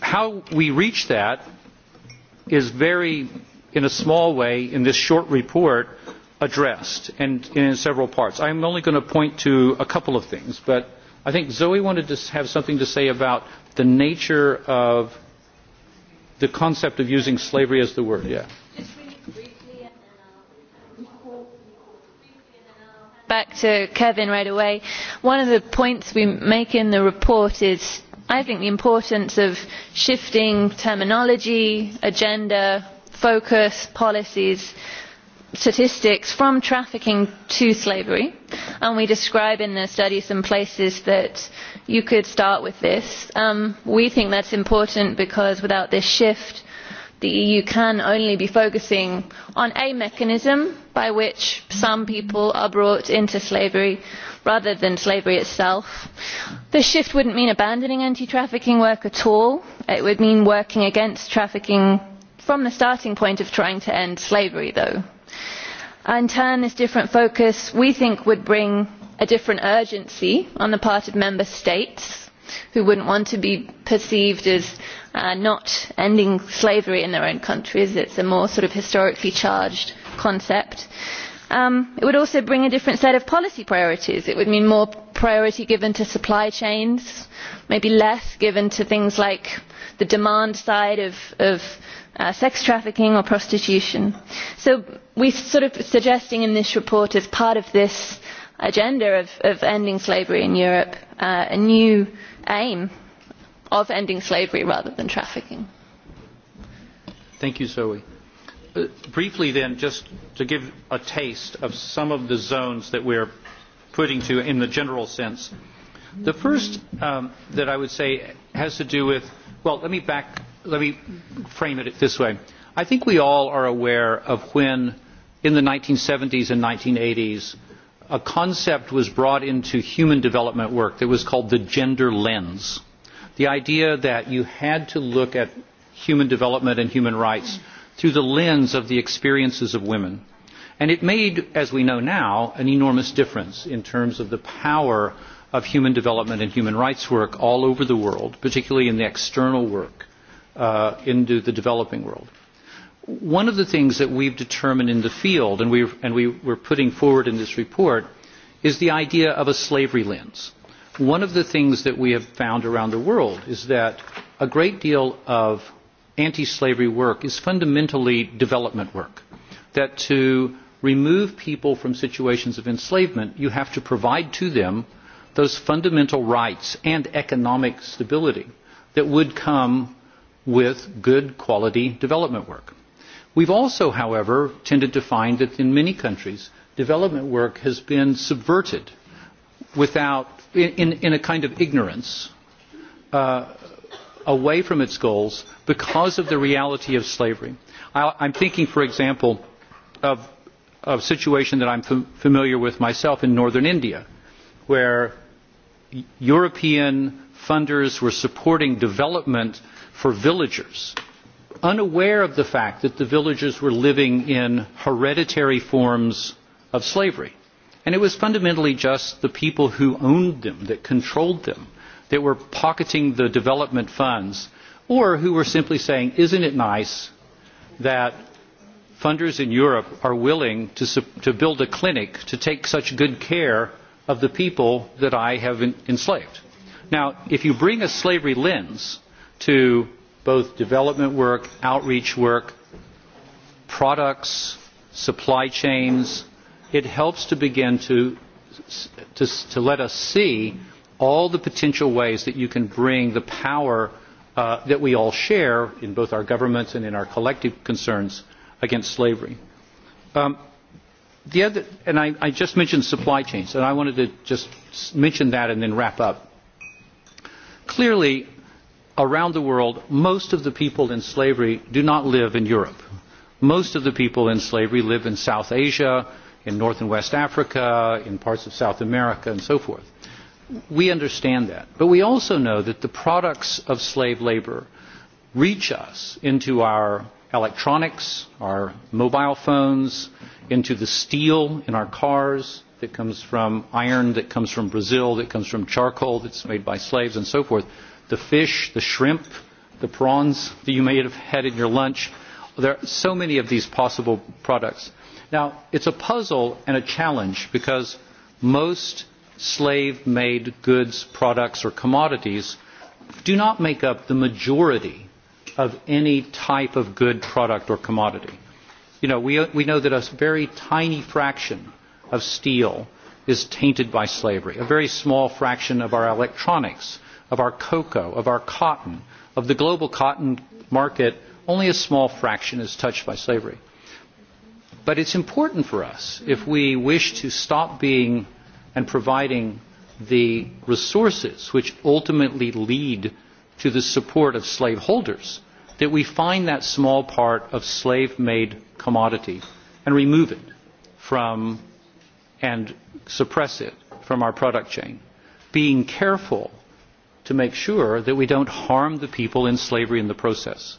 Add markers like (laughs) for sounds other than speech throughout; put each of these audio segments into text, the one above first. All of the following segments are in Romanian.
How we reach that is very, in a small way, in this short report, addressed and in several parts. I'm only going to point to a couple of things, but I think Zoe wanted to have something to say about the nature of the concept of using slavery as the word. Yeah. Back to Kevin right away. One of the points we make in the report is I think the importance of shifting terminology, agenda, focus, policies, statistics from trafficking to slavery and we describe in the study some places that you could start with this. Um, we think that's important because without this shift the EU can only be focusing on a mechanism by which some people are brought into slavery rather than slavery itself. this shift would not mean abandoning anti trafficking work at all it would mean working against trafficking from the starting point of trying to end slavery though. in turn this different focus we think would bring a different urgency on the part of member states who would not want to be perceived as uh, not ending slavery in their own countries it is a more sort of historically charged concept Um, it would also bring a different set of policy priorities. it would mean more priority given to supply chains maybe less given to things like the demand side of, uh, sex trafficking or prostitution. so we are sort of suggesting in this report as part of this agenda of, ending slavery in europe uh, a new aim of ending slavery rather than trafficking. thank you zoe. Uh, briefly then, just to give a taste of some of the zones that we're putting to in the general sense. The first um, that I would say has to do with, well, let me back, let me frame it this way. I think we all are aware of when, in the 1970s and 1980s, a concept was brought into human development work that was called the gender lens. The idea that you had to look at human development and human rights through the lens of the experiences of women. And it made, as we know now, an enormous difference in terms of the power of human development and human rights work all over the world, particularly in the external work uh, into the developing world. One of the things that we've determined in the field, and, we've, and we were putting forward in this report, is the idea of a slavery lens. One of the things that we have found around the world is that a great deal of anti-slavery work is fundamentally development work. That to remove people from situations of enslavement, you have to provide to them those fundamental rights and economic stability that would come with good quality development work. We've also, however, tended to find that in many countries, development work has been subverted without, in, in a kind of ignorance, uh, away from its goals because of the reality of slavery. I, I'm thinking, for example, of a situation that I'm f- familiar with myself in northern India, where European funders were supporting development for villagers, unaware of the fact that the villagers were living in hereditary forms of slavery. And it was fundamentally just the people who owned them, that controlled them, that were pocketing the development funds or who were simply saying, isn't it nice that funders in Europe are willing to, to build a clinic to take such good care of the people that I have in, enslaved. Now, if you bring a slavery lens to both development work, outreach work, products, supply chains, it helps to begin to, to, to let us see all the potential ways that you can bring the power uh, that we all share in both our governments and in our collective concerns against slavery. Um, the other, and I, I just mentioned supply chains, and I wanted to just mention that and then wrap up. Clearly, around the world, most of the people in slavery do not live in Europe. Most of the people in slavery live in South Asia, in North and West Africa, in parts of South America, and so forth we understand that. But we also know that the products of slave labor reach us into our electronics, our mobile phones, into the steel in our cars that comes from iron, that comes from Brazil, that comes from charcoal that's made by slaves and so forth. The fish, the shrimp, the prawns that you may have had in your lunch. There are so many of these possible products. Now, it's a puzzle and a challenge because most slave made goods, products, or commodities do not make up the majority of any type of good, product, or commodity. You know, we, we know that a very tiny fraction of steel is tainted by slavery, a very small fraction of our electronics, of our cocoa, of our cotton, of the global cotton market, only a small fraction is touched by slavery. But it's important for us, if we wish to stop being and providing the resources which ultimately lead to the support of slaveholders, that we find that small part of slave made commodity and remove it from and suppress it from our product chain, being careful to make sure that we don't harm the people in slavery in the process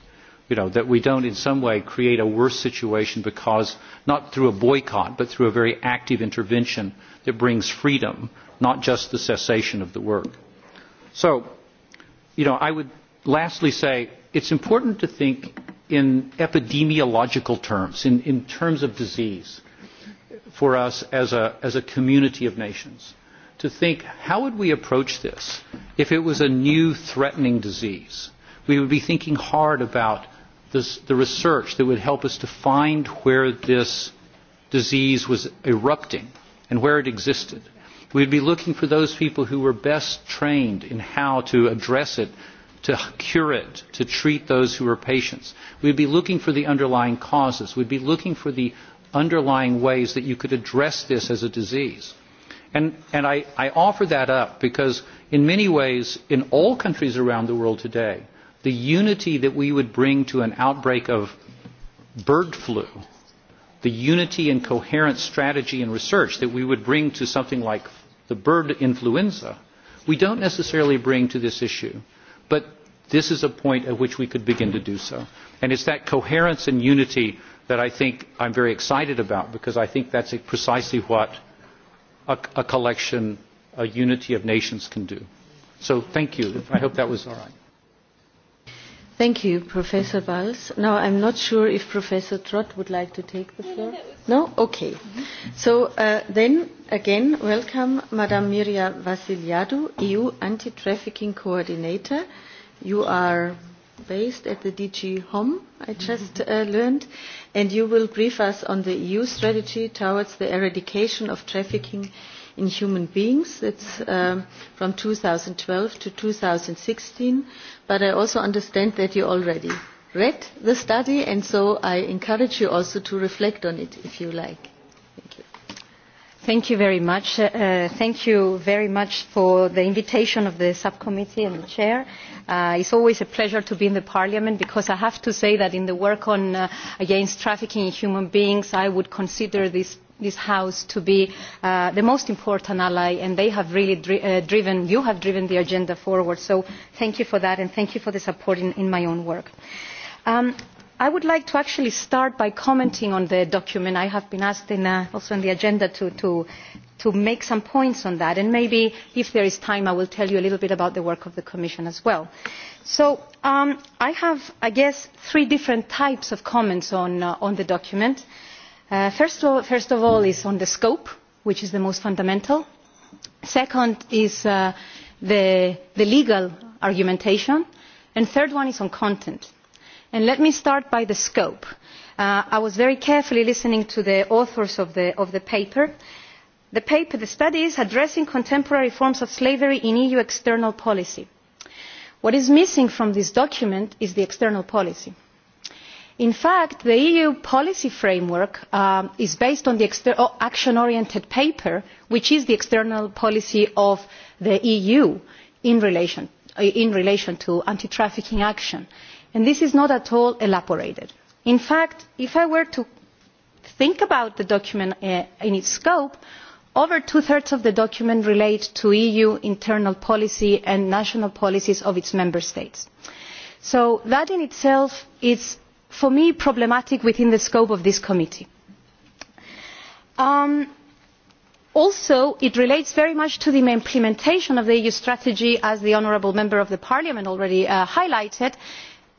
you know, that we don't in some way create a worse situation because, not through a boycott, but through a very active intervention that brings freedom, not just the cessation of the work. So, you know, I would lastly say it's important to think in epidemiological terms, in, in terms of disease, for us as a, as a community of nations, to think how would we approach this if it was a new threatening disease? We would be thinking hard about this, the research that would help us to find where this disease was erupting and where it existed. We'd be looking for those people who were best trained in how to address it, to cure it, to treat those who were patients. We'd be looking for the underlying causes. We'd be looking for the underlying ways that you could address this as a disease. And, and I, I offer that up because in many ways, in all countries around the world today, the unity that we would bring to an outbreak of bird flu, the unity and coherent strategy and research that we would bring to something like the bird influenza, we don't necessarily bring to this issue. But this is a point at which we could begin to do so. And it's that coherence and unity that I think I'm very excited about because I think that's precisely what a, a collection, a unity of nations can do. So thank you. I hope that was all right. Thank you, Professor Valls. Now, I'm not sure if Professor Trott would like to take the floor. No? Okay. So uh, then, again, welcome Madam Miria Vasiliadou, EU Anti-Trafficking Coordinator. You are based at the DG Home. I just uh, learned, and you will brief us on the EU strategy towards the eradication of trafficking in human beings. That's um, from 2012 to 2016. But I also understand that you already read the study, and so I encourage you also to reflect on it if you like. Thank you. Thank you very much. Uh, uh, thank you very much for the invitation of the subcommittee and the chair. Uh, it's always a pleasure to be in the parliament because I have to say that in the work on uh, against trafficking in human beings, I would consider this this house to be uh, the most important ally and they have really uh, driven you have driven the agenda forward so thank you for that and thank you for the support in, my own work. Um, I would like to actually start by commenting on the document. I have been asked uh, also on the agenda to, make some points on that and maybe if there is time I will tell you a little bit about the work of the Commission as well. So um, I have, I guess, three different types of comments on, the document. Uh, first, of, all is on the scope, which is the most fundamental. Second is uh, the, legal argumentation. And third one is on content. let me start by the scope. Uh, I was very carefully listening to the authors of the, of the paper. The paper, the study is addressing contemporary forms of slavery in EU external policy. What is missing from this document is the external policy in fact the eu policy framework uh, is based on the action oriented paper which is the external policy of the eu uh, in relation, to anti trafficking action and this is not at all elaborated. in fact if i were to think about the document uh, in its scope over two thirds of the document relate to eu internal policy and national policies of its member states. so that in itself is for me problematic within the scope of this committee. Um, also it relates very much to the implementation of the eu strategy as the honourable member of the parliament already uh, highlighted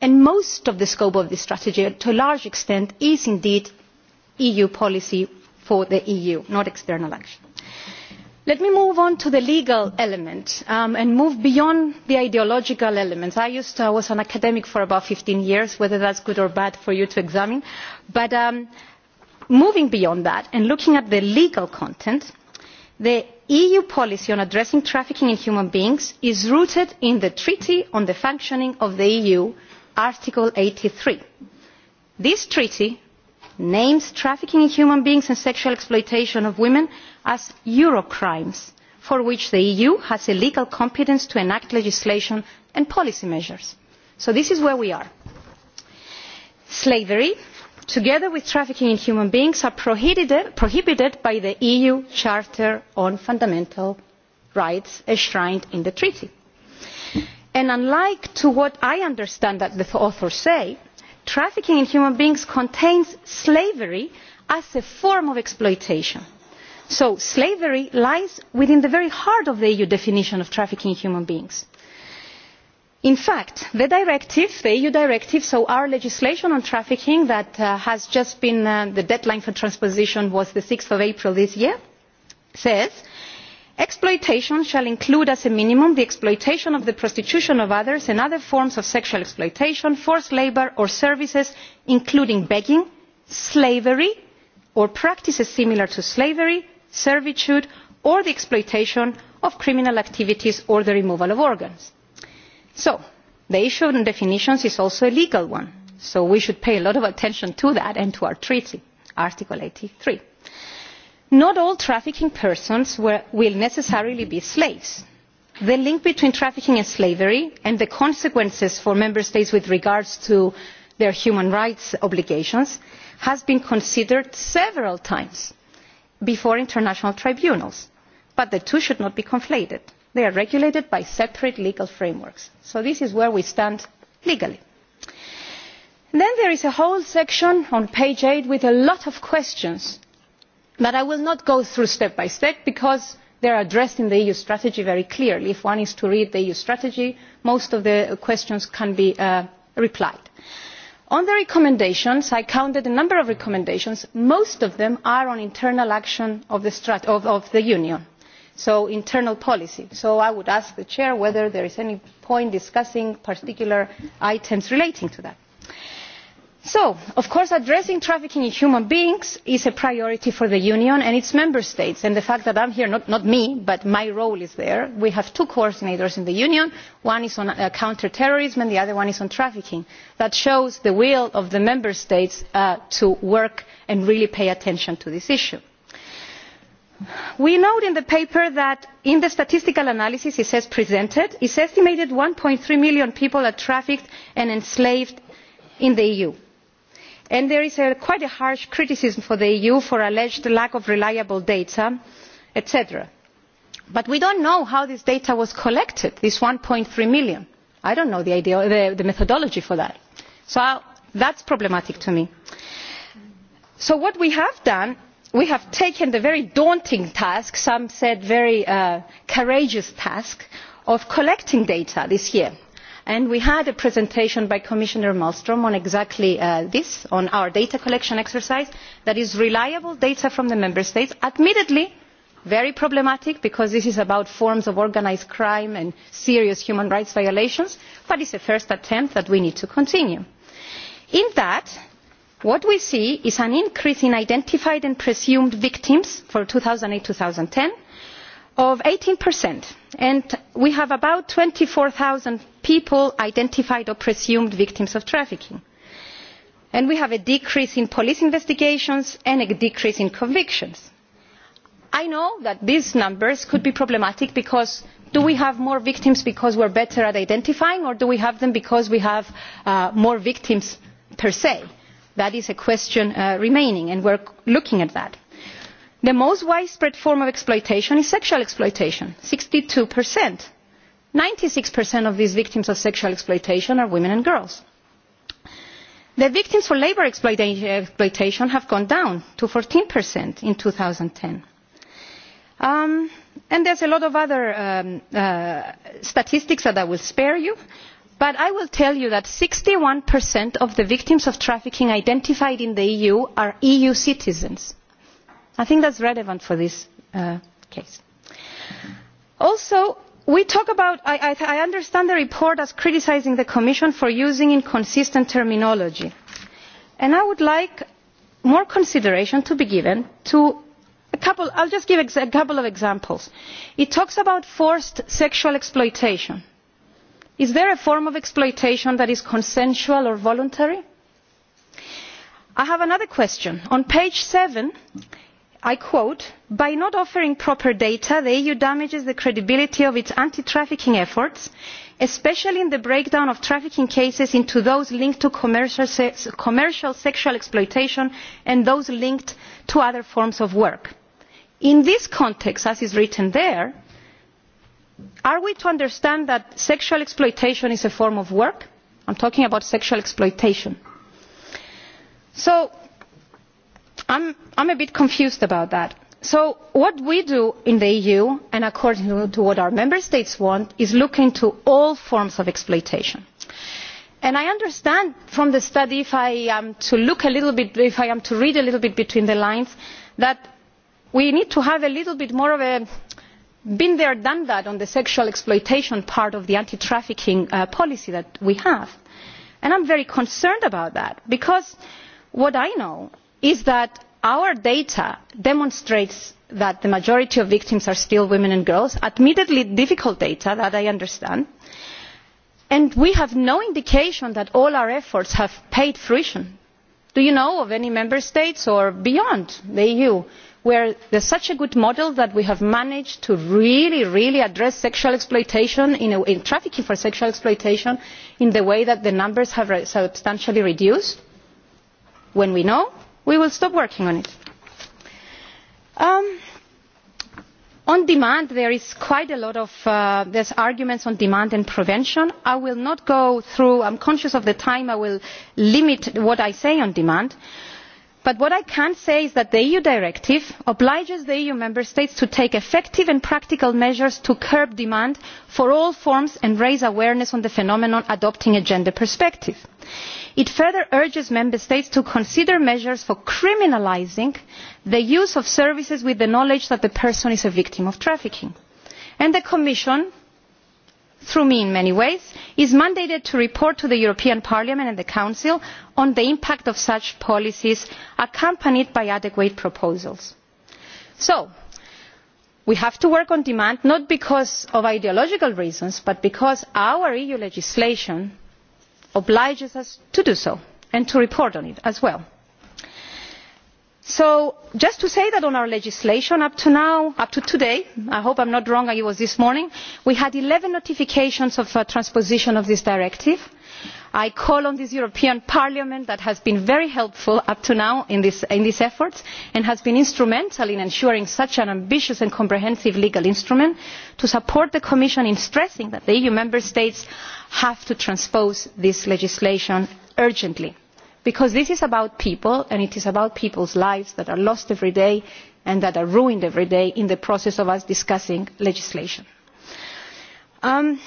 and most of the scope of this strategy to a large extent is indeed eu policy for the eu not external action let me move on to the legal element um, and move beyond the ideological elements. i was an academic for about fifteen years whether that is good or bad for you to examine but um, moving beyond that and looking at the legal content the eu policy on addressing trafficking in human beings is rooted in the treaty on the functioning of the eu article eighty three this treaty names trafficking in human beings and sexual exploitation of women as euro crimes for which the eu has a legal competence to enact legislation and policy measures. so this is where we are. slavery together with trafficking in human beings are prohibited, prohibited by the eu charter on fundamental rights enshrined in the treaty. and unlike to what i understand that the authors say trafficking in human beings contains slavery as a form of exploitation so slavery lies within the very heart of the eu definition of trafficking in human beings. in fact the directive the eu directive so our legislation on trafficking that uh, has just been uh, the deadline for transposition was six april this year says exploitation shall include as a minimum the exploitation of the prostitution of others and other forms of sexual exploitation forced labour or services including begging slavery or practices similar to slavery servitude or the exploitation of criminal activities or the removal of organs. so the issue of definitions is also a legal one so we should pay a lot of attention to that and to our treaty article. eighty three not all trafficking persons will necessarily be slaves. the link between trafficking and slavery and the consequences for member states with regard to their human rights obligations has been considered several times before international tribunals but the two should not be conflated they are regulated by separate legal frameworks so this is where we stand legally. then there is a whole section on page eight with a lot of questions that i will not go through step by step because they are addressed in the eu strategy very clearly. if one is to read the eu strategy most of the questions can be uh, replied to on the recommendations i counted a number of recommendations most of them are on internal action of the, of the union so internal policy so i would ask the chair whether there is any point in discussing particular items relating to that so of course addressing trafficking in human beings is a priority for the union and its member states and the fact that i am here not, me but my role is there we have two coordinators in the union one is on uh, counter terrorism and the other one is on trafficking that shows the will of the member states uh, to work and really pay attention to this issue. we note in the paper that in the statistical analysis it says presented it is estimated that. one three million people are trafficked and enslaved in the eu and there is quite a harsh criticism for the eu for alleged lack of reliable data etc. but we do not know how this data was collected this. one three million i do not know the, methodology for that so uh, that is problematic to me. so what we have done we have taken the very daunting task some said very uh, courageous task of collecting data this year and we had a presentation by commissioner malmstrm on exactly uh, this on our data collection exercise that is reliable data from the member states admittedly very problematic because this is about forms of organised crime and serious human rights violations but it is a first attempt that we need to continue. in that what we see is an increase in identified and presumed victims for two thousand and eight two thousand and ten of eighteen and we have about twenty four zero people identified or presumed victims of trafficking and we have a decrease in police investigations and a decrease in convictions. i know that these numbers could be problematic because do we have more victims because we are better at identifying or do we have them because we have uh, more victims per se? that is a question uh, remaining and we are looking at that the most widespread form of exploitation is sexual exploitation sixty two ninety six of these victims of sexual exploitation are women and girls. the victims for labour exploitation have gone down to fourteen in two thousand um, and ten and there are a lot of other um, uh, statistics that i will spare you but i will tell you that sixty one of the victims of trafficking identified in the eu are eu citizens i think that is relevant for this uh, case. also we talk about I, I, i understand the report as criticising the commission for using inconsistent terminology and i would like more consideration to be given to a couple i will just give a couple of examples. it talks about forced sexual exploitation. is there a form of exploitation that is consensual or voluntary? i have another question. on page seven i quote by not offering proper data the eu damages the credibility of its anti trafficking efforts especially in the breakdown of trafficking cases into those linked to commercial, sexual exploitation and those linked to other forms of work. in this context as is written there are we to understand that sexual exploitation is a form of work? i am talking about sexual exploitation. so i am a bit confused about that. so what we do in the eu and according to what our member states want is look into all forms of exploitation. And i understand from the study if i am to look a little bit if i am to read a little bit between the lines that we need to have a little bit more of a been there done that on the sexual exploitation part of the anti trafficking uh, policy that we have and i am very concerned about that because what i know is that our data demonstrates that the majority of victims are still women and girls admittedly difficult data that i understand and we have no indication that all our efforts have paid fruition. do you know of any member states or beyond the eu where there is such a good model that we have managed to really really address sexual exploitation in, trafficking for sexual exploitation in the way that the numbers have substantially reduced when we know we will stop working on it. Um, on demand there is quite a lot of uh, arguments on demand and prevention. i will not go through i am conscious of the time i will limit what i say on demand but what i can say is that the eu directive obliges the eu member states to take effective and practical measures to curb demand for all forms and raise awareness on the phenomenon adopting a gender perspective. it further urges member states to consider measures for criminalising the use of services with the knowledge that the person is a victim of trafficking and the commission through me in many ways is mandated to report to the european parliament and the council on the impact of such policies accompanied by adequate proposals. so we have to work on demand not because of ideological reasons but because our eu legislation obliges us to do so and to report on it as well so just to say that on our legislation up to now up to today i hope i am not wrong it was this morning we had eleven notifications of uh, transposition of this directive. i call on this european parliament that has been very helpful up to now in these efforts and has been instrumental in ensuring such an ambitious and comprehensive legal instrument to support the commission in stressing that the eu member states have to transpose this legislation urgently because this is about people and it is about people's lives that are lost every day and that are ruined every day in the process of us discussing legislation. Um,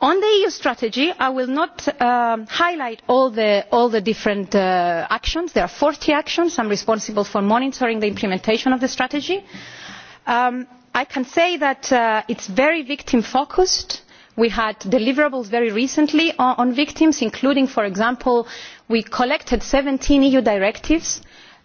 on the eu strategy i will not um, highlight all the, different uh, actions there are forty actions i am responsible for monitoring the implementation of the strategy. Um, i can say that uh, it is very victim focused. we had deliverables very recently on victims including for example we collected seventeen eu directives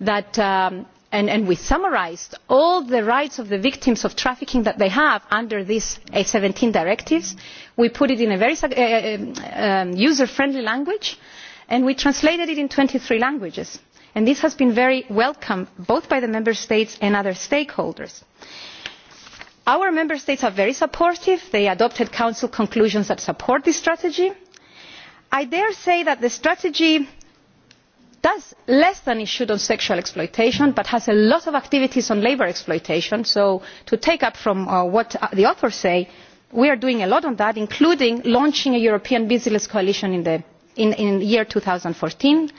um, and, we summarised all the rights of the victims of trafficking that they have under these seventeen directives. we put it in a very eh, eh, um, um, user friendly language and we translated it into twenty three languages. And this has been very welcome both by the member states and other stakeholders our member states are very supportive they adopted council conclusions that support this strategy i dare say that the strategy does less than it should on sexual exploitation but has a lot of activities on labour exploitation so to take up from uh, what uh, the authors say we are doing a lot on that including launching a european business coalition in the two thousand year 2014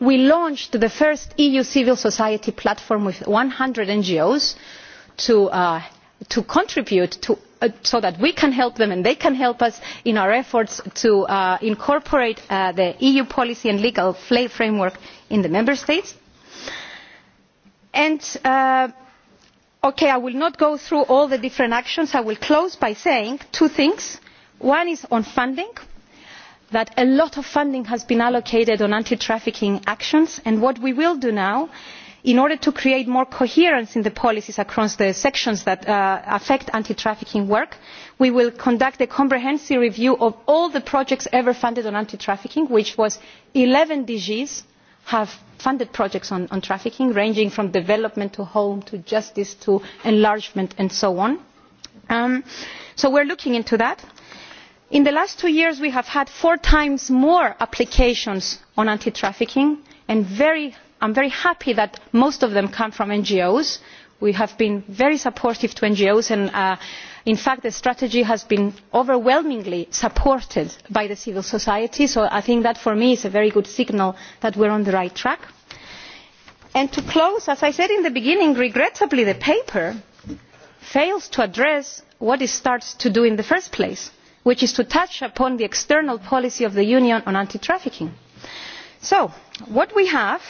we launched the first eu civil society platform with 100 ngos to uh, to contribute to Uh, so that we can help them and they can help us in our efforts to uh, incorporate uh, the eu policy and legal framework in the member states. And, okay, i will not go through all the different actions. i will close by saying two things. one is on funding that a lot of funding has been allocated on anti trafficking actions and what we will do now in order to create more coherence in the policies across the sections that uh, affect anti trafficking work we will conduct a comprehensive review of all the projects ever funded on anti trafficking which was eleven dgs have funded projects on, trafficking ranging from development to home to justice to enlargement and so on. Um, so we are looking into that in the last two years we have had four times more applications on anti trafficking and very i am very happy that most of them come from ngos. we have been very supportive of ngos and uh, in fact the strategy has been overwhelmingly supported by civil society so i think that for me is a very good signal that we are on the right track. And to close as i said at the beginning regrettably the paper fails to address what it starts to do in the first place which is to touch upon the external policy of the union on anti trafficking so what we have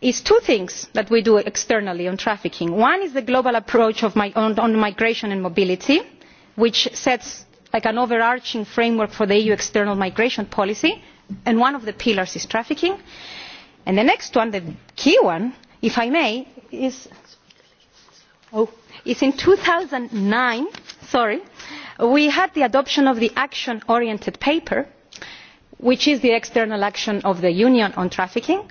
is two things that we do externally on trafficking one is the global approach on, migration and mobility which sets like, an overarching framework for the eu external migration policy and one of the pillars is trafficking and the next one the key one if i may is oh, in two thousand and nine we had the adoption of the action oriented paper which is the external action of the union on trafficking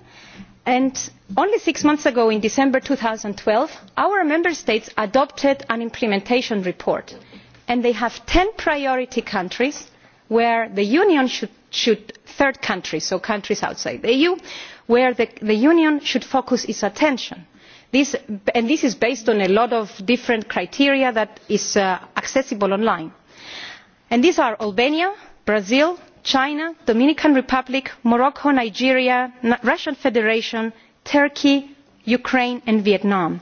and only six months ago in december two thousand and twelve our member states adopted an implementation report and they have ten priority countries where the union should, third countries so countries outside the eu where the, union should focus its attention. This, and this is based on a lot of different criteria that is uh, accessible online. And these are albania brazil china the dominican republic morocco nigeria the russian federation turkey ukraine and vietnam.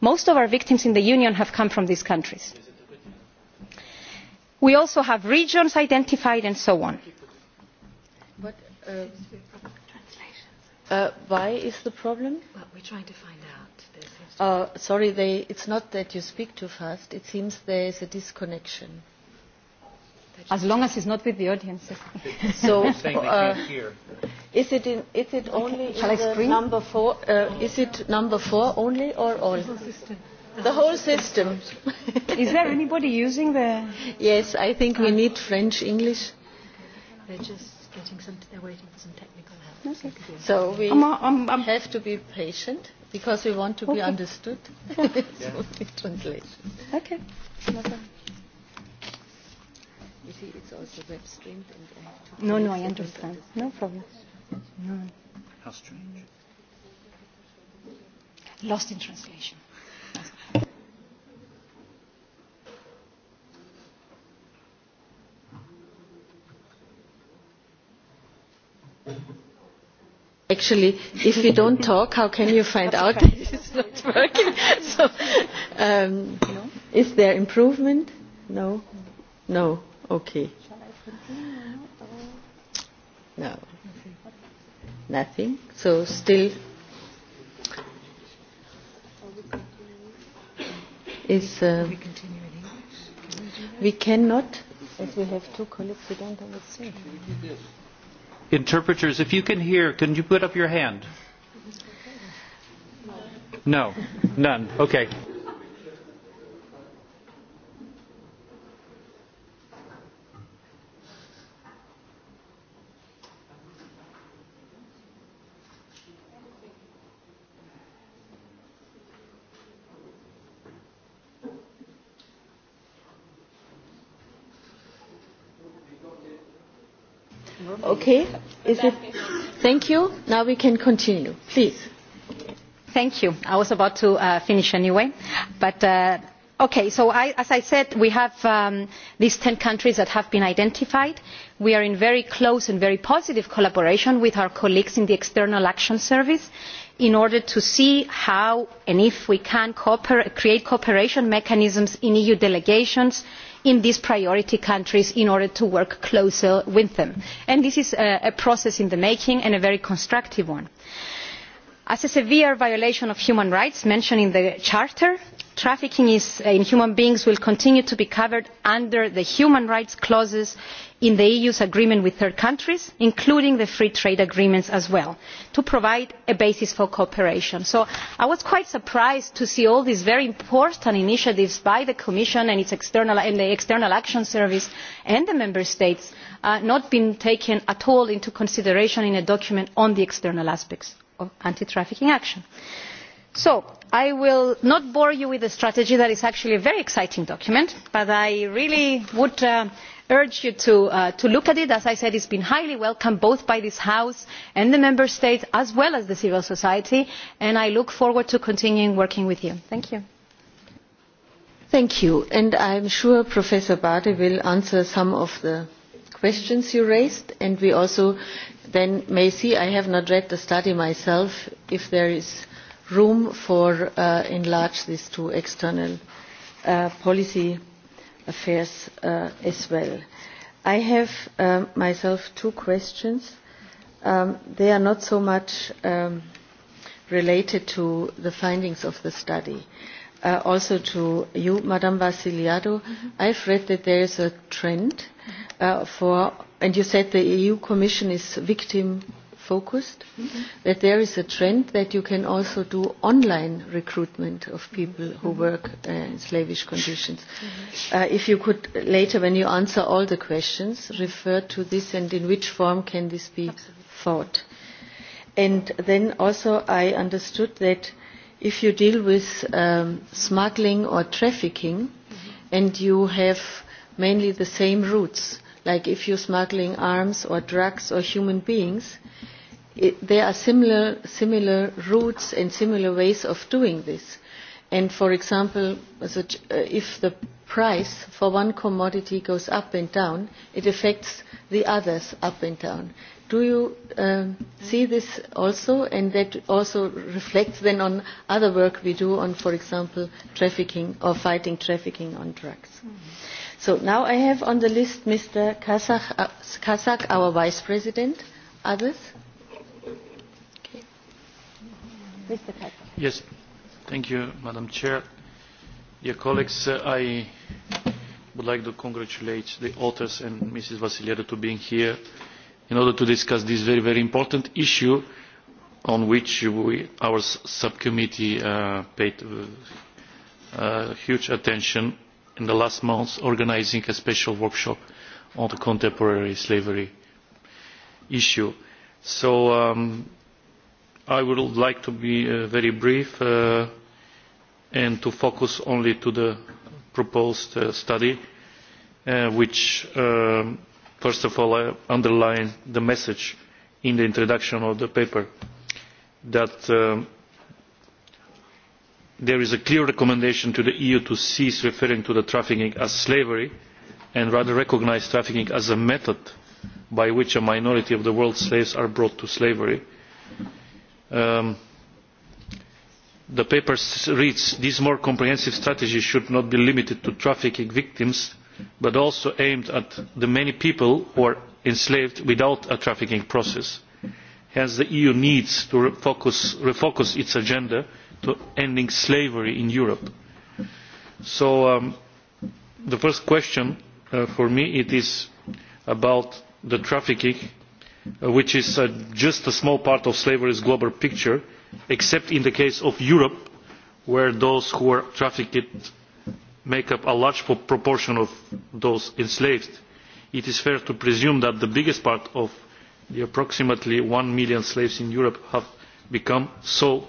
most of our victims in the union have come from these countries. we also have regions identified and so on. Uh, uh, why is the problem? we are trying to find out. Uh, sorry, it it's not that you speak too fast. It seems there is a disconnection As long as it's not with the audience. (laughs) so, uh, is it in, is it only okay. in the number four? Uh, is it number four only or all? The whole system. The whole system. is there anybody using the? (laughs) Yes, I think we need French English. They're just getting some. They're waiting for some technical help. Okay. So we I'm, I'm, I'm have to be patient because we want to okay. be understood. (laughs) yeah. so yeah. translation. Okay see it's also web streamed and I No, no, I understand. No problem. No. How strange. Lost in translation. actually if you don't talk how can you find out that it is not working? so um, is there improvement? no? no. Okay. No. Nothing. So still. Is. Uh, we cannot, as we have two colleagues who don't understand. Interpreters, if you can hear, can you put up your hand? No, none. Okay. okay? Is it? Thank you. Now we can continue. Please. Thank you. I was about to uh, finish anyway, but. Uh, Okay, so I, as i said we have um, these 10 countries that have been identified. we are in very close and very positive collaboration with our colleagues in the external action service in order to see how and if we can cooper create cooperation mechanisms in eu delegations in these priority countries in order to work closer with them. And this is a, a process in the making and a very constructive one. As a severe violation of human rights mentioned in the Charter, trafficking uh, in human beings will continue to be covered under the human rights clauses in the eu's agreements with third countries including the free trade agreements as well to provide a basis for cooperation. so i was quite surprised to see all these very important initiatives by the commission and, its external, and the external action service and the member states uh, not being taken at all into consideration in a document on the external aspects of anti trafficking action so i will not bore you with the strategy that is actually a very exciting document but i really would uh, urge you uh, to look at it. as i said it has been highly welcomed both by this house and the member states as well as civil society and i look forward to continuing working with you. thank you. thank you and i am sure professor bardi will answer some of the questions you raised and we also then may see i have not read the study myself if there is room for uh, enlarge this to external uh, policy affairs uh, as well. I have um, myself two questions. Um, they are not so much um, related to the findings of the study. Uh, also to you, Madame Vassiliadou. Mm -hmm. I've read that there is a trend uh, for, and you said the EU Commission is victim focused, that there is a trend that you can also do online recruitment of people who mm-hmm. work uh, in slavish conditions. Uh, if you could later, when you answer all the questions, refer to this and in which form can this be Absolutely. fought. And then also I understood that if you deal with um, smuggling or trafficking mm -hmm. and you have mainly the same routes, like if you're smuggling arms or drugs or human beings, there are similar, routes and similar ways of doing this. And for example, uh, if the price for one commodity goes up and down, it affects the others up and down. Do you um, see this also, and that also reflects then on other work we do on, for example, trafficking or fighting trafficking on drugs? Mm-hmm. So now I have on the list Mr. Kazak uh, our Vice President. Others? Yes, thank you, Madam Chair. Dear colleagues, uh, I would like to congratulate the authors and Mrs. Vassiliadou to being here in order to discuss this very, very important issue on which our subcommittee uh, paid uh, huge attention in the last months, organising a special workshop on the contemporary slavery issue. So um, i would like to be uh, very brief uh, and to focus only on the proposed uh, study which um, first of all underlines the message in the introduction of the paper that um, there is a clear recommendation to the eu to cease referring to trafficking as slavery and rather recognise trafficking as a method by which a minority of the world's slaves are brought to slavery. Um, the paper reads this more comprehensive strategy should not be limited to trafficking victims but also aimed at the many people who are enslaved without a trafficking process. hence the eu needs to refocus, refocus its agenda to ending slavery in europe. so um, the first question uh, for me it is about the trafficking Uh, which is uh, just a small part of slavery's global picture except in the case of europe where those who were trafficked make up a large proportion of those enslaved. it is fair to presume that the biggest part of the approximately one million slaves in europe have become so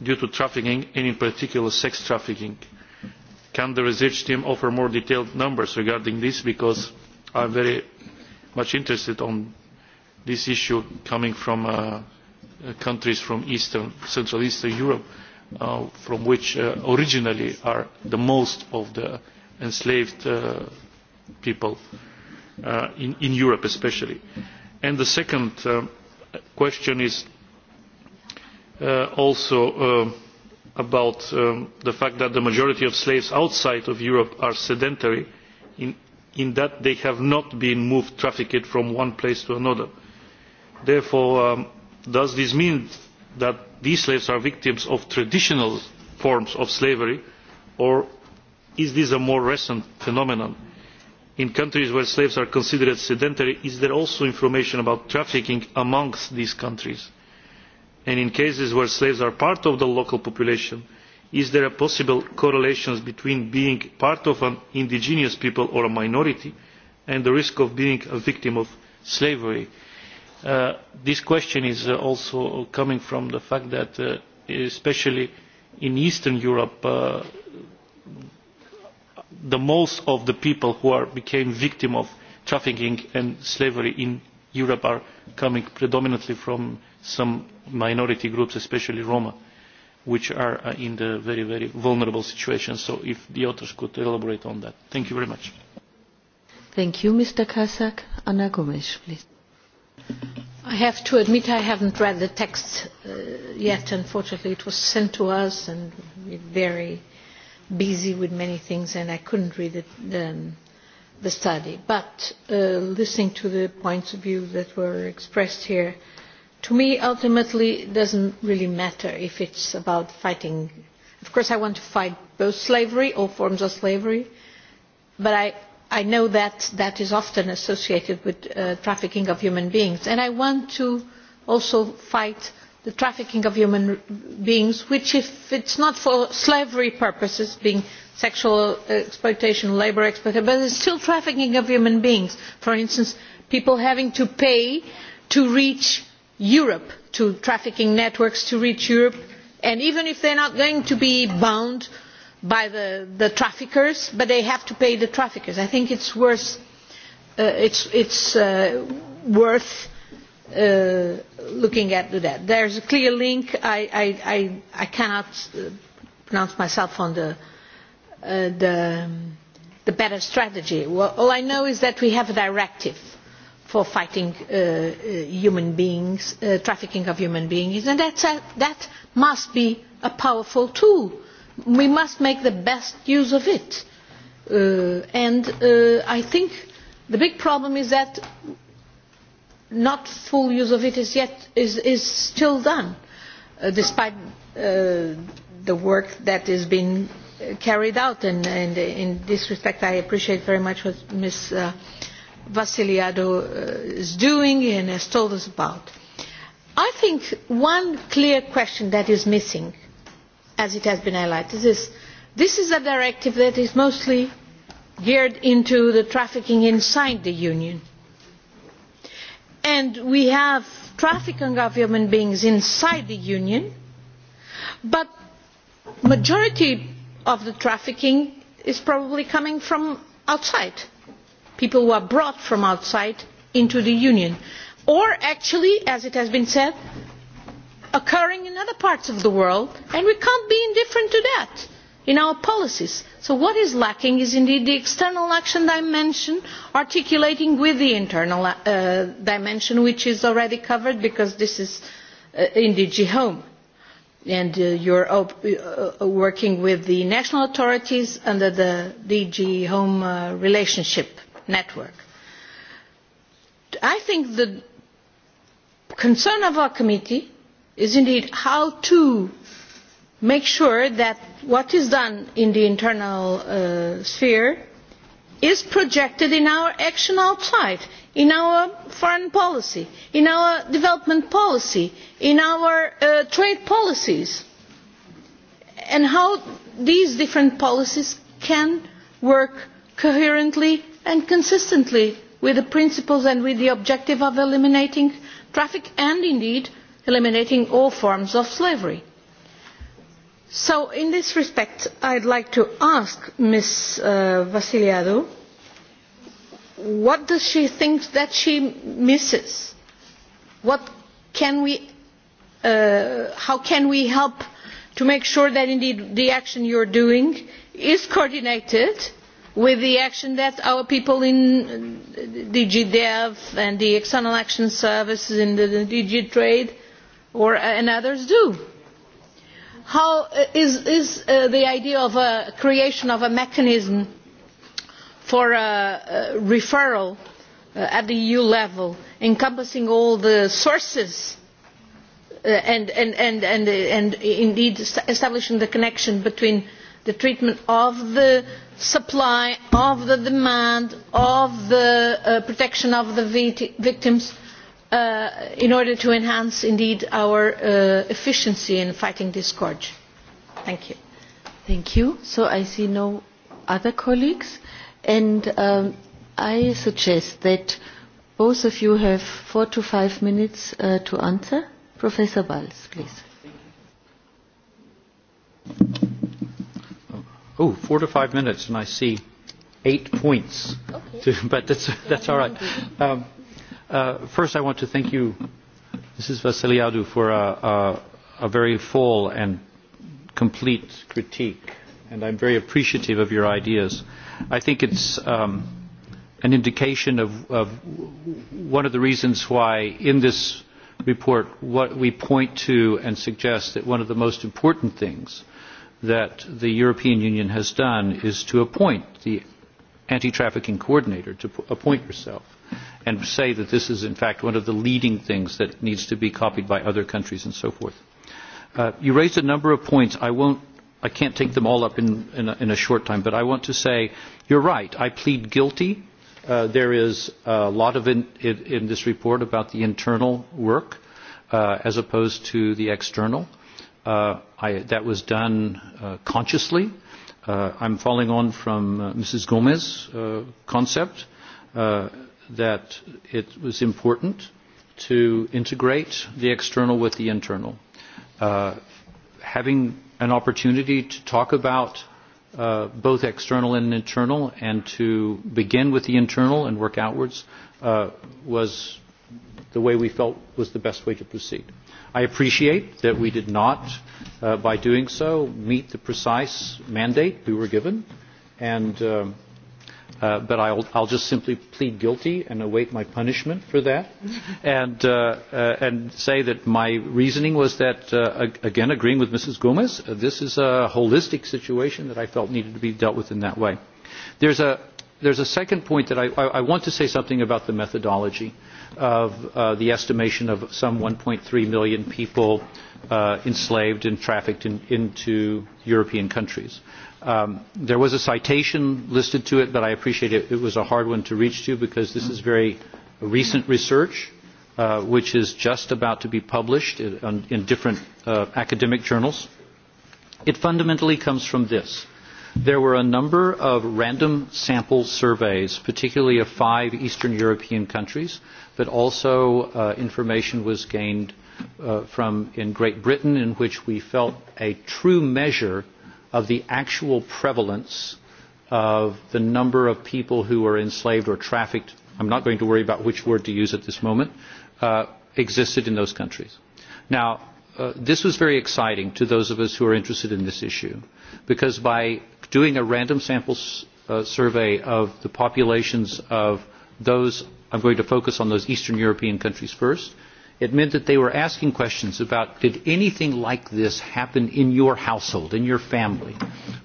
due to trafficking and in particular sex trafficking. can the research team offer more detailed numbers regarding this because i am very much interested in this issue coming from uh, uh, countries from Eastern, Central Eastern Europe, uh, from which uh, originally are the most of the enslaved uh, people uh, in, in Europe especially. And the second uh, question is uh, also uh, about um, the fact that the majority of slaves outside of Europe are sedentary in, in that they have not been moved, trafficked from one place to another therefore um, does this mean that these slaves are victims of traditional forms of slavery or is this a more recent phenomenon? in countries where slaves are considered sedentary is there also information about trafficking amongst these countries? and in cases where slaves are part of the local population is there a possible correlation between being part of an indigenous people or a minority and the risk of being a victim of slavery? Uh, this question is uh, also coming from the fact that uh, especially in eastern europe the most of the people who are, became victim of trafficking and slavery in europe are coming predominantly from some minority groups especially roma which are in a very very vulnerable situation so if the authors could elaborate on that. thank you very much. thank you mr kazak. anna gomes please. I have to admit I haven't read the text uh, yet. Unfortunately, it was sent to us and very busy with many things, and I couldn't read it, um, the study. But uh, listening to the points of view that were expressed here, to me, ultimately, it doesn't really matter if it's about fighting. Of course, I want to fight both slavery, all forms of slavery, but I i know that that is often associated with the uh, trafficking of human beings and i want to also fight the trafficking of human beings which if it is not for slavery purposes being sexual exploitation labour exploitation but is still trafficking of human beings for instance people having to pay to reach europe to trafficking networks to reach europe and even if they are not going to be bound by the, traffickers but they have to pay the traffickers. i think it is worth, uh, uh, uh, looking at that. There is a clear link. I, cannot pronounce myself on the, better strategy. all I know is that we have a directive for fighting human beings, trafficking of human beings, and that must be a powerful tool we must make the best use of it. Uh, and uh, I think the big problem is that not full use of it is yet is, is still done, uh, despite uh, the work that has been carried out. And, and, in this respect, I appreciate very much what Ms. Uh, Vassiliadou uh, is doing and has told us about. I think one clear question that is missing as it has been highlighted is this is a directive that is mostly geared into the trafficking inside the union and we have trafficking of human beings inside the union but the majority of the trafficking is probably coming from outside people who are brought from outside into the union or actually as has been said occurring in other parts of the world and we cannot be indifferent to that in our policies. so what is lacking is indeed the external action dimension articulating with the internal uh, dimension which is already covered because this is uh, in dg home and uh, you are uh, uh, working with the national authorities under the dg home uh, relationship network. i think the concern of our committee is indeed how to make sure that what is done in the internal uh, sphere is projected in our action outside in our foreign policy in our development policy in our uh, trade policies and how these different policies can work coherently and consistently with the principles and with the objective of eliminating traffic and indeed eliminating all forms of slavery. so in this respect i would like to ask ms uh, vassiliadou what does she think that she misses? what can we Uh, how can we help to make sure that indeed the action you are doing is coordinated with the action that our people in uh, dg dev and the external action services in the dg trade or uh, and others do. How uh, is, is uh, the idea of a creation of a mechanism for a, a referral uh, at the EU level encompassing all the sources uh, and, and, and, and, uh, and indeed establishing the connection between the treatment of the supply, of the demand, of the uh, protection of the victims Uh, in order to enhance indeed our uh, efficiency in fighting this scourge. Thank you. Thank you. So I see no other colleagues and um, I suggest that both of you have four to five minutes uh, to answer. Professor Balz, please. Oh, oh, four to five minutes and I see eight points. Okay. To, (laughs) but that's, that's all right. Um, Uh, first, I want to thank you, Mrs. Vassiliadou, for a, a, a very full and complete critique, and I'm very appreciative of your ideas. I think it's um, an indication of, of one of the reasons why in this report what we point to and suggest that one of the most important things that the European Union has done is to appoint the anti-trafficking coordinator, to appoint yourself and say that this is in fact one of the leading things that needs to be copied by other countries and so forth. Uh, you raised a number of points. I won't I can't take them all up in, in, a, in a short time, but I want to say you're right. I plead guilty. Uh, there is a lot of in, in, in this report about the internal work uh, as opposed to the external. Uh, I, that was done uh, consciously. Uh, I'm following on from uh, Mrs. Gomez's uh, concept. Uh, that it was important to integrate the external with the internal. Uh, having an opportunity to talk about uh, both external and internal and to begin with the internal and work outwards uh, was the way we felt was the best way to proceed. I appreciate that we did not, uh, by doing so, meet the precise mandate we were given, and um, Uh, but I'll, I'll just simply plead guilty and await my punishment for that, (laughs) and, uh, uh, and say that my reasoning was that, uh, again, agreeing with Mrs. Gomez, uh, this is a holistic situation that I felt needed to be dealt with in that way. There's a, there's a second point that I, I, I want to say something about the methodology of the estimation of some 1.3 million people enslaved and trafficked in, into European countries. Um, there was a citation listed to it, but I appreciate it. It was a hard one to reach to because this is very recent research, uh, which is just about to be published in, in different uh, academic journals. It fundamentally comes from this. There were a number of random sample surveys, particularly of five Eastern European countries, but also uh, information was gained uh, from in Great Britain, in which we felt a true measure – of the actual prevalence of the number of people who are enslaved or trafficked, I'm not going to worry about which word to use at this moment, uh, existed in those countries. Now, uh, this was very exciting to those of us who are interested in this issue, because by doing a random sample uh, survey of the populations of those, I'm going to focus on those Eastern European countries first, It meant that they were asking questions about did anything like this happen in your household, in your family?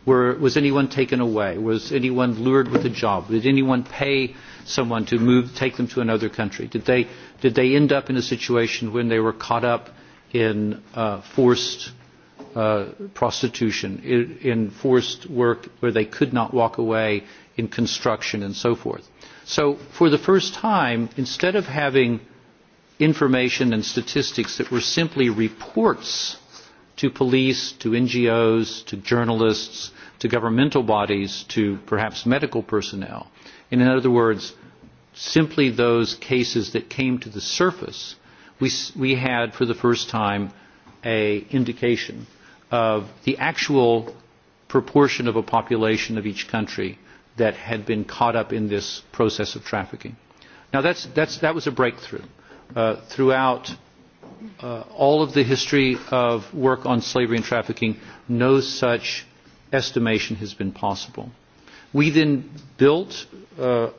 Were, was anyone taken away? Was anyone lured with a job? Did anyone pay someone to move, take them to another country? Did they, did they end up in a situation when they were caught up in uh, forced uh, prostitution, in, in forced work where they could not walk away, in construction and so forth? So for the first time, instead of having information and statistics that were simply reports to police, to NGOs, to journalists, to governmental bodies, to perhaps medical personnel. And in other words, simply those cases that came to the surface, we, we had for the first time a indication of the actual proportion of a population of each country that had been caught up in this process of trafficking. Now that's, that's, that was a breakthrough. Uh, throughout uh, all of the history of work on slavery and trafficking, no such estimation has been possible. We then built uh,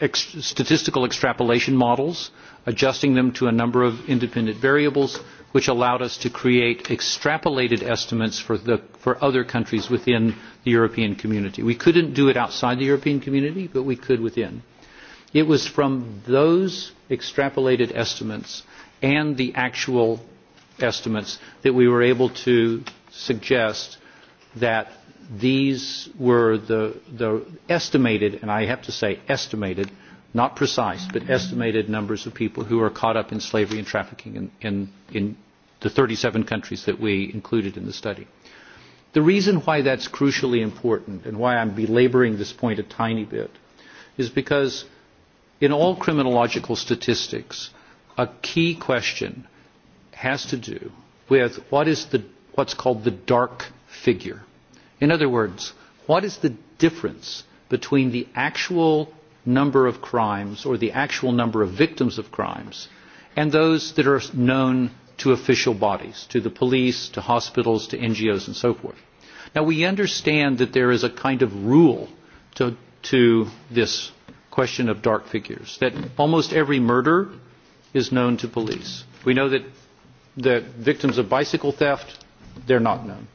ex statistical extrapolation models, adjusting them to a number of independent variables, which allowed us to create extrapolated estimates for, the, for other countries within the European community. We couldn't do it outside the European community, but we could within. It was from those extrapolated estimates and the actual estimates that we were able to suggest that these were the, the estimated, and I have to say estimated, not precise, but estimated numbers of people who are caught up in slavery and trafficking in, in, in the 37 countries that we included in the study. The reason why that's crucially important and why I'm belaboring this point a tiny bit is because in all criminological statistics, a key question has to do with what is the, what's called the dark figure. In other words, what is the difference between the actual number of crimes or the actual number of victims of crimes and those that are known to official bodies, to the police, to hospitals, to NGOs and so forth. Now we understand that there is a kind of rule to, to this question of dark figures, that almost every murder is known to police. We know that, that victims of bicycle theft, they're not known.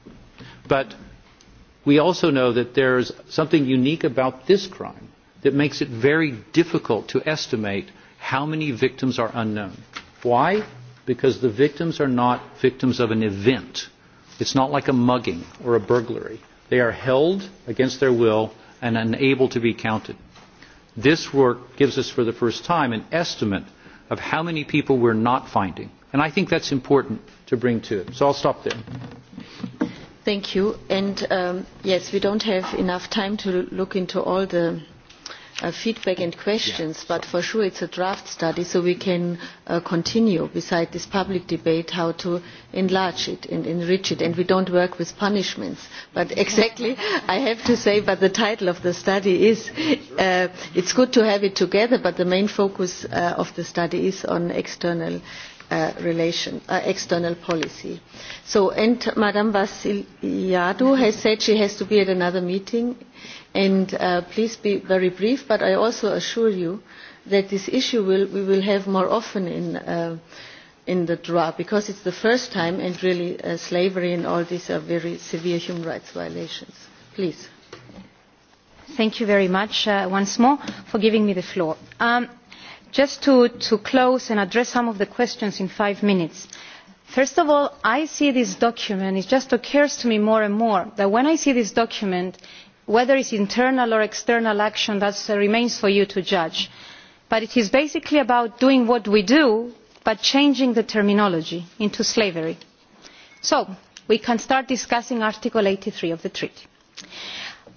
But we also know that there's something unique about this crime that makes it very difficult to estimate how many victims are unknown. Why? Because the victims are not victims of an event. It's not like a mugging or a burglary. They are held against their will and unable to be counted. This work gives us for the first time an estimate of how many people we're not finding. And I think that's important to bring to it. So I'll stop there. Thank you. And um, yes, we don't have enough time to look into all the uh, feedback and questions, yeah, but for sure it's a draft study, so we can uh, continue beside this public debate how to enlarge it and enrich it. And we don't work with punishments, but (laughs) exactly, I have to say, but the title of the study is, uh, it's good to have it together, but the main focus uh, of the study is on external Uh, relation, uh, external policy. So, and Madame Vassiliadou has said she has to be at another meeting and uh, please be very brief but i also assure you that this issue will, we will have more often in, uh, in the draw because it's the first time and really uh, slavery and all these are very severe human rights violations please thank you very much uh, once more for giving me the floor um, just to, to close and address some of the questions in five minutes first of all i see this document it just occurs to me more and more that when i see this document whether it is internal or external action that uh, remains for you to judge but it is basically about doing what we do but changing the terminology into slavery so we can start discussing article eighty three of the treaty.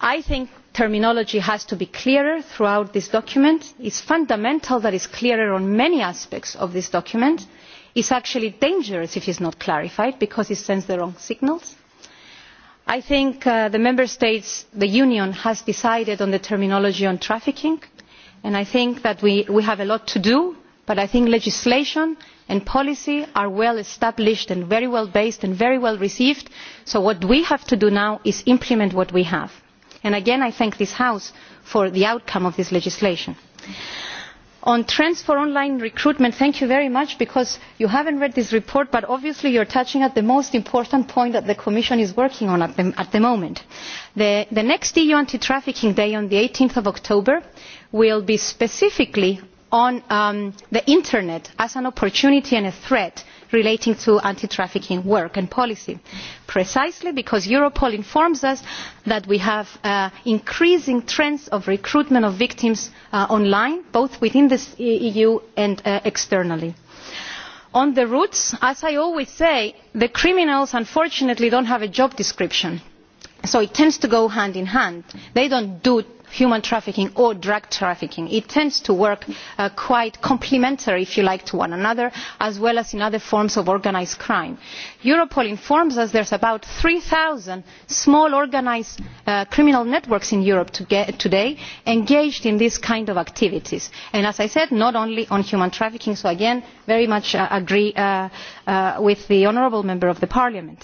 i think terminology has to be clearer throughout this document. it is fundamental that it is clearer on many aspects of this document. it is actually dangerous if it is not clarified because it sends the wrong signals i think uh, the member states the union has decided on the terminology on trafficking and i think that we, we have a lot to do but i think legislation and policy are well established and very well based and very well received so what we have to do now is implement what we have and again i thank this house for the outcome of this legislation on trends for online recruitment thank you very much because you have not read this report but obviously you are touching on the most important point that the commission is working on at the, moment. The, next eu anti trafficking day on eighteen october will be specifically on um, the internet as an opportunity and a threat relating to anti trafficking work and policy precisely because europol informs us that we have uh, increasing trends of recruitment of victims uh, online both within the eu and uh, externally. on the routes as i always say the criminals unfortunately do not have a job description so it tends to go hand in hand. they do not do human trafficking or drug trafficking. it tends to work uh, quite complementary if you like to one another as well as in other forms of organised crime. europol informs us there are about three thousand small organised uh, criminal networks in europe today engaged in these kind of activities and as i said not only on human trafficking so again very much uh, agree with the honourable member of the parliament.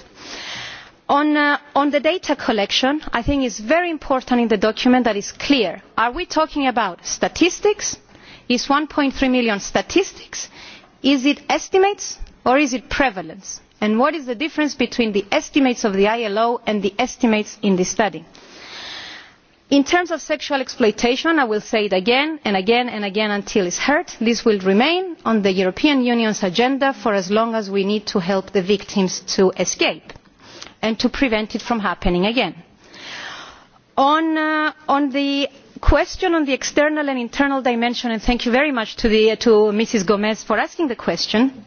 Uh, on, the data collection i think it is very important in the document that it is clear are we talking about statistics is. one three million statistics is it estimates or is it prevalence and what is the difference between the estimates of the ilo and the estimates in this study? in terms of sexual exploitation i will say it again and again and again until it is heard this will remain on the european union's agenda for as long as we need to help the victims to escape and to prevent it from happening again. Uh, on, the question on the external and internal dimension and thank you very much to, mrs gomes for asking the question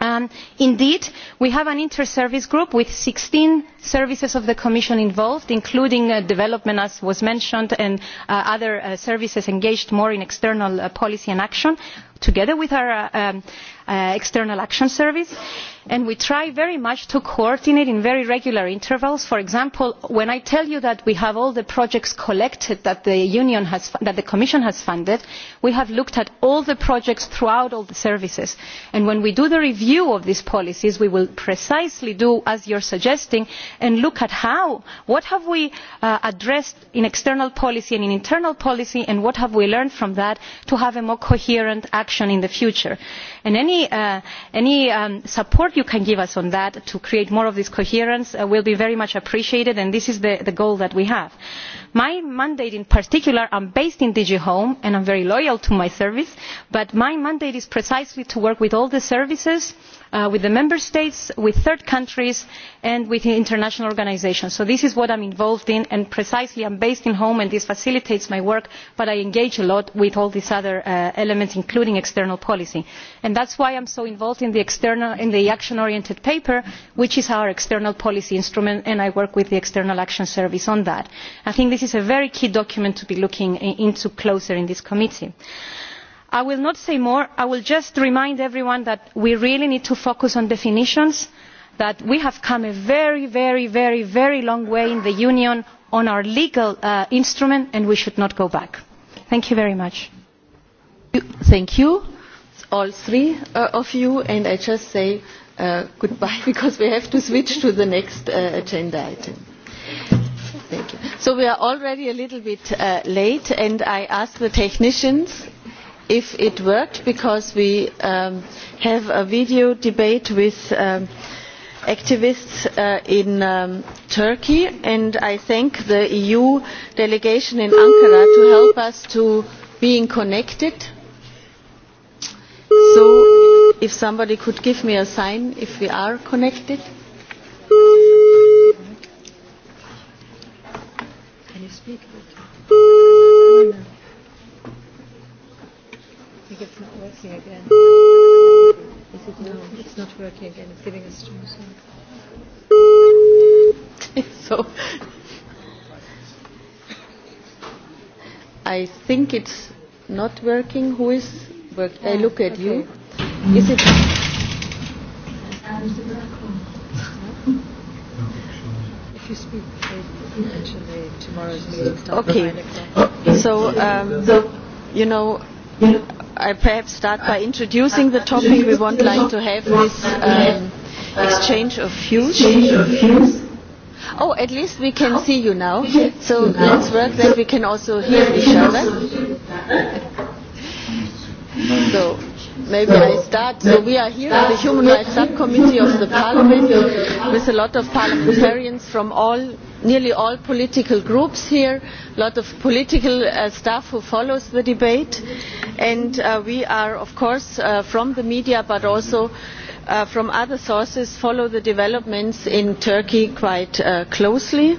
um, indeed we have an inter service group with sixteen services of the commission involved including uh, development as was mentioned and uh, other services engaged more in external policy and action together with our uh, um, uh, external action service and we try very much to coordinate in very regular intervals for example when i tell you that we have all the projects collected that the, union has, that the commission has funded we have looked at all the projects throughout all the services and when we do the review of these policies we will precisely do as you are suggesting and look at how what have we uh, addressed in external policy and in internal policy and what have we learned from that to have a more coherent action in the future. And any, uh, any um, support you can give us on that to create more of this coherence uh, will be very much appreciated and this is the, the goal that we have. my mandate in particular i am based in dg home and i am very loyal to my service but my mandate is precisely to work with all the services Uh, with the member states with third countries and with international organisations. so this is what i am involved in and precisely i am based in home and this facilitates my work but i engage a lot with all these other uh, elements including external policy. that is why i am so involved in the, in the action oriented paper which is our external policy instrument and i work with the external action service on that. i think this is a very key document to be looking into closer in this committee i will not say more i will just remind everyone that we really need to focus on definitions that we have come a very very very very long way in the union on our legal uh, instrument and we should not go back. thank you very much. thank you all three uh, of you and i just say uh, goodbye (laughs) because we have to switch to the next agenda item. so we are already a little bit late and i ask the technicians if it worked because we um, have a video debate with um, activists uh, in um, Turkey and I thank the EU delegation in Ankara to help us to being connected. So if somebody could give me a sign if we are connected. Can you speak? No, think it's not working again. Is it no? It's not working again. It's giving us too much. (laughs) so I think it's not working. Who is work? Yeah, I look at okay. you. Is it? If you speak, tomorrow's meeting okay. So, um, so, you know, I perhaps start by introducing the topic. We would like to have this um, exchange of views. Oh, at least we can see you now. So let's work that we can also hear each other. So maybe I start. So we are here in the Human Rights Subcommittee of the Parliament with a lot of parliamentarians from all, nearly all political groups here, a lot of political uh, staff who follows the debate. And uh, we are, of course, uh, from the media, but also uh, from other sources, follow the developments in Turkey quite uh, closely.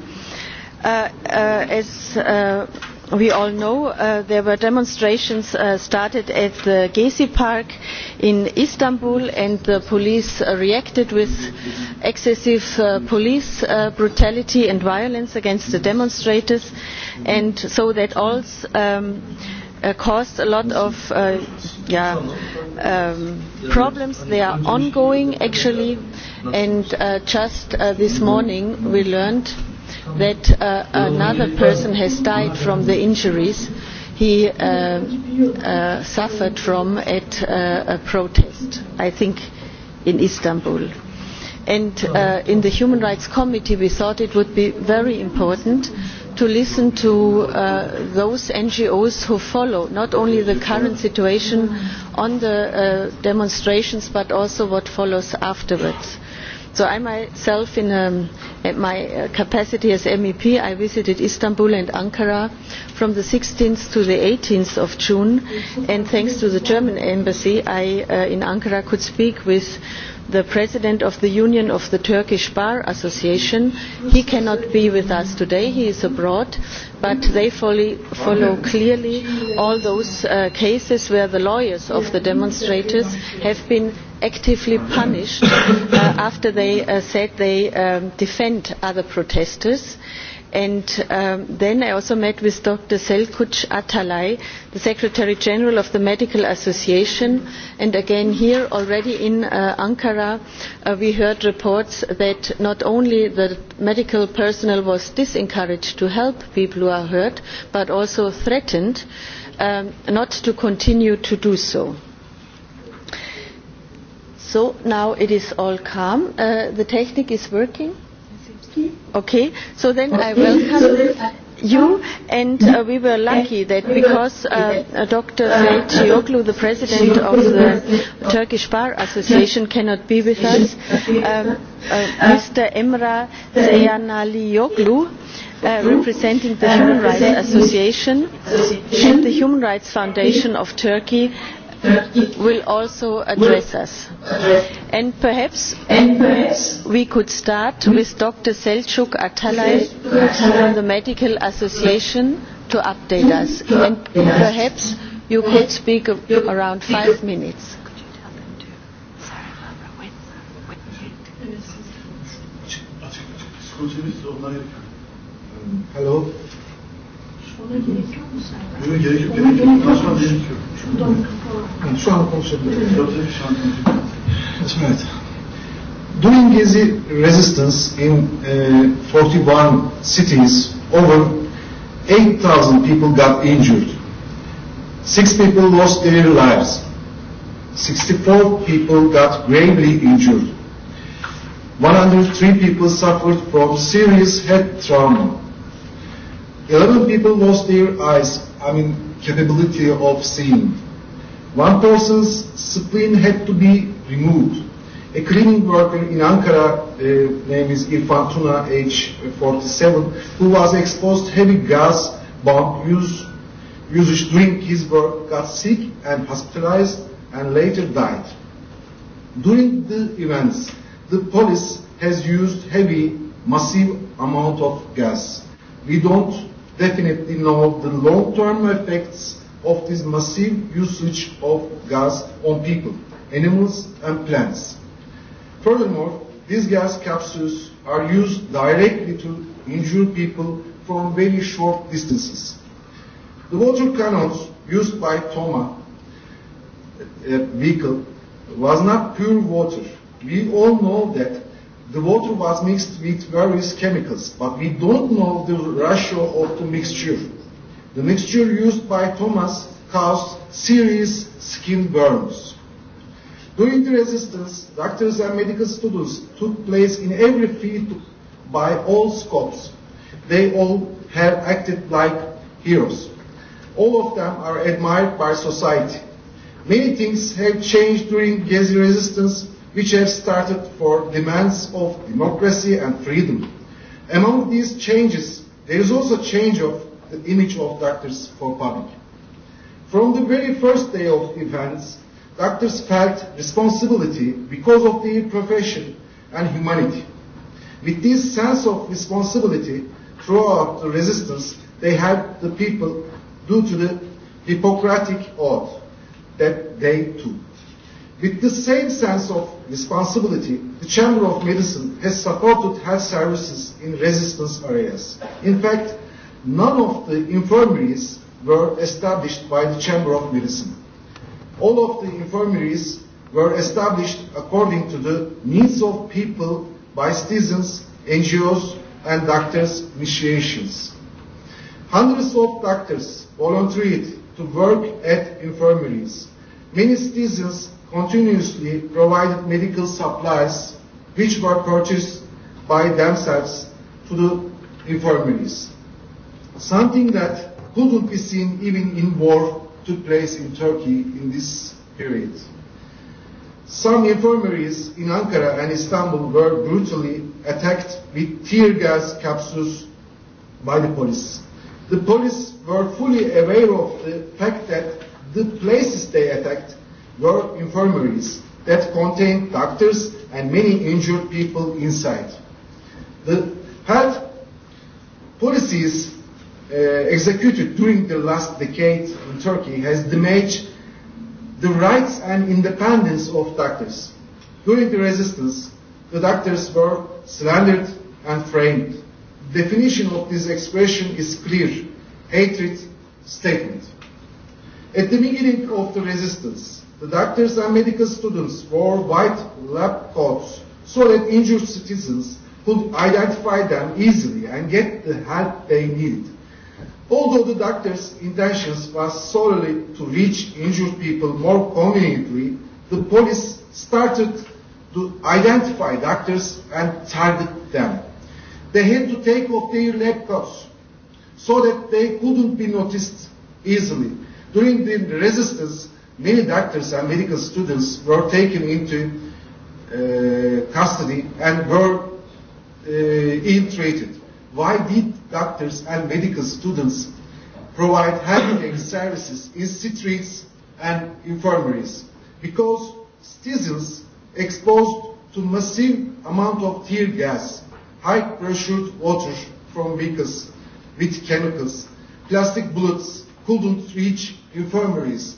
Uh, uh, as uh, we all know uh, there were demonstrations uh, started at the gezi park in istanbul and the police reacted with excessive uh, police uh, brutality and violence against the demonstrators and so that also um, uh, caused a lot of uh, yeah, um, problems. They are ongoing actually and just this morning we learned that uh, another person has died from the injuries he uh, uh, suffered from at uh, a protest, I think in Istanbul. And uh, in the Human Rights Committee we thought it would be very important to listen to uh, those NGOs who follow not only the current situation on the uh, demonstrations but also what follows afterwards So I myself, in um, my uh, capacity as MEP, I visited Istanbul and Ankara from the 16th to the 18th of June, and thanks to the German embassy, I uh, in Ankara could speak with the president of the Union of the Turkish Bar Association. He cannot be with us today, he is abroad, but they follow clearly all those uh, cases where the lawyers of the demonstrators have been actively punished uh, after they uh, said they um, defend other protesters and um, then i also met with dr selkuc atalay the secretary general of the medical association and again here already in uh, ankara uh, we heard reports that not only the medical personnel was disencouraged to help people who are hurt but also threatened um, not to continue to do so So now it is all calm. Uh, the technique is working? Okay, so then I welcome uh, you and uh, we were lucky that because uh, uh Dr. Said the president of the Turkish Bar Association, cannot be with us, um, uh, Mr. Emra Zeyanalioglu, uh, representing the Human Rights Association and the Human Rights Foundation of Turkey, will also address us. And perhaps, we could start with Dr. Selçuk Atalay from the Medical Association to update us. And perhaps you could speak around five minutes. Hello. Yok gerek During Gezi resistance in uh, eh, 41 cities, over 8,000 people got injured. Six people lost their lives. 64 people got gravely injured. 103 people suffered from serious head trauma. A lot of people lost their eyes, I mean, capability of seeing. One person's spleen had to be removed. A cleaning worker in Ankara, uh, name is Irfan Tuna, age 47, who was exposed heavy gas bomb use, usage during his work, got sick and hospitalized and later died. During the events, the police has used heavy, massive amount of gas. We don't definitely know the long-term effects of this massive usage of gas on people, animals, and plants. Furthermore, these gas capsules are used directly to injure people from very short distances. The water cannons used by Toma uh, vehicle was not pure water. We all know that the water was mixed with various chemicals, but we don't know the ratio of the mixture. The mixture used by Thomas caused serious skin burns. During the resistance, doctors and medical students took place in every field by all scopes. They all have acted like heroes. All of them are admired by society. Many things have changed during Gezi resistance, which have started for demands of democracy and freedom. Among these changes, there is also change of the image of doctors for public. From the very first day of events, doctors felt responsibility because of their profession and humanity. With this sense of responsibility throughout the resistance, they helped the people due to the Hippocratic oath that they took. With the same sense of responsibility, the Chamber of Medicine has supported health services in resistance areas. In fact, none of the infirmaries were established by the Chamber of Medicine. All of the infirmaries were established according to the needs of people by citizens, NGOs, and doctors' initiations. Hundreds of doctors volunteered to work at infirmaries. Many citizens continuously provided medical supplies which were purchased by themselves to the infirmaries. Something that couldn't be seen even in war took place in Turkey in this period. Some infirmaries in Ankara and Istanbul were brutally attacked with tear gas capsules by the police. The police were fully aware of the fact that the places they attacked were infirmaries that contained doctors and many injured people inside. The health policies uh, executed during the last decade in Turkey has damaged the rights and independence of doctors. During the resistance, the doctors were slandered and framed. The definition of this expression is clear hatred statement. At the beginning of the resistance, The doctors and medical students wore white lab coats so that injured citizens could identify them easily and get the help they needed. Although the doctor's intentions was solely to reach injured people more conveniently, the police started to identify doctors and target them. They had to take off their lab coats so that they couldn't be noticed easily. During the resistance, many doctors and medical students were taken into uh, custody and were uh, ill-treated. Why did doctors and medical students provide healthcare services in streets and infirmaries? Because citizens exposed to massive amount of tear gas, high pressured water from vehicles with chemicals, plastic bullets couldn't reach infirmaries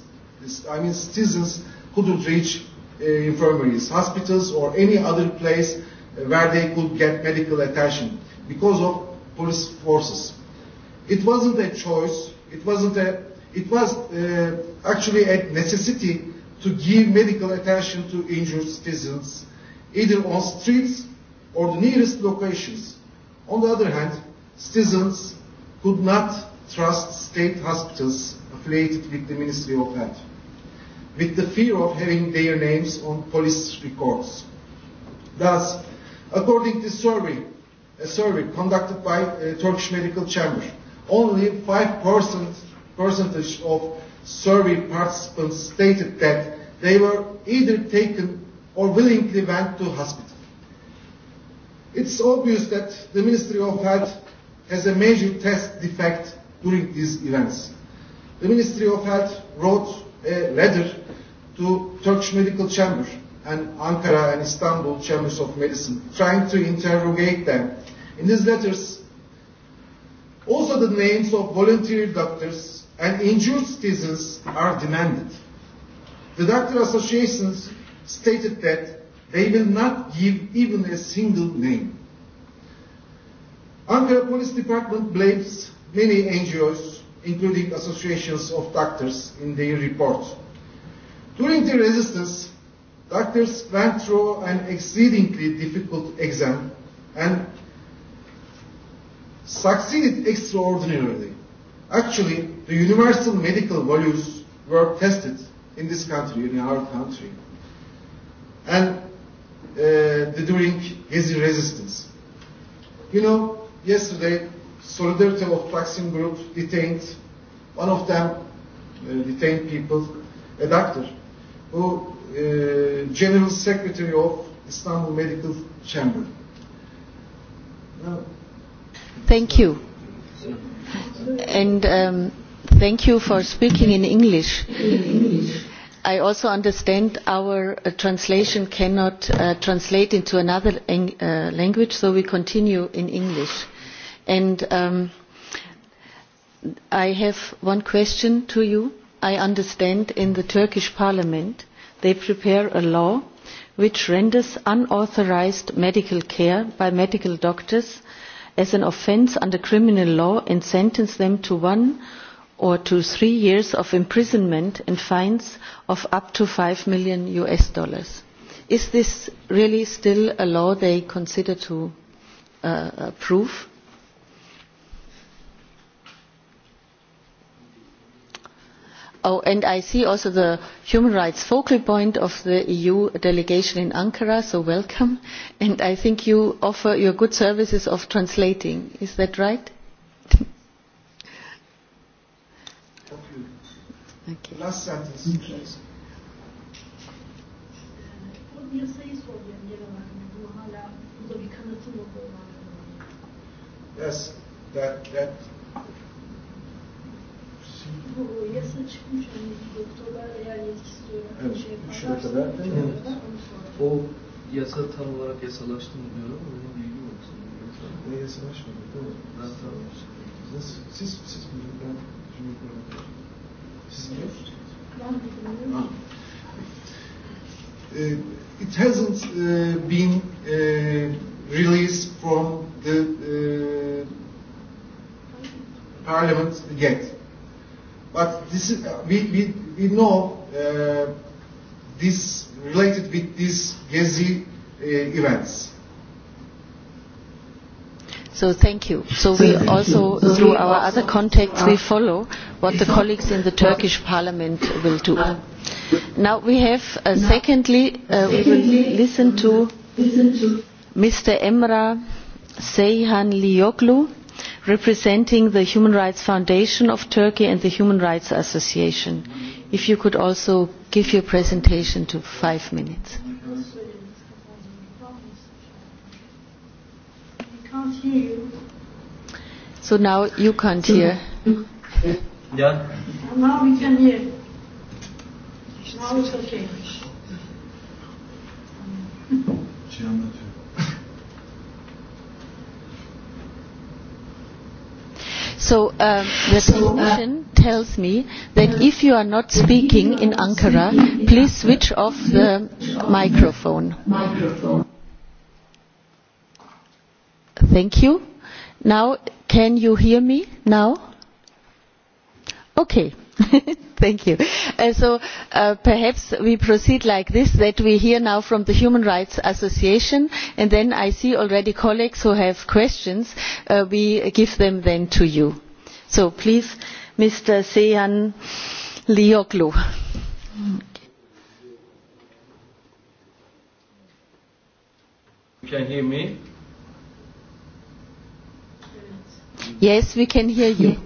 I mean citizens couldn't reach uh, infirmaries, hospitals, or any other place where they could get medical attention because of police forces. It wasn't a choice. It wasn't a. It was uh, actually a necessity to give medical attention to injured citizens, either on streets or the nearest locations. On the other hand, citizens could not trust state hospitals affiliated with the Ministry of Health with the fear of having their names on police records. Thus, according to survey, a survey conducted by uh, Turkish Medical Chamber, only 5% percentage of survey participants stated that they were either taken or willingly went to hospital. It's obvious that the Ministry of Health has a major test defect during these events. The Ministry of Health wrote a letter to Turkish Medical Chamber and Ankara and Istanbul Chambers of Medicine, trying to interrogate them. In these letters, also the names of volunteer doctors and injured citizens are demanded. The doctor associations stated that they will not give even a single name. Ankara Police Department blames many NGOs including associations of doctors, in their report. During the resistance, doctors went through an exceedingly difficult exam and succeeded extraordinarily. Actually, the universal medical values were tested in this country, in our country, and uh, during his resistance. You know, yesterday Solidarity of Taksim group detained, one of them uh, detained people, a doctor, who uh, General Secretary of Istanbul Medical Chamber. Uh, Thank you. And um, thank you for speaking in English. I also understand our uh, translation cannot uh, translate into another uh, language, so we continue in English. And um, I have one question to you. I understand in the Turkish parliament they prepare a law which renders unauthorised medical care by medical doctors as an offence under criminal law and sentence them to one or to three years of imprisonment and fines of up to five million US dollars. Is this really still a law they consider to uh, approve? Oh, and I see also the human rights focal point of the EU delegation in Ankara, so welcome. And I think you offer your good services of translating. Is that right? Yes, that, that bu yasın çıkmış hani doktorlar eğer yetkisi evet, șey kadar değil mi? O yasa tam olarak yasalaştı mı diyor ama benim bilgim yok Ne yasalaşmadı değil mi? Ben tam Nasıl? Siz, siz bilin, ben Cumhurbaşkanı. Siz biliyor musunuz? Ben bilmiyorum. Uh, it hasn't uh, been uh, released from the uh, parliament yet. But this is, uh, we, we, we know uh, this related with these Gezi uh, events. So thank you. So we also, through our other contacts, we follow what the colleagues in the Turkish parliament will do. Now we have, uh, secondly, uh, we will listen to Mr. Emra Seyhan Lioglu representing the Human Rights Foundation of Turkey and the Human Rights Association. If you could also give your presentation to five minutes. So now you can't hear. Yeah. Now we can hear. Now it's okay. So uh, the uh, technician tells me that if you are not speaking in Ankara, please switch off the microphone. Thank you. Now, can you hear me now? Okay. (laughs) Thank you. so uh, perhaps we proceed like this, that we hear now from the Human Rights Association, and then I see already colleagues who have questions. Uh, we give them then to you. So please, Mr. Seyhan Lioglu. You can hear me? Yes, we can hear you.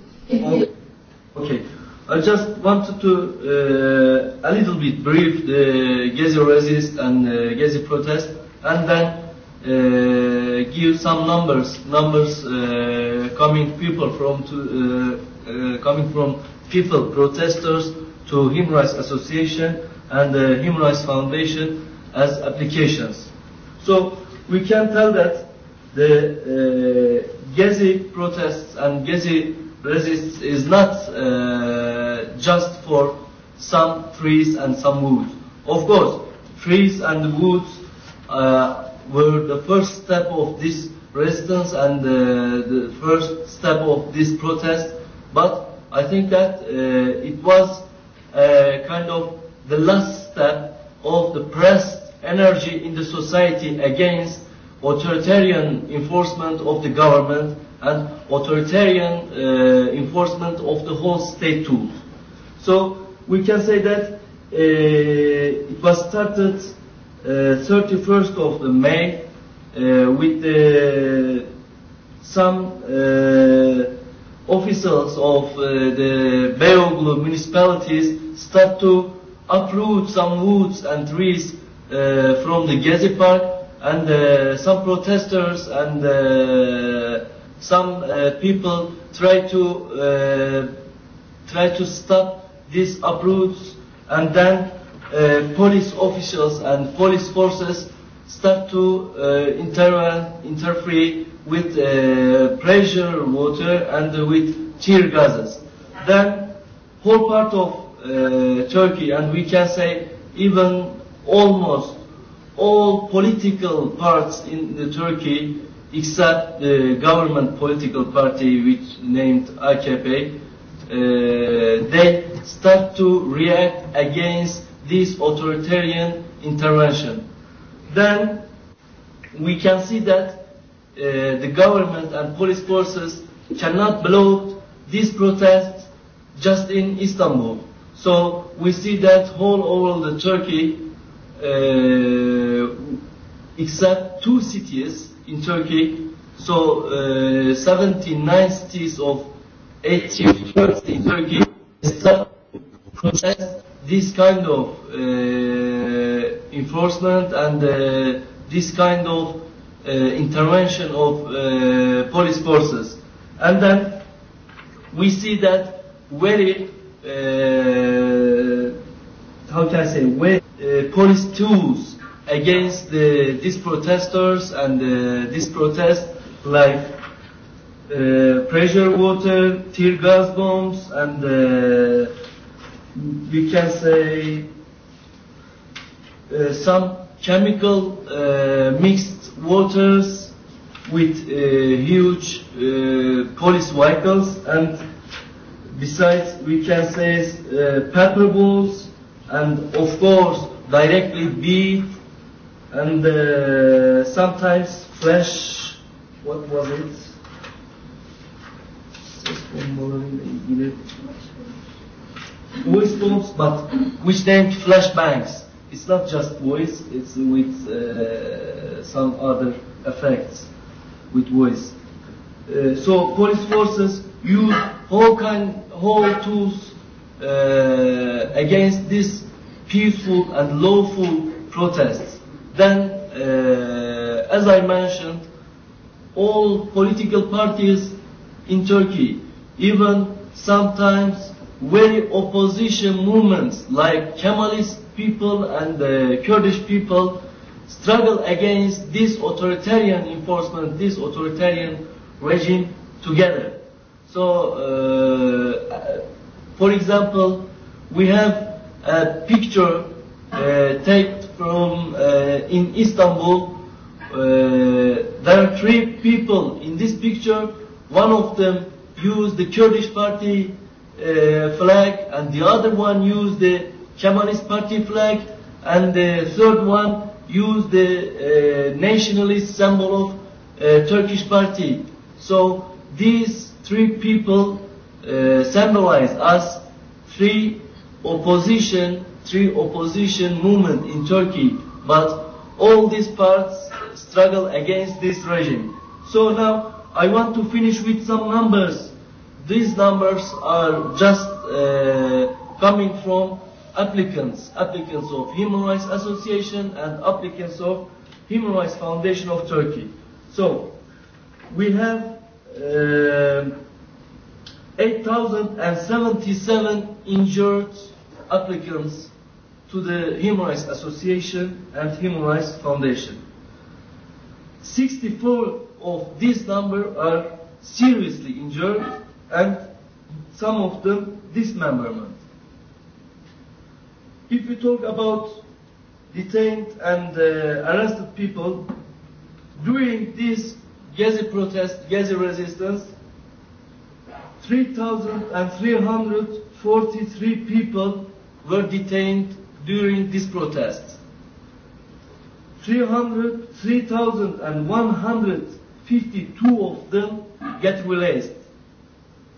Okay. I just wanted to uh, a little bit brief the uh, Gezi resist and uh, Gezi protest, and then uh, give some numbers, numbers uh, coming people from to, uh, uh, coming from people protesters to Human Rights Association and the Human Rights Foundation as applications. So we can tell that the uh, Gezi protests and Gezi This is, is not uh, just for some trees and some woods. Of course, trees and woods uh, were the first step of this resistance and uh, the first step of this protest, but I think that uh, it was uh, kind of the last step of the pressed energy in the society against authoritarian enforcement of the government and authoritarian uh, enforcement of the whole state too. So we can say that uh, it was started uh, 31st of May uh, with uh, some uh, officials of uh, the Beyoğlu municipalities start to uproot some woods and trees uh, from the Gezi Park and uh, some protesters and uh, some uh, people try to uh, try to stop these uproots and then uh, police officials and police forces start to uh, inter interfere with uh, pressure water and uh, with tear gases. Then whole part of uh, Turkey and we can say even almost all political parts in the Turkey except the government political party which named AKP, uh, they start to react against this authoritarian intervention. Then we can see that uh, the government and police forces cannot block these protests just in Istanbul. So we see that all over the Turkey uh, eh, except two cities in Turkey. So uh, eh, 79 cities of 80 in Turkey start to protest this kind of uh, enforcement and uh, this kind of uh, intervention of uh, police forces. And then we see that very uh, how can I say, way, uh, police tools against the, these protesters and uh, these protests, like uh, pressure water, tear gas bombs, and uh, we can say uh, some chemical uh, mixed waters with uh, huge uh, police vehicles and besides we can say uh, pepper balls and of course directly beef and uh, sometimes flesh. What was it? Wisdoms, but which named flashbangs. It's not just voice, it's with uh, some other effects with voice. Uh, so police forces use whole kind, whole tools uh, against these peaceful and lawful protests, then, uh, as I mentioned, all political parties in Turkey, even sometimes very opposition movements like Kemalist people and the uh, Kurdish people struggle against this authoritarian enforcement, this authoritarian regime together. So uh, For example, we have a picture uh, taken from uh, in Istanbul. Uh, there are three people in this picture. One of them used the Kurdish party uh, flag, and the other one used the Kemalist party flag, and the third one used the uh, nationalist symbol of uh, Turkish party. So these three people uh, symbolize as three opposition, three opposition movement in Turkey. But all these parts struggle against this regime. So now I want to finish with some numbers. These numbers are just uh, coming from applicants, applicants of Human Rights Association and applicants of Human Rights Foundation of Turkey. So we have uh, 8,077 injured applicants to the Human Rights Association and Human Rights Foundation. 64 of this number are seriously injured and some of them dismemberment. If we talk about detained and uh, arrested people, during this Gezi protest, Gezi resistance, 3,343 people were detained during these protests. 3,152 of them get released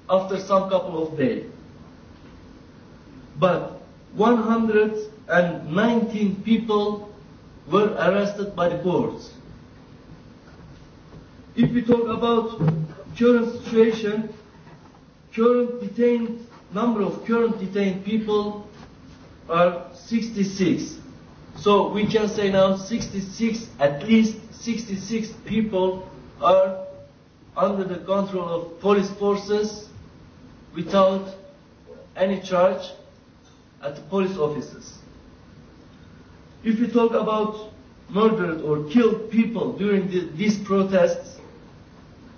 after some couple of days. But 119 people were arrested by the courts. If we talk about current situation, current detained, number of current detained people are 66. So we can say now 66, at least 66 people are under the control of police forces without any charge at the police offices. If we talk about murdered or killed people during the, these protests,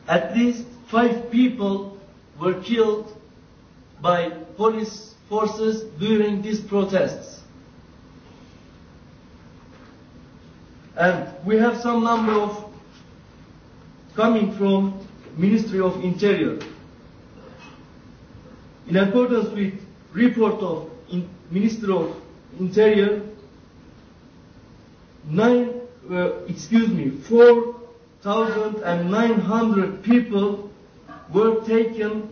at least five people were killed by police forces during these protests. And we have some number of coming from Ministry of Interior. In accordance with report of in Minister of Interior, nine, uh, excuse me, 4,900 people were taken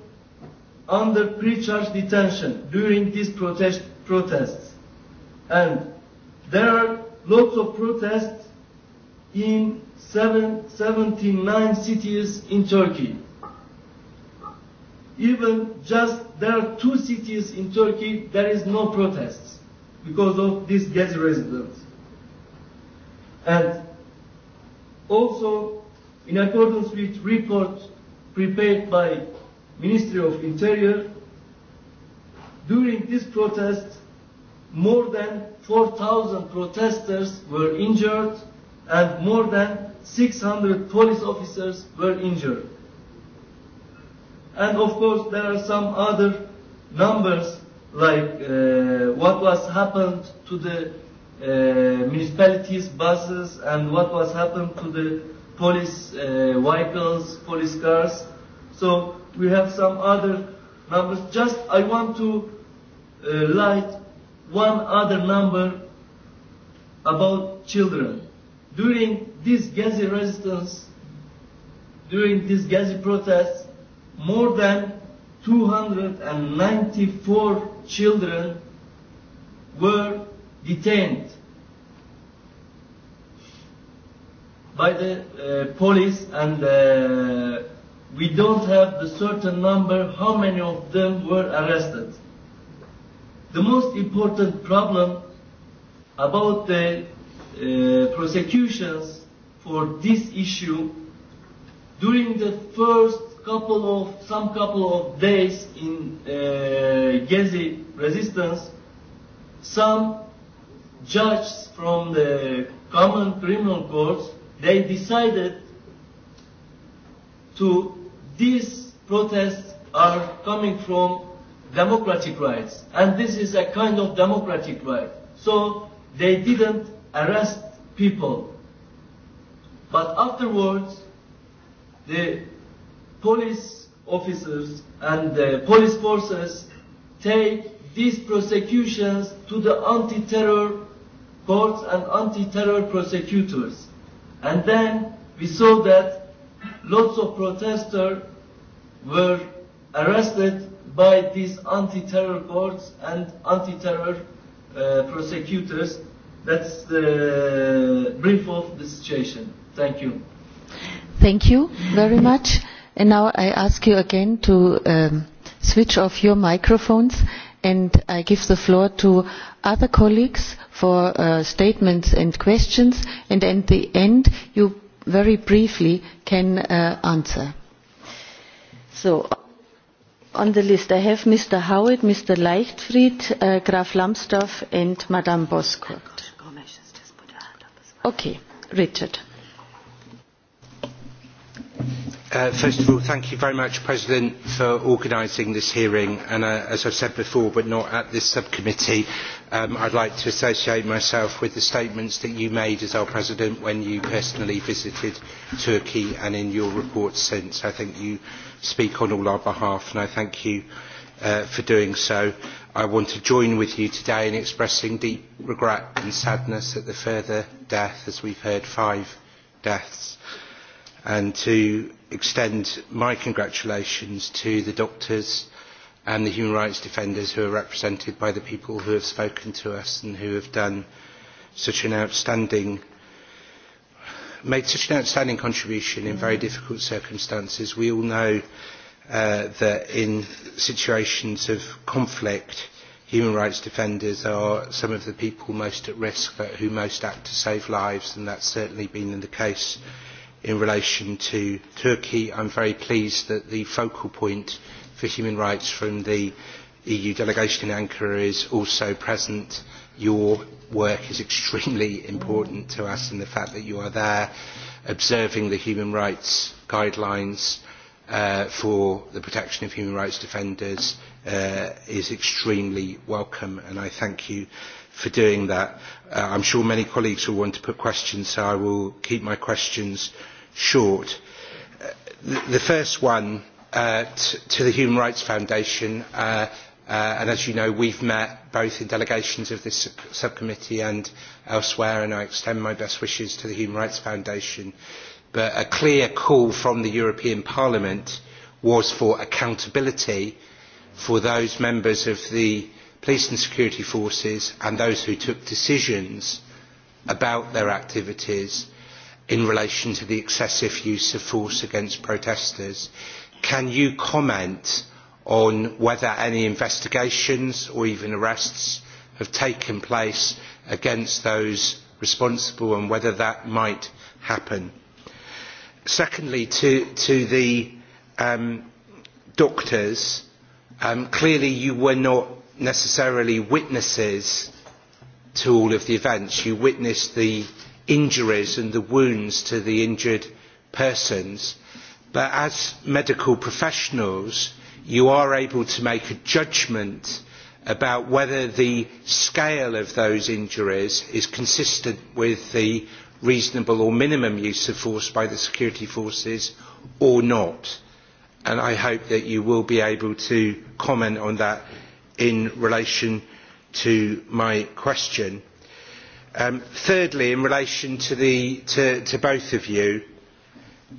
under pre-charge detention during these protest protests. And there are lots of protests in seven, 79 cities in Turkey. Even just there are two cities in Turkey there is no protests because of this Gezi residents. And also, in accordance with report prepared by Ministry of Interior. During this protest, more than 4,000 protesters were injured and more than 600 police officers were injured. And of course, there are some other numbers like uh, what was happened to the uh, municipalities' buses and what was happened to the police uh, vehicles, police cars. So we have some other numbers. Just I want to uh, light one other number about children. During this Gazi resistance, during this Gazi protests, more than 294 children were detained by the uh, police and uh, we don't have the certain number how many of them were arrested. The most important problem about the uh, prosecutions for this issue during the first couple of some couple of days in uh, Gezi resistance some judges from the common criminal courts they decided to these protests are coming from democratic rights and this is a kind of democratic right so they didn't arrest people but afterwards the police officers and the police forces take these prosecutions to the anti-terror courts and anti-terror prosecutors And then we saw that lots of protesters were arrested by these anti-terror courts and anti-terror uh, prosecutors. That's the brief of the situation. Thank you. Thank you very much. And now I ask you again to um, switch off your microphones and I give the floor to other colleagues for uh, statements and questions, and at the end you very briefly can uh, answer. So, on the list I have Mr. Howitt, Mr. Leichtfried, uh, Graf Lambsdorff and Madame Boskurt. Okay, Richard. Uh, first of all, thank you very much, President, for organising this hearing. And uh, as I've said before, but not at this subcommittee, um, I'd like to associate myself with the statements that you made as our President when you personally visited Turkey and in your reports since. I think you speak on all our behalf, and I thank you uh, for doing so. I want to join with you today in expressing deep regret and sadness at the further death, as we've heard, five deaths, and to extend my congratulations to the doctors and the human rights defenders who are represented by the people who have spoken to us and who have done such an outstanding made such an outstanding contribution in very difficult circumstances. We all know uh, that in situations of conflict, human rights defenders are some of the people most at risk, but who most act to save lives, and that's certainly been the case in relation to Turkey. I'm very pleased that the focal point for human rights from the EU delegation in Ankara is also present. Your work is extremely important to us in the fact that you are there observing the human rights guidelines uh, for the protection of human rights defenders uh, is extremely welcome and I thank you for doing that. Uh, I'm sure many colleagues will want to put questions so I will keep my questions short. Uh, the, first one uh, to the Human Rights Foundation, uh, uh, and as you know, we've met both in delegations of this sub subcommittee and elsewhere, and I extend my best wishes to the Human Rights Foundation. But a clear call from the European Parliament was for accountability for those members of the police and security forces and those who took decisions about their activities in relation to the excessive use of force against protesters. Can you comment on whether any investigations or even arrests have taken place against those responsible and whether that might happen? Secondly, to, to the um, doctors, um, clearly you were not necessarily witnesses to all of the events. You witnessed the injuries and the wounds to the injured persons. But as medical professionals, you are able to make a judgment about whether the scale of those injuries is consistent with the reasonable or minimum use of force by the security forces or not. And I hope that you will be able to comment on that in relation to my question. Um, thirdly, in relation to, both of you,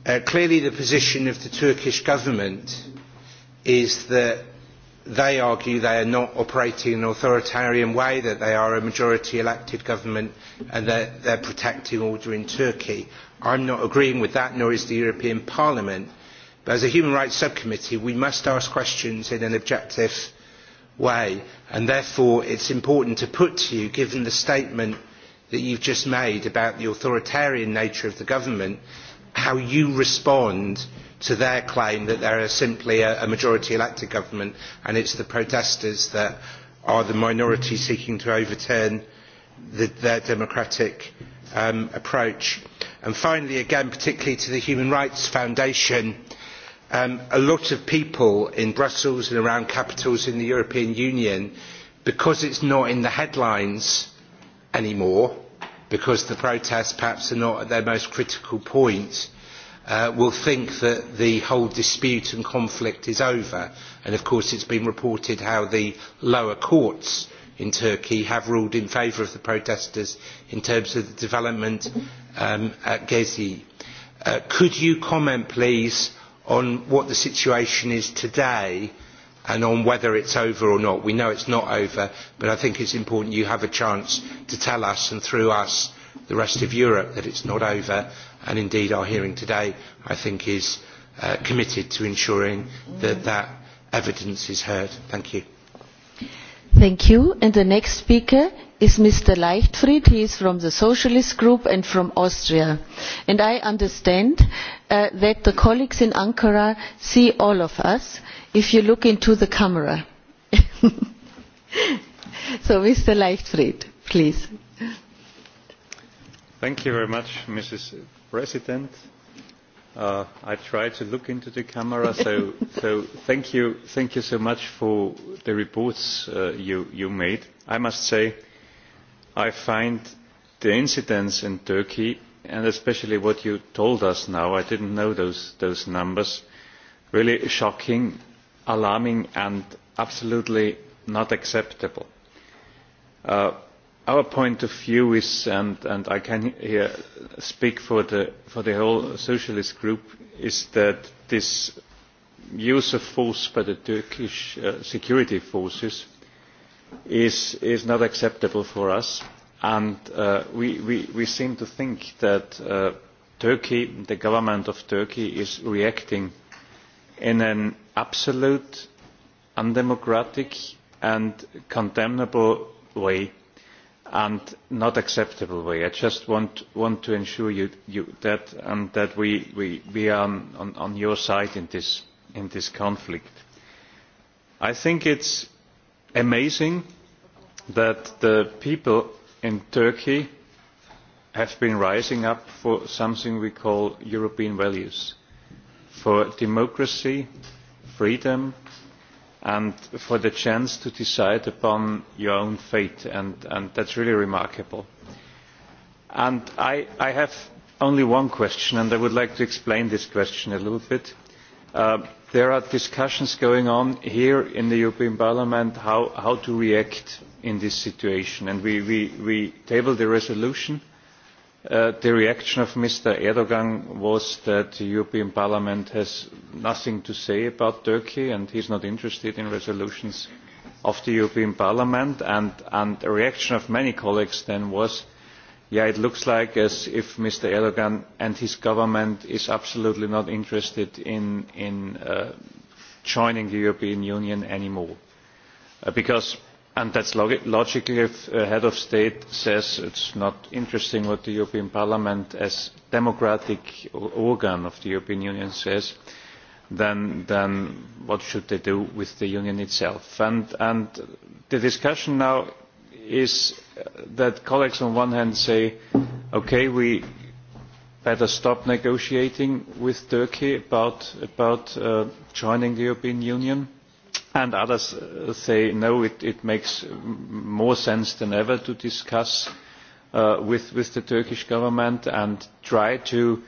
uh, clearly the position of the Turkish government is that they argue they are not operating in an authoritarian way, that they are a majority elected government and that they are protecting order in Turkey. I am not agreeing with that, nor is the European Parliament. But as a human rights subcommittee, we must ask questions in an objective way. And therefore, it is important to put to you, given the statement that you've just made about the authoritarian nature of the government, how you respond to their claim that there is simply a, a majority elected government and it's the protesters that are the minority seeking to overturn the, their democratic um, approach. And finally, again, particularly to the Human Rights Foundation, um, a lot of people in Brussels and around capitals in the European Union, because it's not in the headlines, anymore because the protests perhaps are not at their most critical point uh, will think that the whole dispute and conflict is over. And of course it's been reported how the lower courts in Turkey have ruled in favour of the protesters in terms of the development um, at Gezi. Uh, could you comment please on what the situation is today and on whether it is over or not. We know it is not over, but I think it is important you have a chance to tell us and through us, the rest of Europe, that it is not over. And indeed, our hearing today, I think, is uh, committed to ensuring that that evidence is heard. Thank you. Thank you. And the next speaker is Mr. Leichtfried. He is from the Socialist Group and from Austria. And I understand uh, that the colleagues in Ankara see all of us if you look into the camera. (laughs) so Mr. Leichtfried, please. Thank you very much, Mrs. President. Uh, I try to look into the camera, so, so thank, you, thank you so much for the reports uh, you, you made. I must say I find the incidents in Turkey and especially what you told us now, I didn't know those, those numbers, really shocking alarming and absolutely not acceptable. Uh, our point of view is and, i can here speak for the, for the whole socialist group is that this use of force by the turkish uh, security forces is, is not acceptable for us and uh, we, we seem to think that turkey the government of turkey is reacting in an absolute undemocratic and condemnable way and not acceptable way. i just want, to assure you, that, and that we, are on, your side in this conflict. i think it is amazing that the people in turkey have been rising up for something we call european values for democracy freedom and for the chance to decide upon your own fate and, that is really remarkable. And I, have only one question and i would like to explain this question a little bit. Uh, there are discussions going on here in the european parliament on how, to react in this situation and we, we tabled a resolution Reacția uh, the reaction of mr erdoan was that the european parliament has nothing to say about turkey and he is not interested in resolutions of the european parliament and, and the reaction of many colleagues then was yeah it looks like as if mr erdoan and his government is absolutely not interested in, uh, joining the european union uh, because and that is logical if a head of state says it is not interesting what the european parliament as a democratic organ of the european union says then, what should they do with the union itself? And, the discussion now is uh, that colleagues on one hand say ok we better stop negotiating with turkey about, uh, joining the european union and others uh, say no it, makes more sense than ever to discuss uh, with, the turkish government and try to,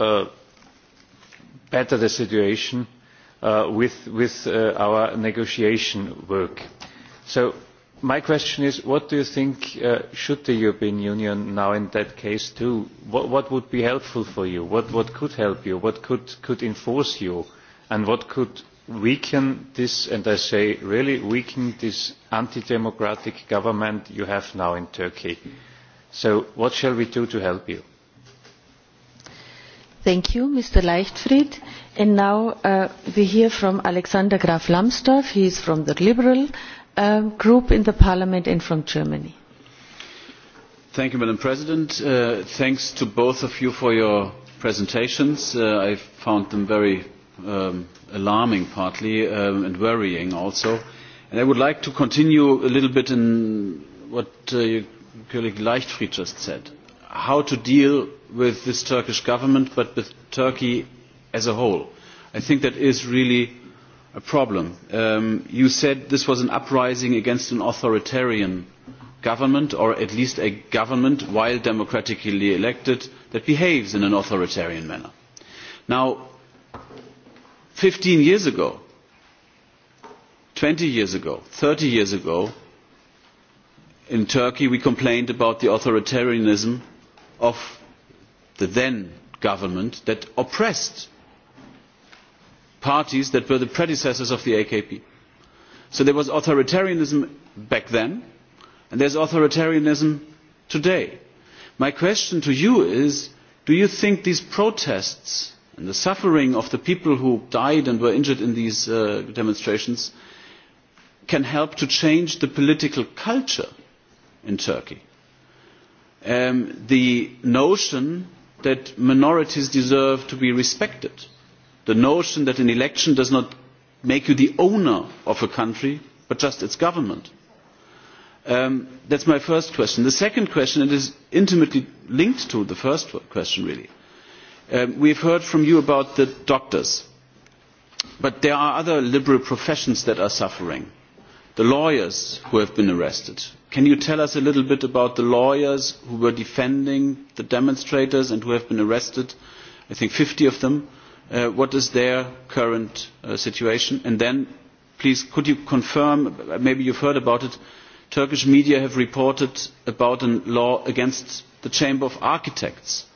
uh, better the situation with, our negotiation work. so my question is what do you think should the european union now in that case do? what, would be helpful for you? what, could help you? what could enforce you? and what could weaken this and i say really weaken this anti democratic government you have now in turkey. so what shall we do to help you? thank you mr leichtfried and now uh, we hear from alexander graf lambsdorff he is from the liberal uh, group in the parliament and from germany. thank you madam president uh, thanks to both of you for your presentations uh, i found them very um, alarming partly um, and worrying also. And I would like to continue a little bit in what uh, your colleague Leichtfried just said, how to deal with this Turkish government but with Turkey as a whole. I think that is really a problem. Um, you said this was an uprising against an authoritarian government or at least a government while democratically elected that behaves in an authoritarian manner. Now, 15 years ago, 20 years ago, 30 years ago, in Turkey we complained about the authoritarianism of the then government that oppressed parties that were the predecessors of the AKP. So there was authoritarianism back then, and there's authoritarianism today. My question to you is, do you think these protests and the suffering of the people who died and were injured in these uh, demonstrations can help to change the political culture in Turkey. Um, the notion that minorities deserve to be respected, the notion that an election does not make you the owner of a country, but just its government. Um, that's my first question. The second question, it is intimately linked to the first question, really Um, We have heard from you about the doctors, but there are other liberal professions that are suffering. The lawyers who have been arrested. Can you tell us a little bit about the lawyers who were defending the demonstrators and who have been arrested? I think 50 of them. Uh, what is their current uh, situation? And then, please, could you confirm, maybe you have heard about it, Turkish media have reported about a law against the Chamber of Architects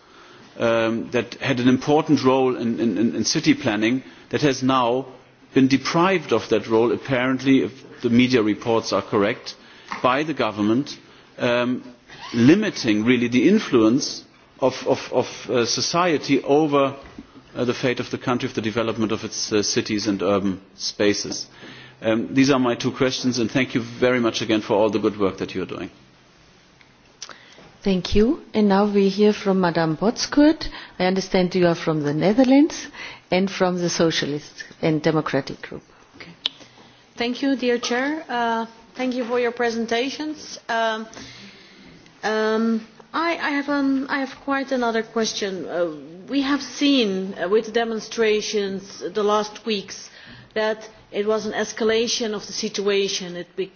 Um, that had an important role in, city planning that has now been deprived of that role, apparently, if the media reports are correct, by the government, um, limiting really the influence of, of, of uh, society over uh, the fate of the country, of the development of its uh, cities and urban spaces. Um, these are my two questions, and thank you very much again for all the good work that you are doing. Thank you. And now we hear from Madame Botskurt. I understand you are from the Netherlands and from the Socialist and Democratic Group. Okay. Thank you, dear Chair. Uh, thank you for your presentations. Um, um, I, I, have an, um, I have quite another question. Uh, we have seen uh, with demonstrations the last weeks that it was an escalation of the situation. It, be,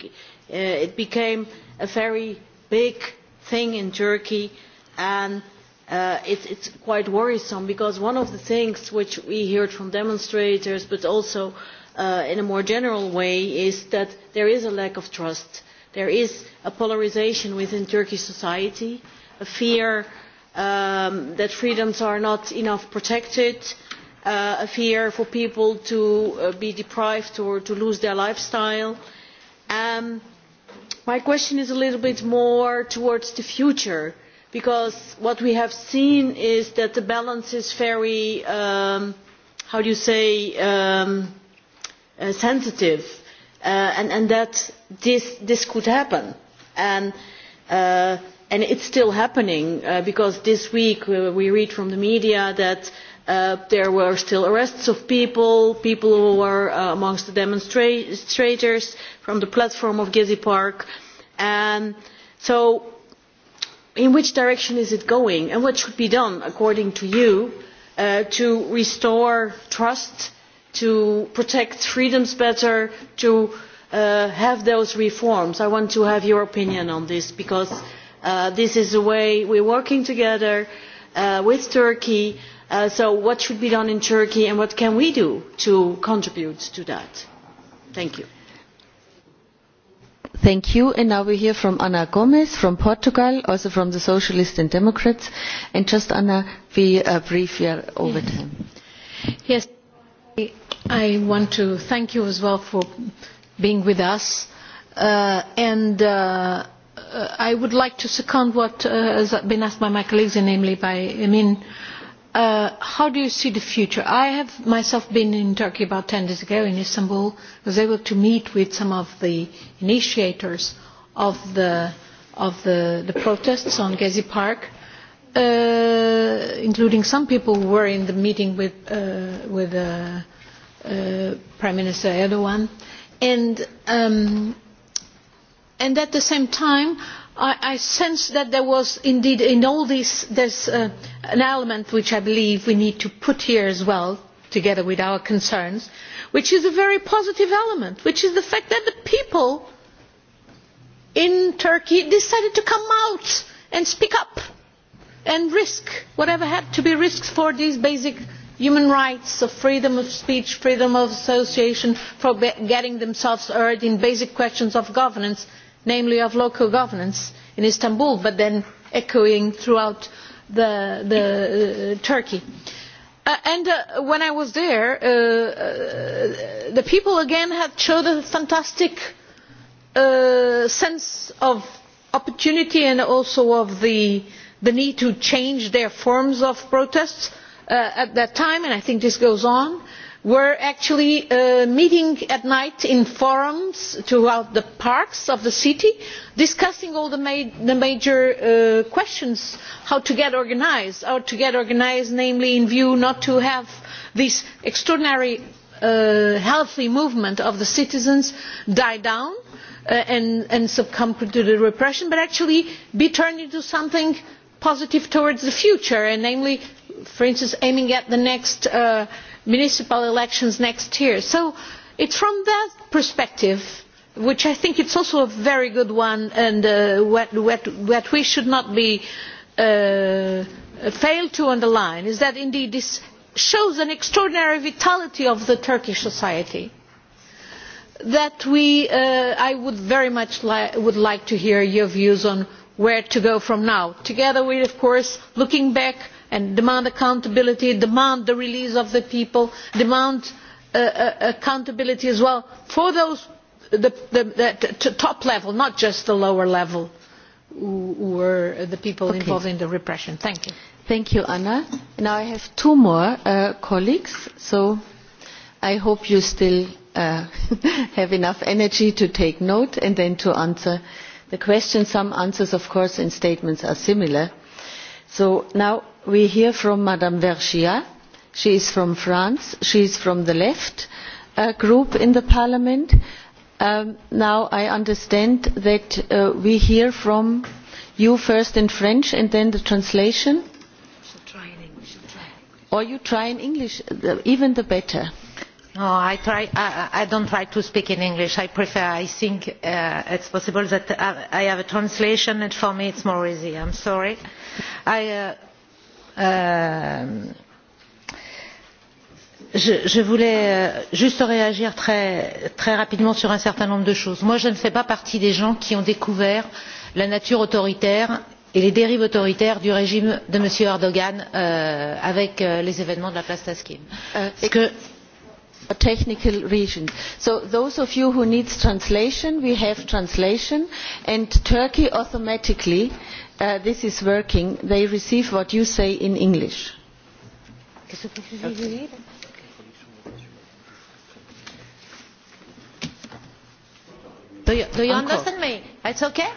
uh, it became a very big thing in Turkey and uh, it, it's quite worrisome because one of the things which we heard from demonstrators but also uh, in a more general way is that there is a lack of trust. There is a polarisation within Turkish society, a fear um, that freedoms are not enough protected, uh, a fear for people to uh, be deprived or to lose their lifestyle. Um, my question is a little bit more towards the future because what we have seen is that the balance is very um, how do you say um, uh, sensitive uh, and, that this, this could happen and, uh, and it's still happening because this week we read from the media that Uh, there were still arrests of people, people who were uh, amongst the demonstrators from the platform of Gezi Park. And so in which direction is it going and what should be done, according to you, uh, to restore trust, to protect freedoms better, to uh, have those reforms? I want to have your opinion on this because uh, this is the way we are working together with Turkey Uh, so what should be done in turkey and what can we do to contribute to that? thank you. Thank you. And now we hear from Ana Gomes from Portugal, also from the Socialists and Democrats. And just, Ana, be uh, brief, we are over yes. time. Yes, I want to thank you as well for being with us. Uh, and uh, uh, I would like to second what uh, has been asked by my colleagues, namely by Emin. Uh, Uh, how do you see the future? I have myself been in Turkey about ten days ago in Istanbul. I was able to meet with some of the initiators of the, protests on Gezi Park, uh, including some people who were in the meeting with, uh, Prime Minister Erdogan. Um, and, at the same time, I, sense that there was indeed in all this there's uh, an element which I believe we need to put here as well together with our concerns which is a very positive element which is the fact that the people in Turkey decided to come out and speak up and risk whatever had to be risked for these basic human rights of freedom of speech freedom of association for getting themselves heard in basic questions of governance namely of local governance in istanbul but then echoing throughout the, uh, turkey. Uh, and uh, when i was there the people again showed a fantastic sense of opportunity and also of the, the need to change their forms of protest at that time and i think this goes on were actually uh, meeting at night in forums throughout the parks of the city discussing all the, major uh, questions how to get organised how to get organised namely in view not to have this extraordinary uh, healthy movement of the citizens die down and, and succumb to the repression but actually be turned into something positive towards the future and namely for instance aiming at the next municipal elections next year. so it is from that perspective which i think is also a very good one and uh, what, we should not be, uh, fail to underline is that indeed this shows an extraordinary vitality of the turkish society that we, uh, i would very much would like to hear your views on where to go from now together with of course looking back and demand accountability demand the release of the people demand uh, uh, accountability as well for those at the, top level not just the lower level who were the people involved in the repression. thank you. thank you anna. now i have two more uh, colleagues so i hope you still (laughs) have enough energy to take note and then to answer the questions. some answers of course in statements are similar. so now we hear from Madame Vergia. She is from France. She is from the left uh, group in the parliament. Um, now I understand that uh, we hear from you first in French and then the translation. Try in English. Or you try in English, even the better. No, I, try, I, I don't try to speak in English. I prefer, I think uh, it's possible that I, uh, I have a translation and for me it's more easy. I'm sorry. I, uh, Euh, je, voulais euh, juste réagir très, rapidement sur un certain nombre de choses. je ne fais pas partie des gens qui ont découvert la nature autoritaire et les dérives autoritaires du régime de m. erdogan euh, avec les événements de la place taksim. a technical reason. So those of you who need translation, we have translation and Turkey automatically Uh, this is working they receive what you say in english. do you, do you understand me? it's okay?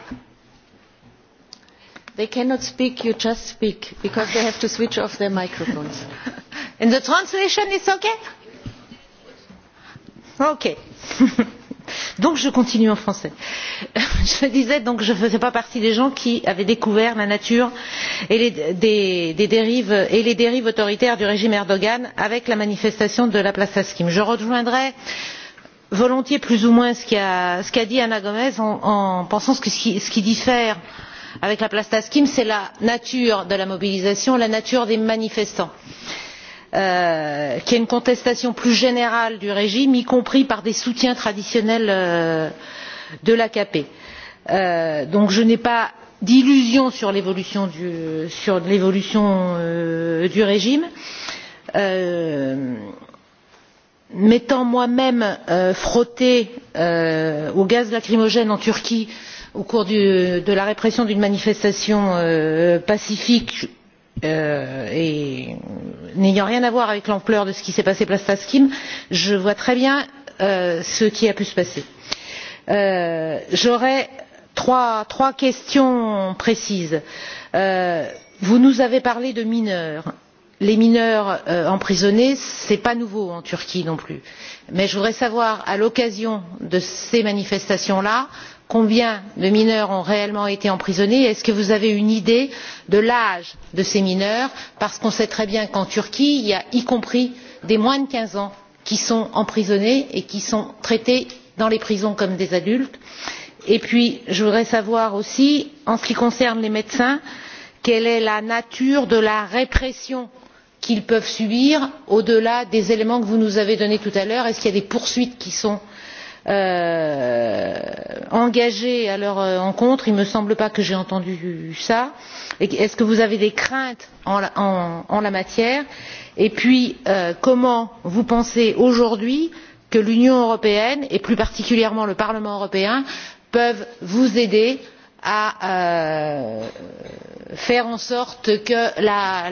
they cannot speak you just speak because they have to switch off their microphones. (laughs) in the translation it's okay? okay. (laughs) donc je continue en français. (laughs) je disais donc que je ne faisais pas partie des gens qui avaient découvert la nature et les, des, dérives, et les dérives autoritaires du régime erdogan avec la manifestation de la place taksim. je rejoindrais volontiers plus ou moins ce qu'a dit ana gomes en, pensant que ce qui, ce qui diffère avec la place taksim c'est la nature de la mobilisation la nature des manifestants. il Euh, qu'il y a une contestation plus générale du régime y compris par des soutiens traditionnels euh, de l'akp. Euh, donc je n'ai pas d'illusions sur l'évolution du régime. m'étant moi même frottée au gaz lacrymogène en turquie au cours de la répression d'une manifestation pacifique Euh, n'ayant rien à voir avec l'ampleur de ce qui s'est passé place taksim je vois très bien euh, ce qui a pu se passer. Euh, j'aurais trois questions précises. vous nous avez parlé de mineurs. les mineurs emprisonnés ce n'est pas nouveau en turquie non plus mais je voudrais savoir à l'occasion de ces manifestations là combien de mineurs ont réellement été emprisonnés et est vous avez une idée de l'âge de ces mineurs parce qu'on sait très bien qu'en turquie il y a y compris des moins de quinze ans qui sont emprisonnés et qui sont traités dans les prisons comme des adultes? et puis je voudrais savoir aussi en ce qui concerne les médecins quelle est la nature de la répression qu'ils peuvent subir au delà des éléments que vous nous avez donnés tout à l'heure? est ce qu'il y a des poursuites qui sont Euh, engagées à leur euh, encontre il ne me semble pas que j'ai entendu cela. est ce que vous avez des craintes en la matière et puis euh, comment pensez vous aujourd'hui que l'union européenne et plus particulièrement le parlement européen peuvent vous aider à faire en sorte que la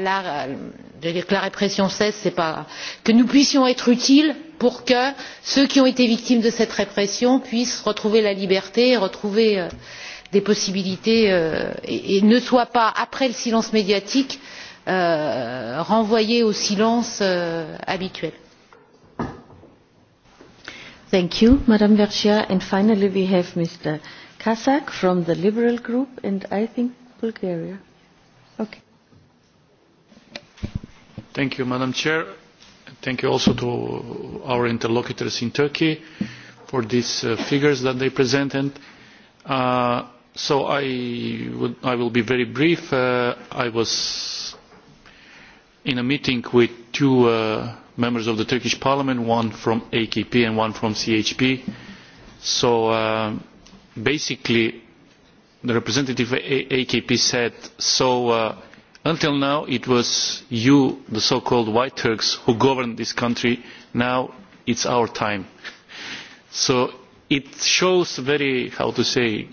répression cesse que nous puissions être utiles pour que ceux qui ont été victimes de cette répression puissent retrouver la liberté et retrouver euh, des possibilités euh, et ne soient pas après le silence médiatique euh, renvoyés au silence habituel. Thank you, Madam Vergia. And finally, we have Mr. from the Liberal Group, and I think Bulgaria. Okay. Thank you, Madam Chair Thank you also to our interlocutors in Turkey for these uh, figures that they presented. Uh, so I, I will be very brief. Uh, I was in a meeting with two uh, members of the Turkish parliament, one from AKP and one from CHP. So uh, basically, the representative of AKP said, so uh, until now it was you the so called white turks who governed this country now it is our time. so it shows very how to say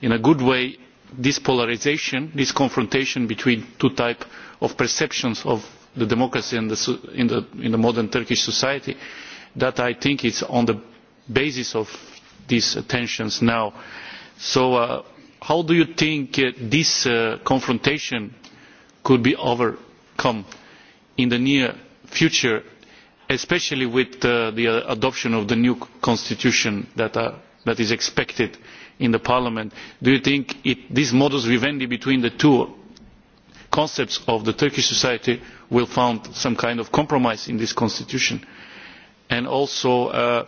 in a good way this polarisation this confrontation between two types of perceptions of the democracy in the, in, the, in the modern turkish society that i think is on the basis of these tensions now. so uh, how do you think uh, this uh, confrontation could be overcome in the near future especially with uh, the uh, adoption of the new constitution that, is expected in parliament do you think it, this modus vivendi between the two concepts of the turkish society will find some kind of compromise in this constitution? and also uh,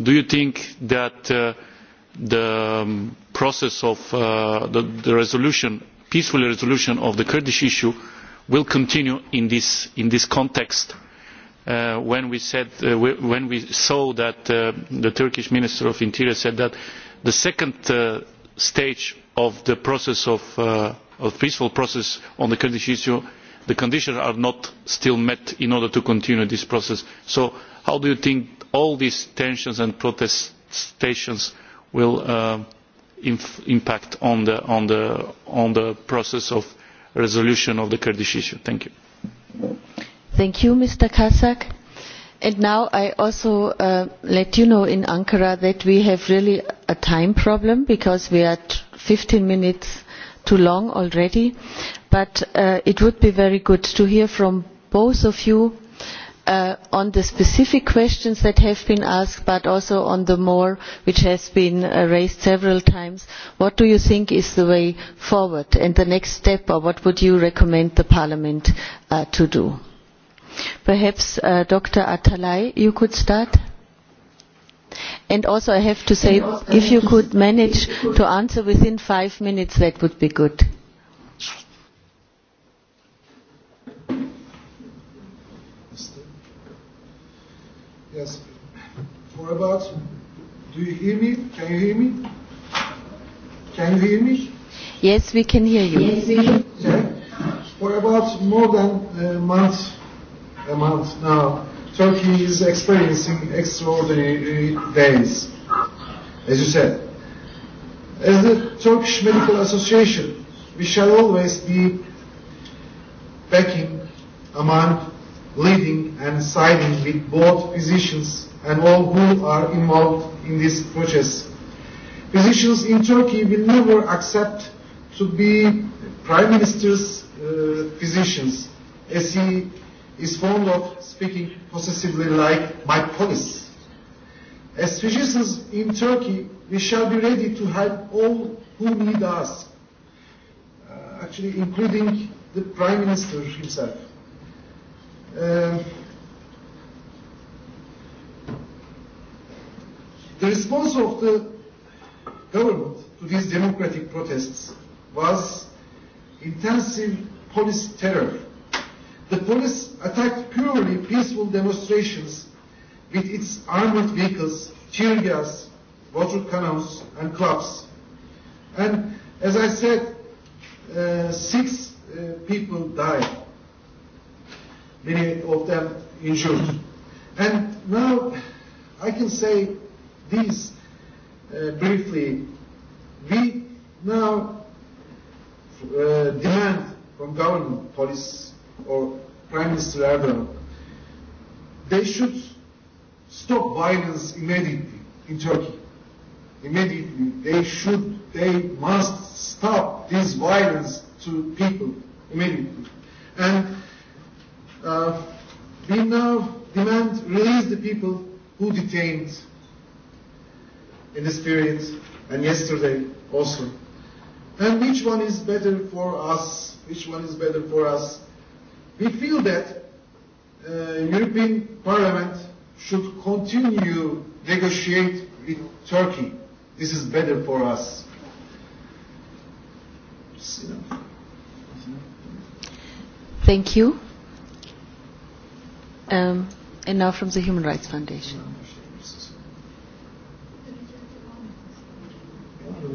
do you think that the um, process of the resolution peaceful resolution of the kurdish issue will continue in this, in this context uh, when, we said, uh, we, when we saw that uh, the turkish minister of interior said that the second uh, stage of the process of, uh, of peaceful process on the kurdish issue the conditions are not still met in order to continue this process. so how do you think all these tensions and protestations will uh, impact on the, on, the, on the process of resolution of the Kurdish issue. Thank you. Thank you, Mr. Kazak. And now I also uh, let you know in Ankara that we have really a time problem because we are 15 minutes too long already. But uh, it would be very good to hear from both of you Uh, on the specific questions that have been asked but also on the more which has been uh, raised several times what do you think is the way forward and the next step or what would you recommend the parliament uh, to do? perhaps dr atalay you could start and also i have to say if you could manage to answer within five minutes that would be good. Yes. For about, do you hear me? Can you hear me? Can you hear me? Yes, we can hear you. Yes, we can. Yeah. For about more than a month, a month now, Turkey is experiencing extraordinary days, as you said. As the Turkish Medical Association, we shall always be backing among leading and siding with both physicians and all who are involved in this process. Physicians in Turkey will never accept to be Prime Minister's uh, physicians, as he is fond of speaking possessively like my police. As physicians in Turkey, we shall be ready to help all who need us, uh, actually including the Prime Minister himself. Uh, the response of the government to these democratic protests was intensive police terror. The police attacked purely peaceful demonstrations with its armored vehicles, tear gas, water cannons, and clubs. And as I said, uh, six uh, people died many of them injured. And now I can say this uh, briefly. We now uh, demand from government, police, or Prime Minister Erdogan, they should stop violence immediately in Turkey. Immediately, they should, they must stop this violence to people immediately. And uh, we now uh, demand release the people who detained in this period and yesterday also. And which one is better for us? Which one is better for us? We feel that uh, European Parliament should continue negotiate with Turkey. This is better for us. Thank you. Um, and now from the Human Rights Foundation.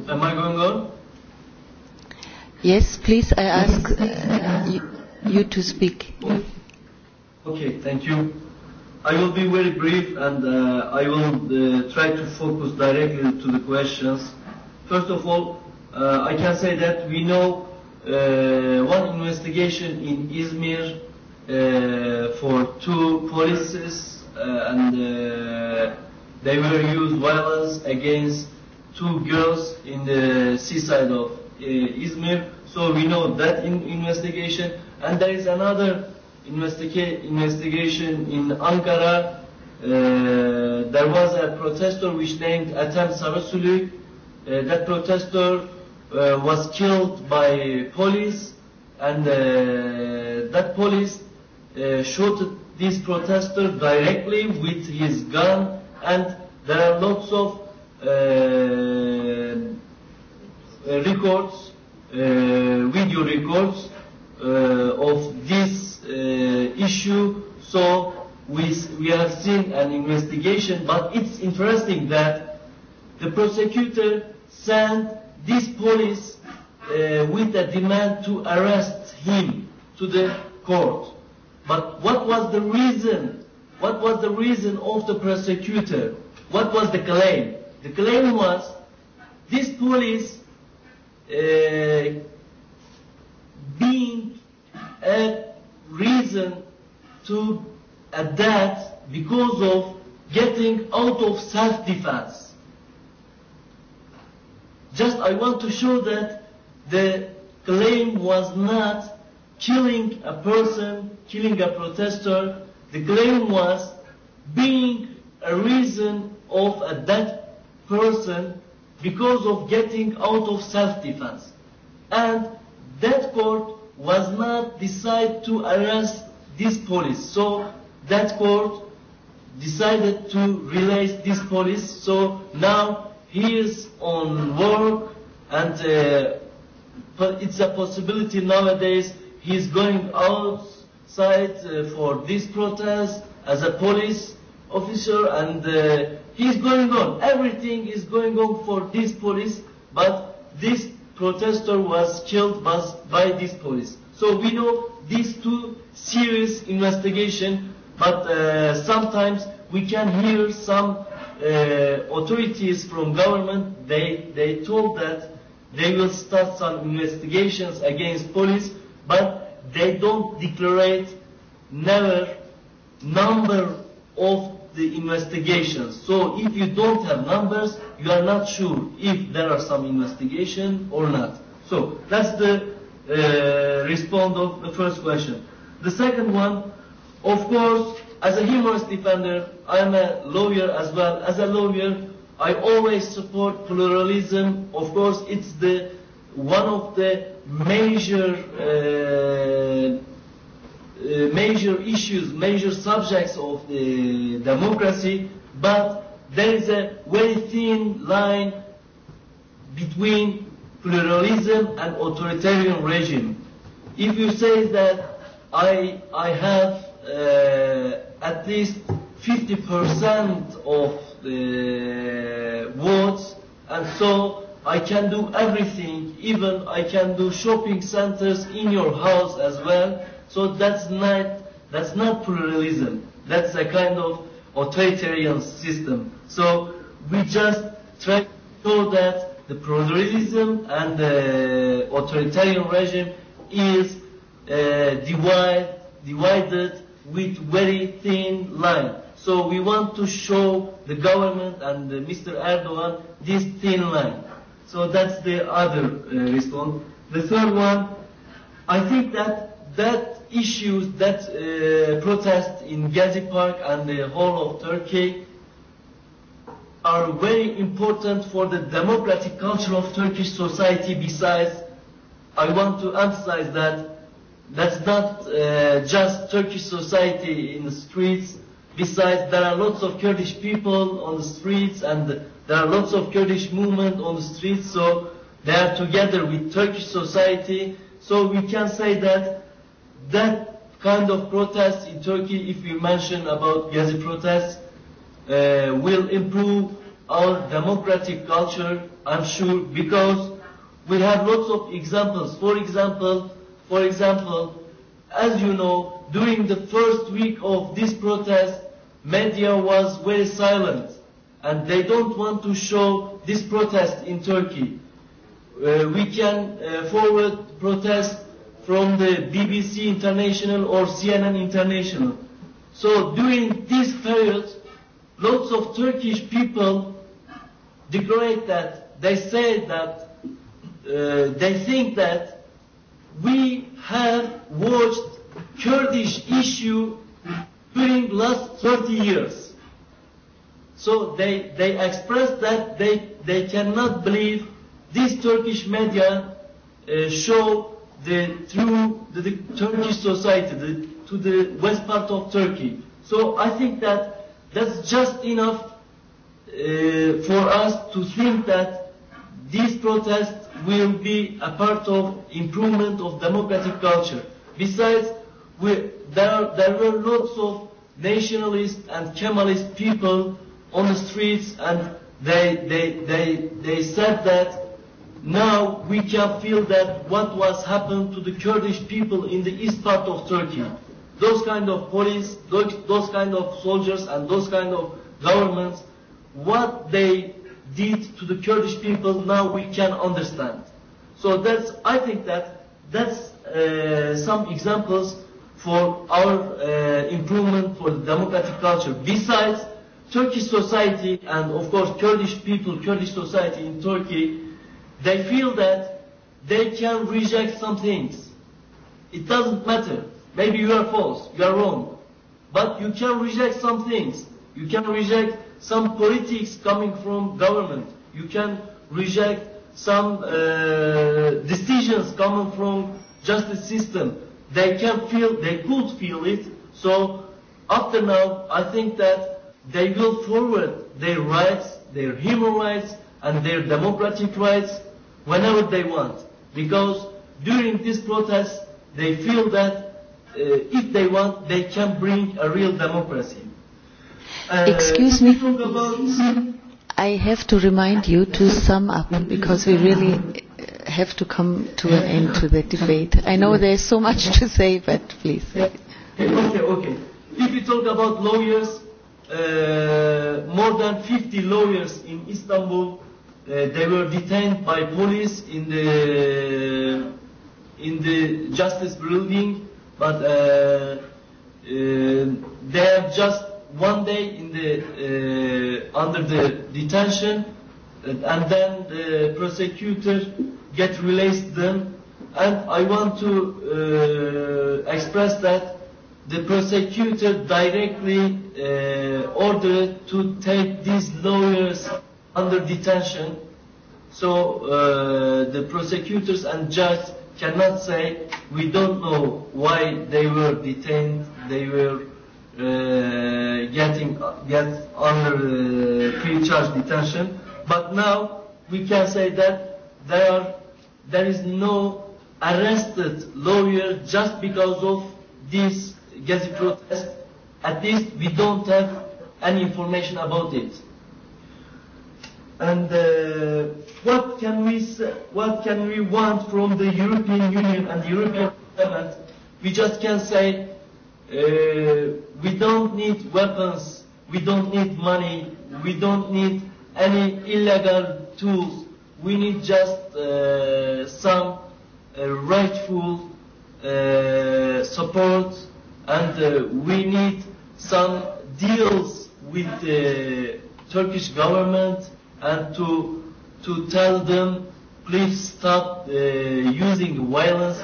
Am I going on? Yes, please, I ask uh, you, you to speak. Okay, thank you. I will be very brief and uh, I will uh, try to focus directly to the questions. First of all, uh, I can say that we know uh, one investigation in Izmir Uh, for two policies uh, and uh, they were used violence against two girls in the seaside of uh, Izmir. So we know that in investigation. And there is another investiga investigation in Ankara. Uh, there was a protester which named Atem Sarasulu. Uh, that protester uh, was killed by police and uh, that police Uh, shot these protesters directly with his gun and there are lots of uh, records, uh, video records uh, of this uh, issue. So we, we have seen an investigation, but it's interesting that the prosecutor sent this police uh, with a demand to arrest him to the court But what was the reason? What was the reason of the prosecutor? What was the claim? The claim was this police uh, being a reason to adapt because of getting out of self-defense. Just I want to show that the claim was not killing a person killing a protester, the claim was being a reason of a dead person because of getting out of self-defense. And that court was not decide to arrest this police. So that court decided to release this police. So now he is on work and uh, but it's a possibility nowadays he's going out site uh, for this protest as a police officer and uh, he's going on. Everything is going on for this police, but this protester was killed by, by this police. So we know these two serious investigation, but uh, sometimes we can hear some uh, authorities from government, they, they told that they will start some investigations against police, but they don't declare never number of the investigations. So if you don't have numbers, you are not sure if there are some investigation or not. So that's the uh, respond of the first question. The second one, of course, as a human rights defender, am a lawyer as well. As a lawyer, I always support pluralism. Of course, it's the one of the major uh, uh, major issues, major subjects of the democracy, but there is a very thin line between pluralism and authoritarian regime. If you say that I, I have uh, at least 50% of the votes, and so I can do everything, even I can do shopping centers in your house as well. So that's not, that's not pluralism. That's a kind of authoritarian system. So we just try to show that the pluralism and the authoritarian regime is uh, divide, divided with very thin line. So we want to show the government and uh, Mr. Erdogan this thin line So that's the other uh, response. The third one, I think that that issues, that uh, protest in Gazi Park and the whole of Turkey are very important for the democratic culture of Turkish society. Besides, I want to emphasize that that's not uh, just Turkish society in the streets. Besides, there are lots of Kurdish people on the streets and There are lots of Kurdish movement on the streets, so they are together with Turkish society. So we can say that that kind of protest in Turkey, if we mention about Gezi protests, uh, will improve our democratic culture, I'm sure, because we have lots of examples. For example, for example, as you know, during the first week of this protest, media was very silent. And they don't want to show this protest in Turkey. Uh, we can uh, forward protest from the BBC International or CNN International. So during this period, lots of Turkish people declare that they say that uh, they think that we have watched Kurdish issue during last 30 years. So they, they express that they, they cannot believe these Turkish media uh, show the true the, the Turkish society the, to the west part of Turkey. So I think that that's just enough uh, for us to think that these protests will be a part of improvement of democratic culture. Besides, we, there, there were lots of nationalist and Kemalist people on the streets and they, they, they, they said that now we can feel that what was happened to the Kurdish people in the east part of Turkey. Those kind of police, those, those kind of soldiers and those kind of governments, what they did to the Kurdish people now we can understand. So that's, I think that that's uh, some examples for our uh, improvement for the democratic culture. Besides, Turkish society and of course Kurdish people, Kurdish society in Turkey, they feel that they can reject some things. It doesn't matter. Maybe you are false, you are wrong. But you can reject some things. You can reject some politics coming from government. You can reject some uh, decisions coming from justice system. They can feel, they could feel it. So after now, I think that they go forward their rights, their human rights, and their democratic rights whenever they want. Because during this protest, they feel that uh, if they want, they can bring a real democracy. Uh, Excuse me. I have to remind you to sum up because we really uh, have to come to an end to the debate. I know there's so much to say, but please. Okay, okay. If we talk about lawyers, uh, more than 50 lawyers in Istanbul. Uh, they were detained by police in the in the justice building, but uh, uh, they have just one day in the uh, under the detention, and then the prosecutor get released them. And I want to uh, express that the prosecutor directly uh, ordered to take these lawyers under detention. So uh, the prosecutors and judge cannot say, we don't know why they were detained, they were uh, getting get under uh, pre-charge detention. But now we can say that there, are, there is no arrested lawyer just because of this Gezi protest, at least we don't have any information about it. And uh, what can we what can we want from the European Union and the European Parliament? We just can say uh, we don't need weapons, we don't need money, we don't need any illegal tools. We need just uh, some uh, rightful uh, support and uh, we need some deals with the Turkish government and to to tell them please stop uh, using violence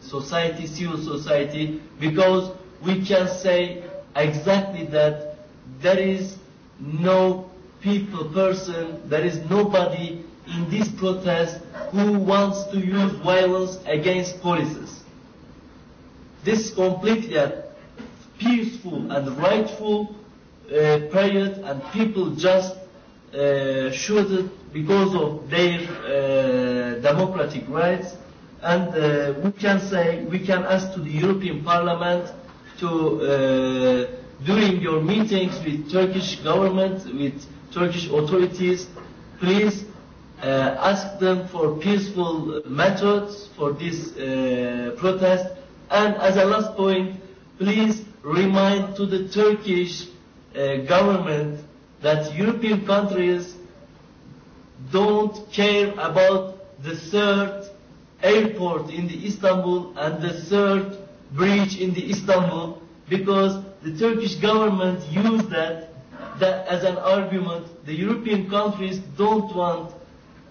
society civil society because we can say exactly that there is no people person there is nobody in this protest who wants to use violence against policies this completely uh, peaceful and rightful uh, period and people just uh, it because of their uh, democratic rights and uh, we can say we can ask to the European Parliament to uh, during your meetings with Turkish government with Turkish authorities please uh, ask them for peaceful methods for this uh, protest And as a last point, please remind to the Turkish uh, government that European countries don't care about the third airport in the Istanbul and the third bridge in the Istanbul because the Turkish government used that, that as an argument. The European countries don't want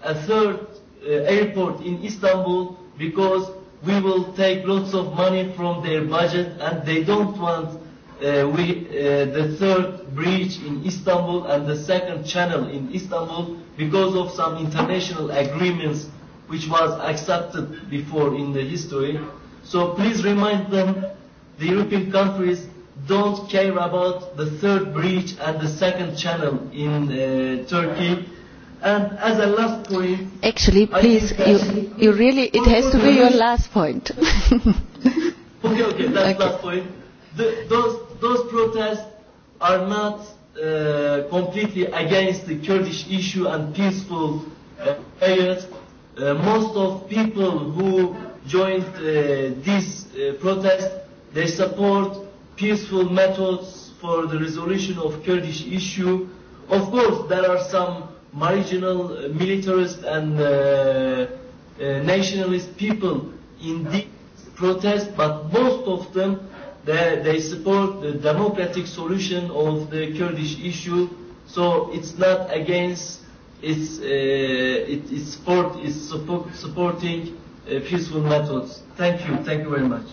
a third uh, airport in Istanbul because we will take lots of money from their budget and they don't want uh, we, uh, the third bridge in Istanbul and the second channel in Istanbul because of some international agreements which was accepted before in the history. So please remind them, the European countries don't care about the third bridge and the second channel in uh, Turkey And as a last point, actually, please, you, you really, it has to be your last point. (laughs) okay, okay, that's okay. last point. The, those those protests are not uh, completely against the Kurdish issue and peaceful uh, areas. Uh, most of people who joined uh, this uh, protest, they support peaceful methods for the resolution of Kurdish issue. Of course, there are some marginal uh, militarist and uh, uh, nationalist people in the protest, but most of them they, they support the democratic solution of the Kurdish issue. So it's not against, it's uh, it, it's support, it's support, supporting uh, peaceful methods. Thank you, thank you very much.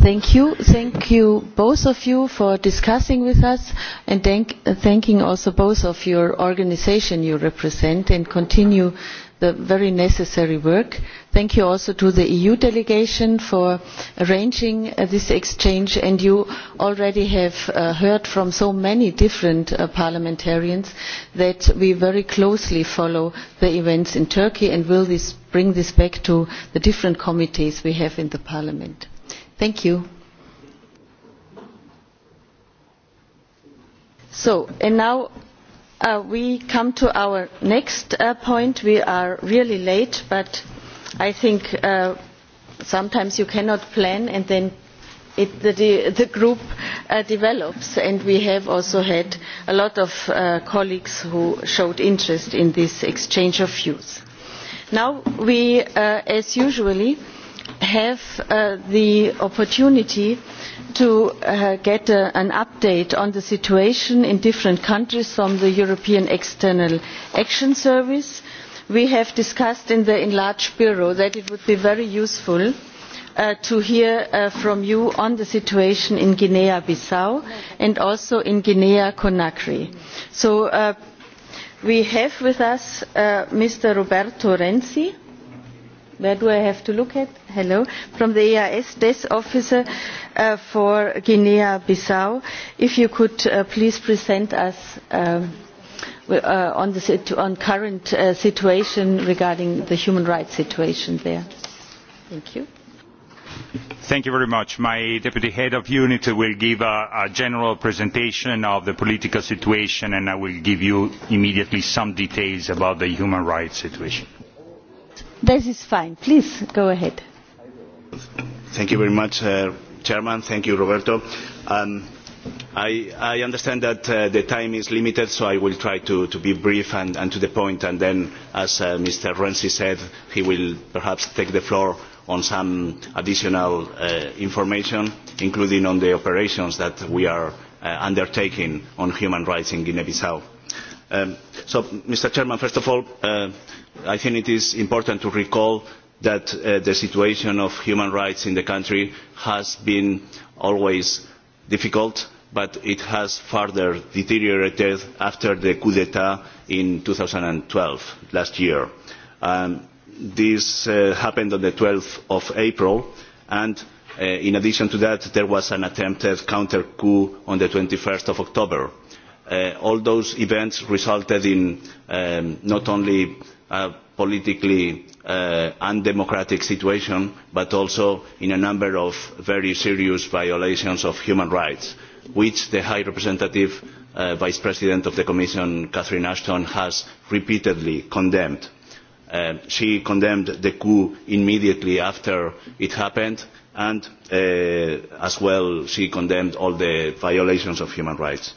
Thank you. Thank you, both of you, for discussing with us and thank, thanking also both of your organization you represent and continue the very necessary work. Thank you also to the EU delegation for arranging uh, this exchange and you already have uh, heard from so many different uh, parliamentarians that we very closely follow the events in Turkey and will this bring this back to the different committees we have in the parliament. Thank you. So, and now uh, we come to our next uh, point. We are really late, but I think uh, sometimes you cannot plan and then it, the, the group uh, develops and we have also had a lot of uh, colleagues who showed interest in this exchange of views. Now we, uh, as usually, have uh, the opportunity to uh, get a, uh, an update on the situation in different countries from the european external action service. we have discussed in the enlarged bureau that it would be very useful uh, to hear uh, from you on the situation in guinea bissau and also in guinea conakry. so uh, we have with us mr roberto renzi where do I have to look at? Hello, from the EIS desk officer uh, for Guinea-Bissau. If you could uh, please present us um, uh, on the situ on current uh, situation regarding the human rights situation there. Thank you. Thank you very much. My deputy head of unit will give a, a general presentation of the political situation and I will give you immediately some details about the human rights situation. This is fine. Please go ahead. Thank you very much, uh, Chairman. Thank you, Roberto. Um, I, I understand that uh, the time is limited, so I will try to, to be brief and, and to the point, and then, as uh, Mr. Renzi said, he will perhaps take the floor on some additional uh, information, including on the operations that we are uh, undertaking on human rights in Guinea-Bissau. Um, so, Mr. president first of all, uh, I think it is important to recall that uh, the situation of human rights in the country has been always difficult, but it has further deteriorated after the coup d'tat in two thousand and twelve last year. Um, this uh, happened on twelve April, and in addition to that, there was an attempted counter coup on twenty one October Uh, all those events resulted in um, not only a politically uh, undemocratic situation but also in a number of very serious violations of human rights which the high representative uh, vice president of the commission catherine ashton has repeatedly condemned. Um, she condemned the coup immediately after it happened and as well she condemned all the violations of human rights.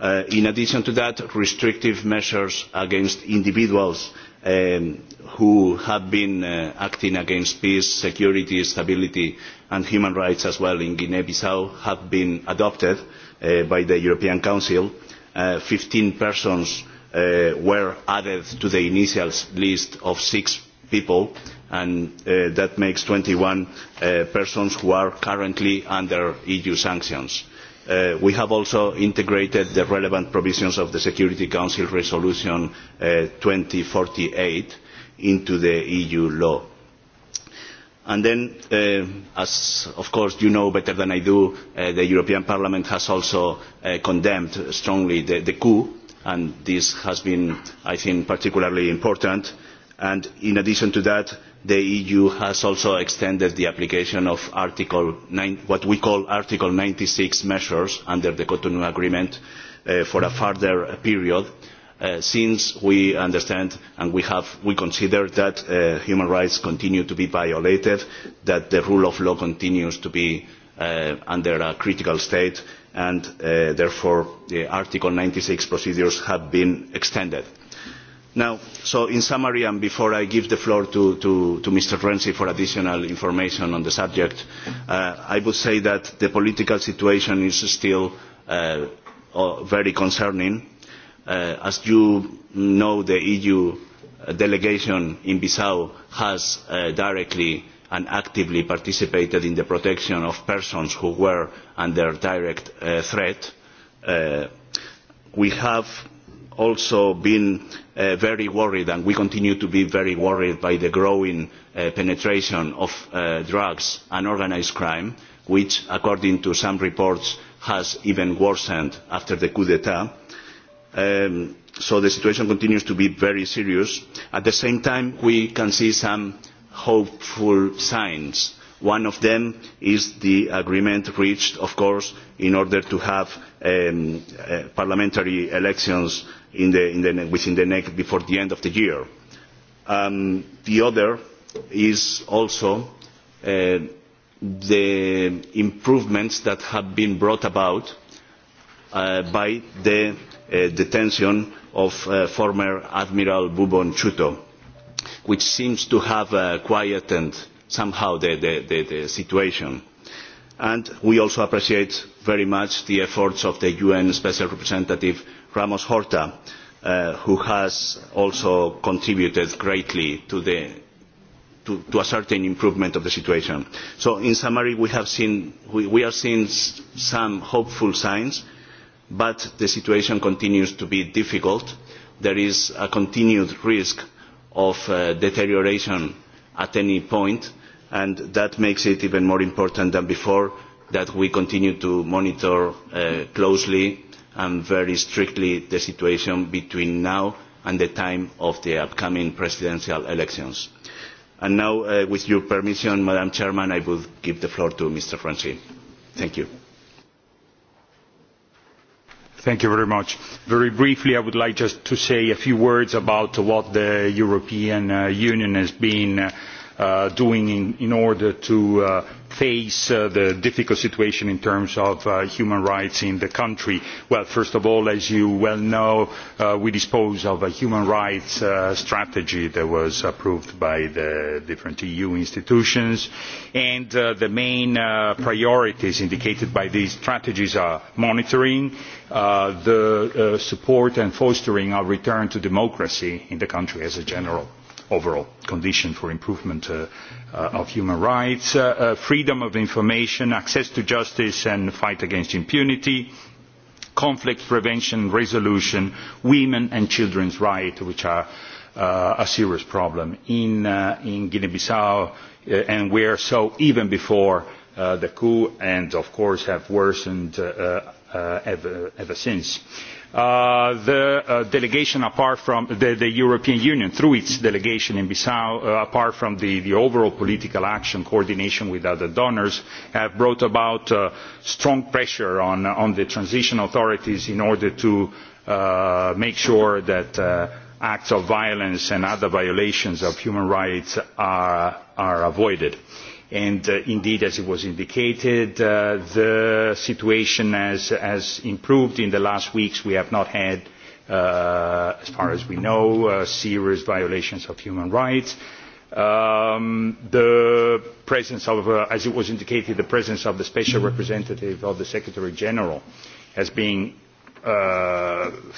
Uh, in addition to that, restrictive measures against individuals um, who have been uh, acting against peace, security, stability and human rights as well in Guinea-Bissau have been adopted uh, by the European Council. fifteen persons were added to the initial list of six people and that makes twenty one persons who are currently under EU sanctions. Uh, we have also integrated the relevant provisions of the Security Council Resolution uh, forty 2048 into the EU law. And then, uh, as of course you know better than I do, the European Parliament has also condemned strongly the, the coup, and this has been, I think, particularly important. And in addition to that, the EU has also extended the application of Article 9, what we call Article 96 measures under the Cotonou Agreement uh, for a further period, uh, since we understand and we, have, we consider that uh, human rights continue to be violated, that the rule of law continues to be uh, under a critical state, and uh, therefore the Article 96 procedures have been extended so in summary, and before I give the floor to, Mr. Renzi for additional information on the subject, uh, I would say that the political situation is still uh, very concerning. Uh, as you know, the EU delegation in Bissau has directly and actively participated in the protection of persons who were under direct threat. we have also been uh, very worried and we continue to be very worried by the growing uh, penetration of uh, drugs and organised crime which according to some reports has even worsened after the coup d'etat. Um, so the situation continues to be very serious. At the same time we can see some hopeful signs. One of them is the agreement reached, of course, in order to have um, uh, parliamentary elections in the, in the, within the next, before the end of the year. Um, the other is also uh, the improvements that have been brought about uh, by the uh, detention of uh, former Admiral Bubon Chuto, which seems to have uh, quietened somehow the, the, the situation and we also appreciate very much the efforts of the un special representative Ramos Horta, uh, who has also contributed greatly to, the, to, to, a certain improvement of the situation. So in summary, we, have seen, we, we are seeing some hopeful signs, but the situation continues to be difficult. There is a continued risk of uh, deterioration at any point, and that makes it even more important than before that we continue to monitor uh, closely and very strictly the situation between now and the time of the upcoming presidential elections. And now, uh, with your permission, Madam Chairman, I will give the floor to Mr. Franci. Thank you. Thank you very much. Very briefly, I would like just to say a few words about what the European uh, Union has been uh, Uh, doing in, order to uh, face uh, the difficult situation in terms of human rights in the country? Well, first of all, as you well know, we dispose of a human rights strategy that was approved by the different EU institutions, and the main priorities indicated by these strategies are monitoring, the support and fostering of return to democracy in the country as a general overall condition for improvement uh, uh, of human rights, uh, uh, freedom of information, access to justice and fight against impunity, conflict prevention, resolution, women and children's rights, which are uh, a serious problem in, uh, in Guinea-Bissau and where so even before the coup and of course have worsened ever, ever since. Uh, the uh, delegation apart from the, the european union through its delegation in bissau uh, apart from the, the overall political action coordination with other donors have brought about uh, strong pressure on, on the transition authorities in order to uh, make sure that acts of violence and other violations of human rights are, are avoided and uh, indeed as it was indicated uh, the situation has, improved in the last weeks we have not had uh, as far as we know serious violations of human rights um, the presence of, as it was indicated, the presence of the special representative of the Secretary General has been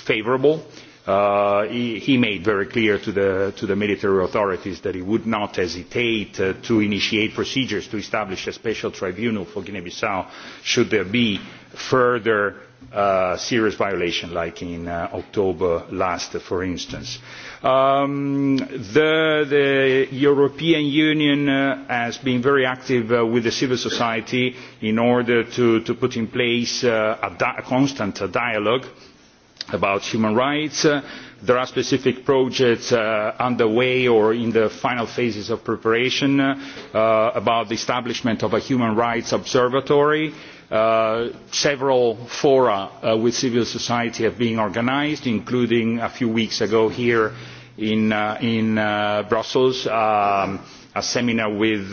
favourable. Uh, he, made very clear to the, military authorities that he would not hesitate uh, to initiate procedures to establish a special tribunal for guinea bissau should there be further uh, serious violations like in october last for instance. Um, the, european union has been very active with civil society in order to, put in place a constant dialogue about human rights. Uh, there are specific projects uh, underway or in the final phases of preparation uh, about the establishment of a human rights observatory. several fora with civil society are being organised including a few weeks ago here in, brussels um, a seminar with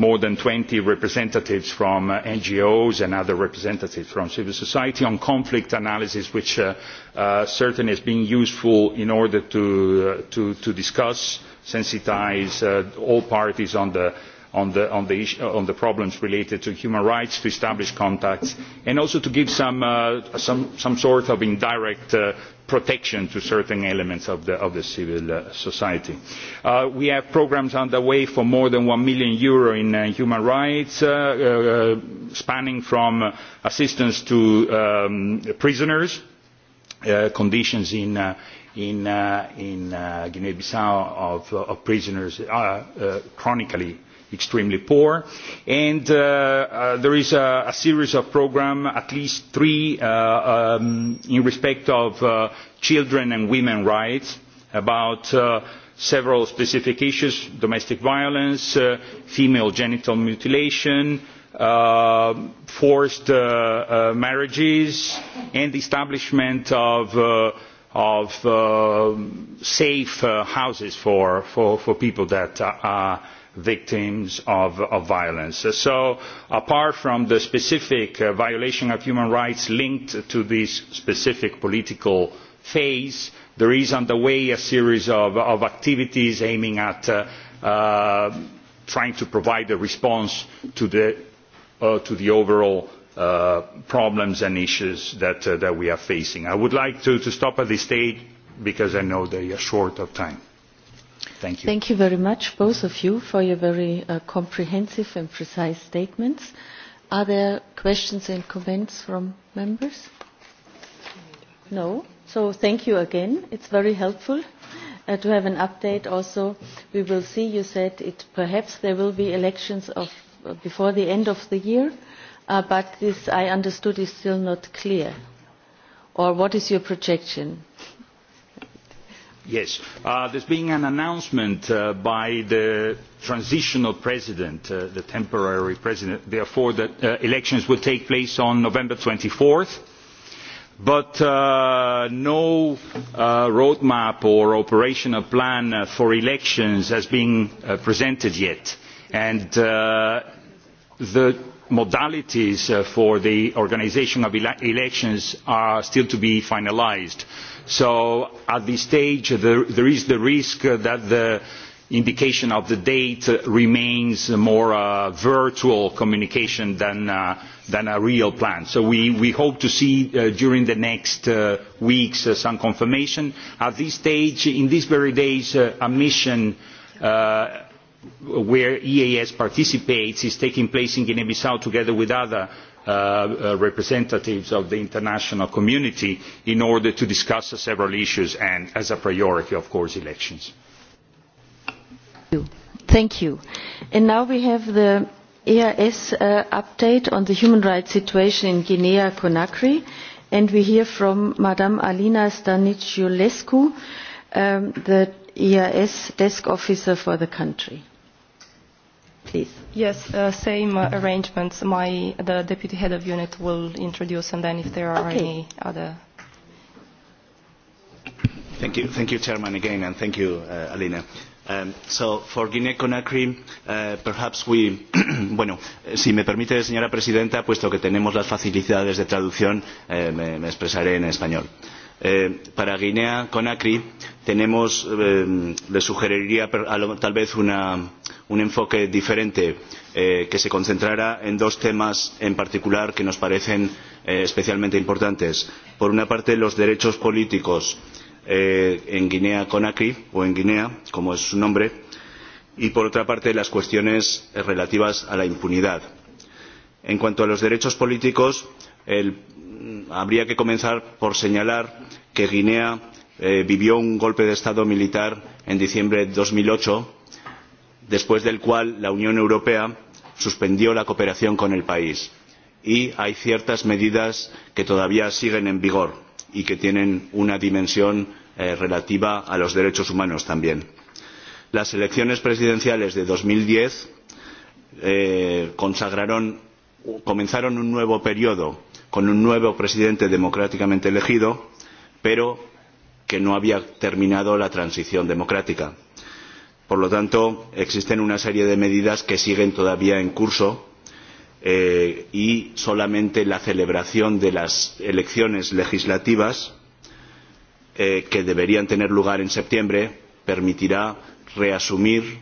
more than 20 representatives from uh, ngos and other representatives from civil society on conflict analysis which uh, uh, certainly has been useful in order to, discuss to discuss sensitise all parties on the Uh, on the, problems related to human rights to establish contacts and also to give some, uh, sort of indirect uh, protection to certain elements of the, civil society. we have programmes underway for more than eur one million Euro in human rights spanning from assistance to um, prisoners conditions in, guinea bissau of, of prisoners are chronically extremely poor. And uh, uh, there is a, a series of programs, at least three, uh, um, in respect of uh, children and women rights about uh, several specific issues, domestic violence, uh, female genital mutilation, uh, forced uh, uh, marriages, and the establishment of uh, of uh, safe uh, houses for, for, for people that uh, victims of, of violence. so apart from the specific uh, violation of human rights linked to this specific political phase there is underway a series of, of activities aiming at uh, uh, trying to provide a response to the, uh, to the overall uh, problems and issues that, that we are facing. i would like to, to stop at this stage because i know they are short of time. Thank you. Thank you very much, both of you, for your very uh, comprehensive and precise statements. Are there questions and comments from members? No? So thank you again. It's very helpful uh, to have an update also. We will see, you said, it, perhaps there will be elections of, uh, before the end of the year, uh, but this, I understood, is still not clear. Or what is your projection? Yes. Uh, there has been an announcement uh, by the transitional president, uh, the temporary president, therefore that uh, elections will take place on November 24th, but uh, no uh, roadmap or operational plan for elections has been presented yet. And the modalities for the organisation of ele elections are still to be finalised so at this stage there, is the risk that the indication of the date remains more a uh, virtual communication than, uh, than a real plan. So we, hope to see uh, during the next weeks some confirmation. At this stage, in these very days, a mission where EAS participates is taking place in Guinea-Bissau together with other Uh, uh, representatives of the international community in order to discuss several issues and as a priority of course elections. Thank you. Thank you. And now we have the EAS uh, update on the human rights situation in Guinea Conakry and we hear from Madame Alina Staniciulescu, um, the EAS desk officer for the country please. Yes, uh, same uh, arrangements. My, the deputy head of unit will introduce and then if there are okay. any other... Thank you, thank you, Chairman, again, and thank you, uh, Alina. Um, so, for Guinea-Conakry, uh, perhaps we, (clears throat) bueno, si me permite, señora presidenta, puesto que tenemos las facilidades de traducción, eh, me, me expresaré en español. Uh, Eh, para Guinea Conakry tenemos, eh, le sugeriría tal vez una, un enfoque diferente eh, que se concentrara en dos temas en particular que nos parecen eh, especialmente importantes. Por una parte, los derechos políticos eh, en Guinea Conakry o en Guinea, como es su nombre, y por otra parte, las cuestiones eh, relativas a la impunidad. En cuanto a los derechos políticos, el habría que comenzar por señalar que guinea eh, vivió un golpe de estado militar en diciembre de dos mil ocho después del cual la unión europea suspendió la cooperación con el país y hay ciertas medidas que todavía siguen en vigor y que tienen una dimensión eh, relativa a los derechos humanos también. Las elecciones presidenciales de 2010 eh, consagraron, comenzaron un nuevo periodo con un nuevo presidente democráticamente elegido, pero que no había terminado la transición democrática. Por lo tanto, existen una serie de medidas que siguen todavía en curso eh, y solamente la celebración de las elecciones legislativas, eh, que deberían tener lugar en septiembre, permitirá reasumir,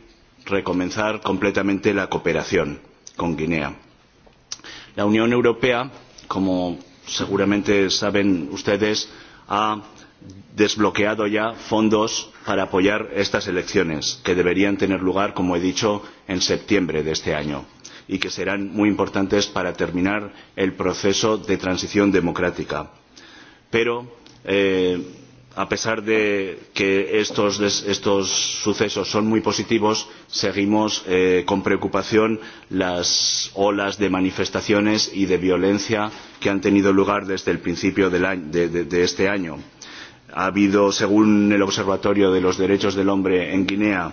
recomenzar completamente la cooperación con Guinea. La Unión Europea como seguramente saben ustedes, ha desbloqueado ya fondos para apoyar estas elecciones, que deberían tener lugar, como he dicho, en septiembre de este año y que serán muy importantes para terminar el proceso de transición democrática. Pero eh, a pesar de que estos, estos sucesos son muy positivos seguimos eh, con preocupación las olas de manifestaciones y de violencia que han tenido lugar desde el principio del año, de, de, de este año. ha habido según el observatorio de los derechos del hombre en guinea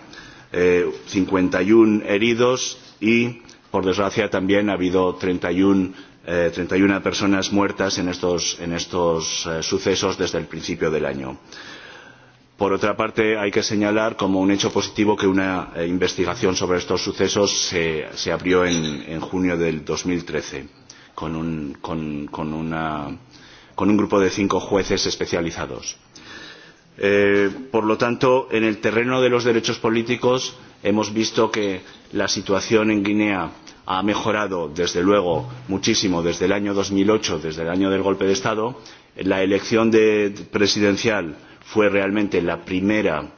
eh, cincuenta y uno heridos y por desgracia también ha habido treinta y uno eh, 31 personas muertas en estos, en estos eh, sucesos desde el principio del año. Por otra parte, hay que señalar como un hecho positivo que una eh, investigación sobre estos sucesos se, se abrió en, en junio del 2013 con un, con, con, una, con un grupo de cinco jueces especializados. Eh, por lo tanto, en el terreno de los derechos políticos hemos visto que la situación en Guinea ha mejorado desde luego muchísimo desde el año dos mil ocho desde el año del golpe de estado la elección presidencial fue realmente la primera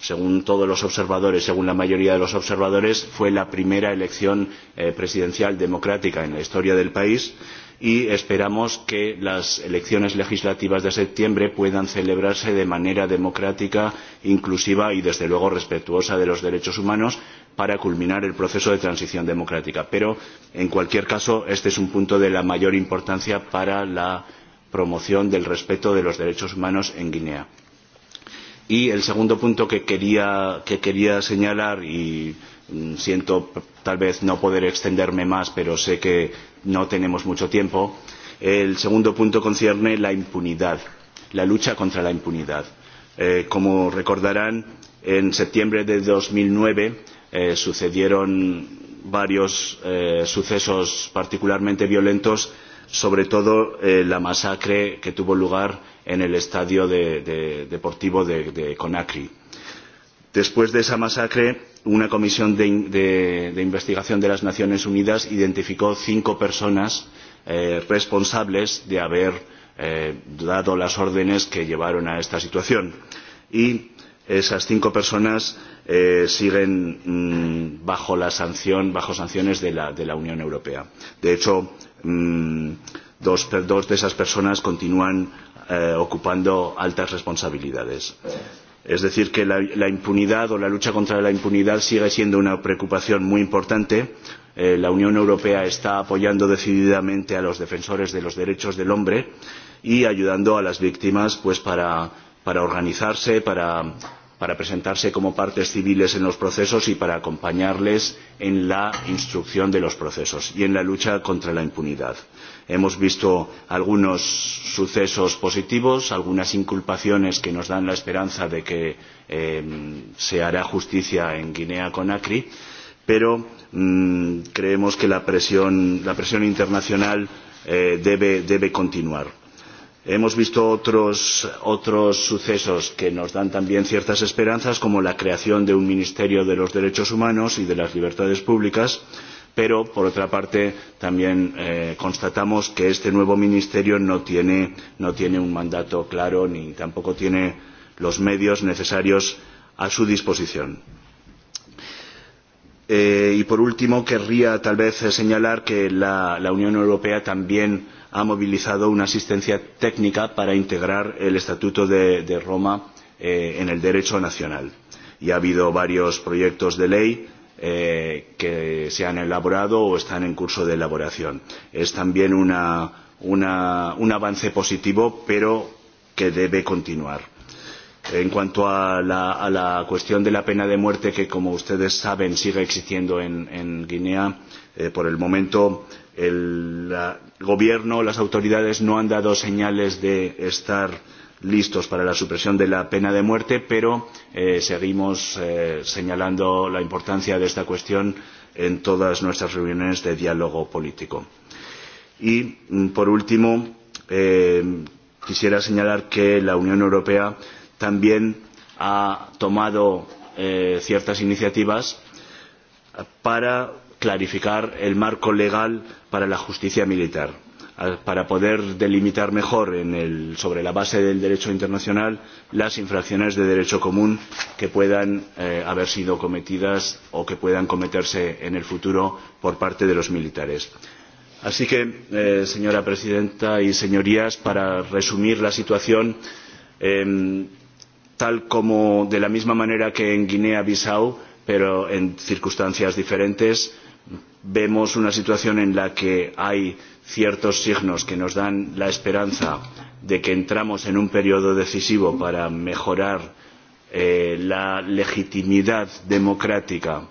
según todos los observadores según la mayoría de los observadores fue la primera elección eh, presidencial democrática en la historia del país y esperamos que las elecciones legislativas de septiembre puedan celebrarse de manera democrática inclusiva y desde luego respetuosa de los derechos humanos para culminar el proceso de transición democrática. Pero, en cualquier caso, este es un punto de la mayor importancia para la promoción del respeto de los derechos humanos en Guinea. Y el segundo punto que quería, que quería señalar, y mm, siento tal vez no poder extenderme más, pero sé que no tenemos mucho tiempo, el segundo punto concierne la impunidad, la lucha contra la impunidad. Eh, como recordarán, en septiembre de 2009 eh, sucedieron varios eh, sucesos particularmente violentos, sobre todo eh, la masacre que tuvo lugar en el estadio de, de, deportivo de, de Conakry. Después de esa masacre, una comisión de, de, de investigación de las Naciones Unidas identificó cinco personas eh, responsables de haber eh, dado las órdenes que llevaron a esta situación. Y esas cinco personas eh, siguen mmm, bajo la sanción, bajo sanciones de la, de la Unión Europea. De hecho, mmm, dos, dos de esas personas continúan eh, ocupando altas responsabilidades. Es decir, que la, la impunidad o la lucha contra la impunidad sigue siendo una preocupación muy importante. Eh, la Unión Europea está apoyando decididamente a los defensores de los derechos del hombre y ayudando a las víctimas pues, para para organizarse, para, para presentarse como partes civiles en los procesos y para acompañarles en la instrucción de los procesos y en la lucha contra la impunidad. Hemos visto algunos sucesos positivos, algunas inculpaciones que nos dan la esperanza de que eh, se hará justicia en Guinea Conakry, pero mm, creemos que la presión, la presión internacional eh, debe, debe continuar Hemos visto otros, otros sucesos que nos dan también ciertas esperanzas, como la creación de un Ministerio de los Derechos Humanos y de las Libertades Públicas, pero por otra parte también eh, constatamos que este nuevo ministerio no tiene, no tiene un mandato claro ni tampoco tiene los medios necesarios a su disposición. Eh, y por último querría tal vez señalar que la, la Unión Europea también ha movilizado una asistencia técnica para integrar el Estatuto de, de Roma eh, en el derecho nacional. Y ha habido varios proyectos de ley eh, que se han elaborado o están en curso de elaboración. Es también una, una, un avance positivo, pero que debe continuar. En cuanto a la, a la cuestión de la pena de muerte, que como ustedes saben sigue existiendo en, en Guinea, eh, por el momento el gobierno las autoridades no han dado señales de estar listos para la supresión de la pena de muerte pero eh, seguimos eh, señalando la importancia de esta cuestión en todas nuestras reuniones de diálogo político. y mm, por último eh, quisiera señalar que la unión europea también ha tomado eh, ciertas iniciativas para clarificar el marco legal para la justicia militar para poder delimitar mejor el, sobre la base del derecho internacional las infracciones de derecho común que puedan eh, haber sido cometidas o que puedan cometerse en el futuro por parte de los militares. Así que, eh, señora presidenta y señorías, para resumir la situación, eh, tal como de la misma manera que en Guinea-Bissau, pero en circunstancias diferentes, vemos una situación en la que hay ciertos signos que nos dan la esperanza de que entramos en un periodo decisivo para mejorar eh, la legitimidad democrática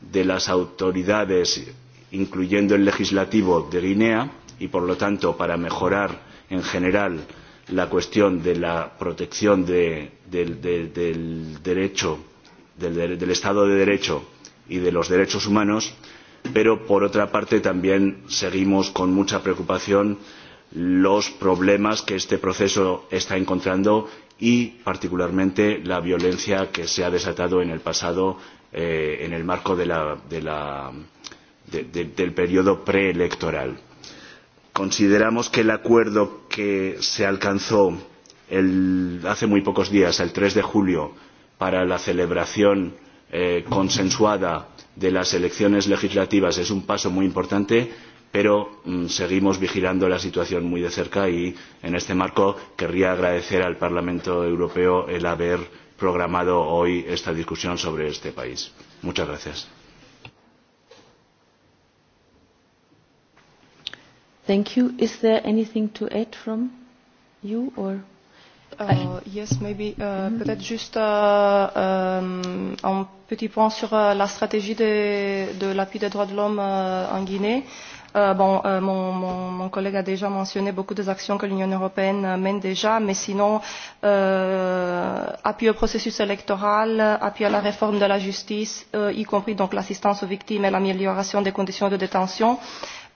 de las autoridades, incluyendo el legislativo de Guinea, y por lo tanto para mejorar en general la cuestión de la protección de, de, de, del derecho, del, del Estado de Derecho y de los derechos humanos, pero por otra parte también seguimos con mucha preocupación los problemas que este proceso está encontrando y particularmente la violencia que se ha desatado en el pasado eh, en el marco de la, de la, de, del periodo preelectoral. Consideramos que el acuerdo que se alcanzó el, hace muy pocos días, el 3 de julio, para la celebración eh, consensuada de las elecciones legislativas es un paso muy importante pero mm, seguimos vigilando la situación muy de cerca y en este marco querría agradecer al Parlamento Europeo el haber programado hoy esta discusión sobre este país. Muchas gracias. Thank you. Is there anything to add from you or Uh, yes, maybe. Uh, mm -hmm. Peut-être juste uh, um, un petit point sur uh, la stratégie de, de l'appui des droits de l'homme uh, en Guinée. Euh, bon, euh, mon, mon, mon collègue a déjà mentionné beaucoup des actions que l'Union européenne euh, mène déjà, mais sinon, euh, appui au processus électoral, appui à la réforme de la justice, euh, y compris donc l'assistance aux victimes et l'amélioration des conditions de détention.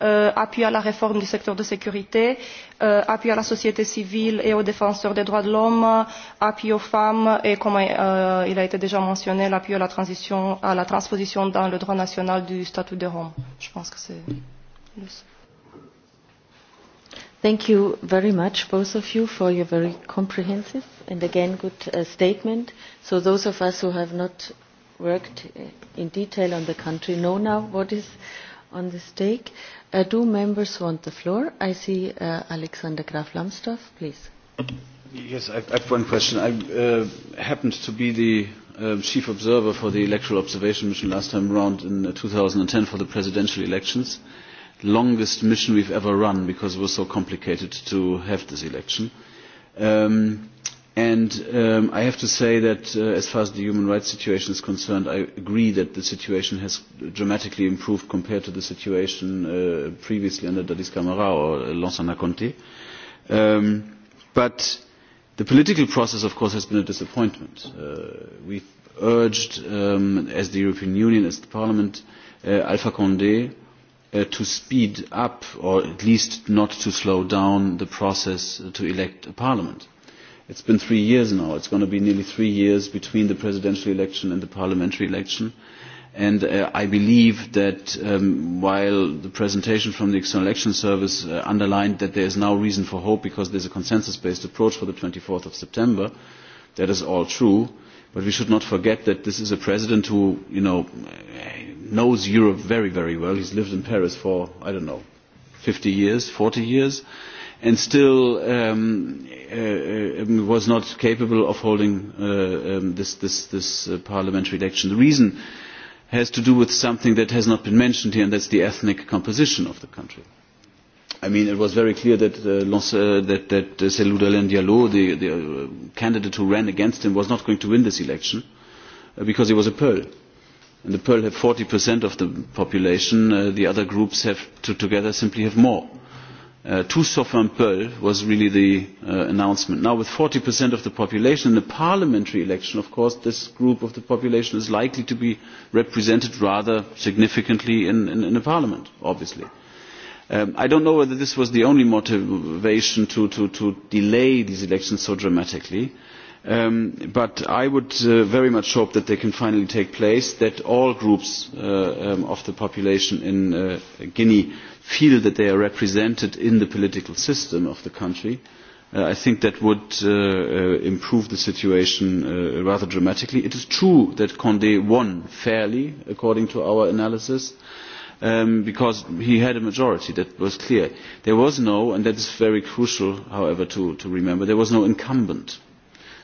Euh, appui à la réforme du secteur de sécurité, euh, appui à la société civile et aux défenseurs des droits de l'homme, appui aux femmes et, comme euh, il a été déjà mentionné, l'appui à la transition, à la transposition dans le droit national du statut de Rome. Je pense que c'est le Thank you very much, both of you, for your very comprehensive and again good uh, statement. So those of us who have not worked uh, in detail on the country know now what is on the stake. Uh, do members want the floor? I see uh, Alexander Graf Lambsdorff, please. Yes, I have one question. I uh, happened to be the uh, chief observer for the electoral observation mission last time around in 2010 uh, for the presidential elections. Longest mission we've ever run because it was so complicated to have this election. Um, And um, I have to say that uh, as far as the human rights situation is concerned, I agree that the situation has dramatically improved compared to the situation uh, previously under Dadis Camara or Lansana Conte. Um, but the political process, of course, has been a disappointment. Uh, we've urged, um, as the European Union, as the Parliament, uh, Alpha Condé uh, to speed up, or at least not to slow down, the process to elect a parliament It's been three years now. It's going to be nearly three years between the presidential election and the parliamentary election. And uh, I believe that um, while the presentation from the External Action Service uh, underlined that there is now reason for hope because there's a consensus-based approach for the 24th of September, that is all true. But we should not forget that this is a president who, you know, knows Europe very, very well. He's lived in Paris for, I don't know, 50 years, 40 years and still um, uh, um, was not capable of holding uh, um, this, this, this uh, parliamentary election. The reason has to do with something that has not been mentioned here, and that's the ethnic composition of the country. I mean, it was very clear that uh, uh, that, that uh, Diallo, the, the uh, candidate who ran against him, was not going to win this election uh, because he was a Pearl. And the Pearl have 40% of the population. Uh, the other groups have to, together simply have more. Uh, uh, to sovereign Pearl was really the uh, announcement. Now, with forty of the population in the parliamentary election, of course, this group of the population is likely to be represented rather significantly in, the parliament, obviously. Um, i do not know whether this was the only motivation to, delay these elections so dramatically. but Um, but i would uh, very much hope that they can finally take place that all groups uh, um, of the population in uh, guinea feel that they are represented in the political system of the country. i think that would improve the situation rather dramatically. it is true that cond won fairly according to our analysis um, because he had a majority that was clear. there was no and that is very crucial however to, remember incumbent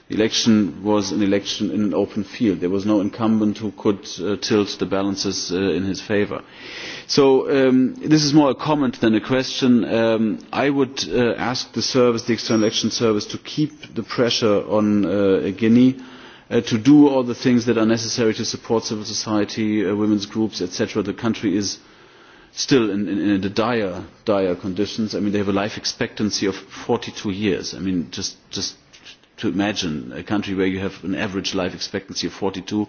the election was an election in an open field. There was no incumbent who could uh, tilt the balances uh, in his favour. So um, this is more a comment than a question. Um, I would uh, ask the service, the External Action Service, to keep the pressure on Guinea to do all the things that are necessary to support civil society, women's groups, etc. The country is still in, in, in the dire, dire conditions. I mean, they have a life expectancy of 42 years. I mean, just, just to imagine a country where you have an average life expectancy of 42.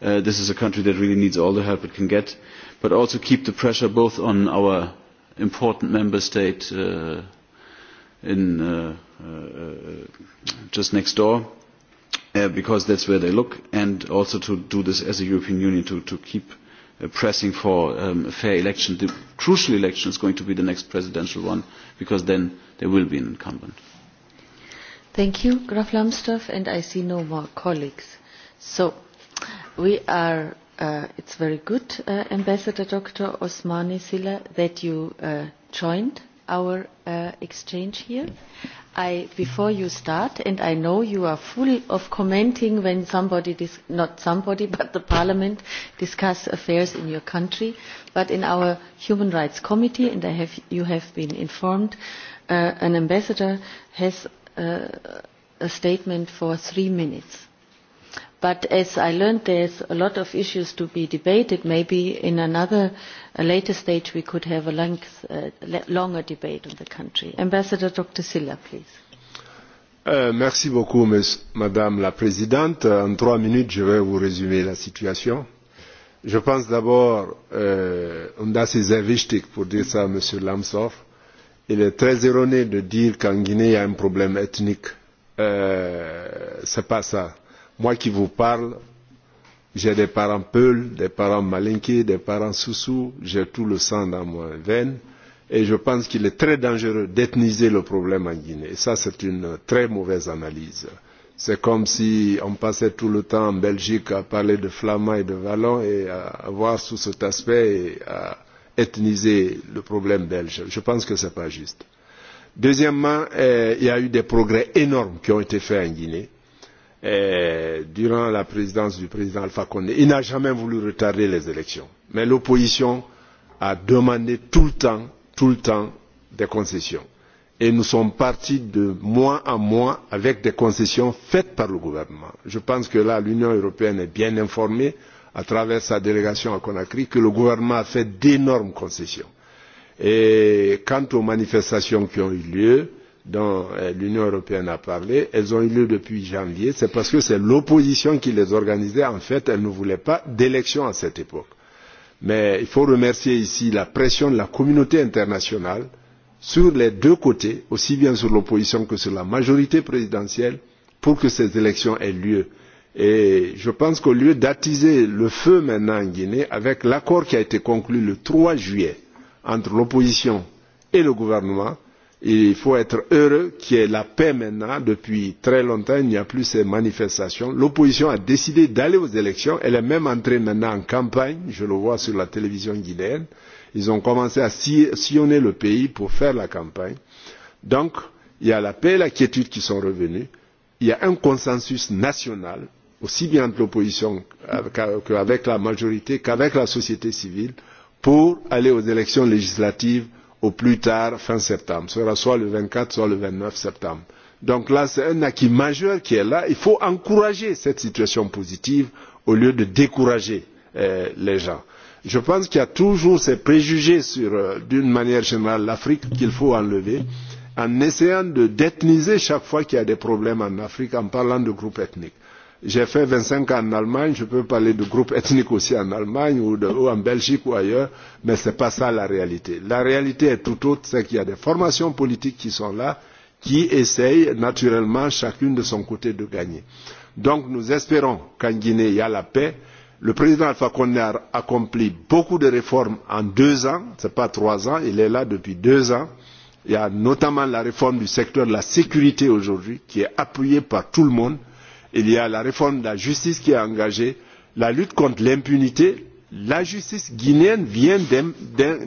Uh, this is a country that really needs all the help it can get, but also keep the pressure both on our important member state uh, in, uh, uh, just next door, uh, because that's where they look, and also to do this as a European Union, to, to keep uh, pressing for um, a fair election. The crucial election is going to be the next presidential one, because then there will be an incumbent. Thank you, Graf Lambsdorff, and I see no more colleagues. So we are, uh, it's very good, uh, Ambassador Dr. Osmani Silla, that you uh, joined our uh, exchange here. I, before you start, and I know you are full of commenting when somebody, dis not somebody, (laughs) but the Parliament discuss affairs in your country, but in our Human Rights Committee, and I have, you have been informed, uh, an ambassador has uh, a statement for three minutes. But as I learned, there's a lot of issues to be debated. Maybe in another, a later stage, we could have a length, uh, longer debate on the country. Ambassador Dr. Silla, please. Uh, merci beaucoup, mes, Madame la Présidente. En trois minutes, je vais vous résumer la situation. Je pense d'abord, euh, on a ces pour dire ça, Monsieur Lamsoff, Euh, il est très erroné de dire qu'en Guinée, il y a un problème ethnique. Euh, Ce n'est pas ça. Moi qui vous parle, j'ai des parents Peul, des parents malinqués, des parents Soussou, j'ai tout le sang dans mon veine. Et je pense qu'il est très dangereux d'ethniser le problème en Guinée. Et ça, c'est une très mauvaise analyse. C'est comme si on passait tout le temps en Belgique à parler de flamands et de wallons et à voir sous cet aspect et à ethniser le problème belge. Je pense que ce n'est pas juste. Deuxièmement, euh, il y a eu des progrès énormes qui ont été faits en Guinée. euh, durant la présidence du président Alpha Condé, il n'a jamais voulu retarder les élections. Mais l'opposition a demandé tout le temps, tout le temps, des concessions. Et nous sommes partis de mois en mois avec des concessions faites par le gouvernement. Je pense que là, l'Union européenne est bien informée à travers sa délégation à Conakry, que le gouvernement a fait d'énormes concessions. Et quant aux manifestations qui ont eu lieu, dont euh, l'Union européenne a parlé, elles ont eu lieu depuis janvier, c'est parce que c'est l'opposition qui les organisait. En fait, elle ne voulait pas d'élection à cette époque. Mais il faut remercier ici la pression de la communauté internationale sur les deux côtés, aussi bien sur l'opposition que sur la majorité présidentielle, pour que ces élections aient lieu Et je pense qu'au lieu d'attiser le feu maintenant en Guinée, avec l'accord qui a été conclu le 3 juillet entre l'opposition et le gouvernement, il faut être heureux qu'il y ait la paix maintenant. Depuis très longtemps, il n'y a plus ces manifestations. L'opposition a décidé d'aller aux élections. Elle est même entrée maintenant en campagne. Je le vois sur la télévision guinéenne. Ils ont commencé à sillonner le pays pour faire la campagne. Donc, il y a la paix et la quiétude qui sont revenus. Il y a un consensus national aussi bien de l'opposition qu'avec la majorité, qu'avec la société civile, pour aller aux élections législatives au plus tard fin septembre. Ce sera soit le 24, soit le 29 septembre. Donc là, c'est un acquis majeur qui est là. Il faut encourager cette situation positive au lieu de décourager euh, les gens. Je pense qu'il y a toujours ces préjugés sur, euh, d'une manière générale, l'Afrique qu'il faut enlever en essayant de détniser chaque fois qu'il y a des problèmes en Afrique en parlant de groupes ethniques J'ai fait 25 ans en Allemagne, je peux parler de groupes ethniques aussi en Allemagne ou, de, ou en Belgique ou ailleurs, mais ce n'est pas ça la réalité. La réalité est tout autre, c'est qu'il y a des formations politiques qui sont là, qui essayent naturellement chacune de son côté de gagner. Donc nous espérons qu'en Guinée, il y a la paix. Le président Alpha Condé a accompli beaucoup de réformes en deux ans, ce n'est pas trois ans, il est là depuis deux ans. Il y a notamment la réforme du secteur de la sécurité aujourd'hui qui est appuyée par tout le monde il y a la réforme de la justice qui est engagée la lutte contre l'impunité la justice guinéenne vient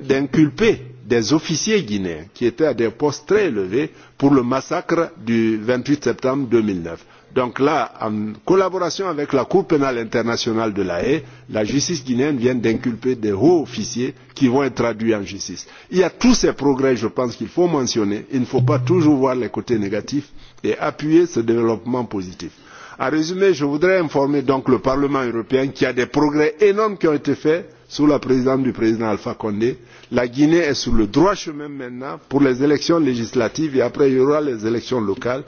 d'inculper des officiers guinéens qui étaient à des postes très élevés pour le massacre du 28 septembre. 2009. donc là en collaboration avec la cour pénale internationale de la haye la justice guinéenne vient d'inculper des hauts officiers qui vont être traduits en justice. il y a tous ces progrès je pense qu'il faut mentionner il ne faut pas toujours voir les côtés négatifs et appuyer ce développement positif en résumé je voudrais informer donc le parlement européen qu'il y a des progrès énormes qui ont été faits sous la présidence du président alpha condé. la guinée est sur le droit chemin maintenant pour les élections législatives et après il y aura les élections locales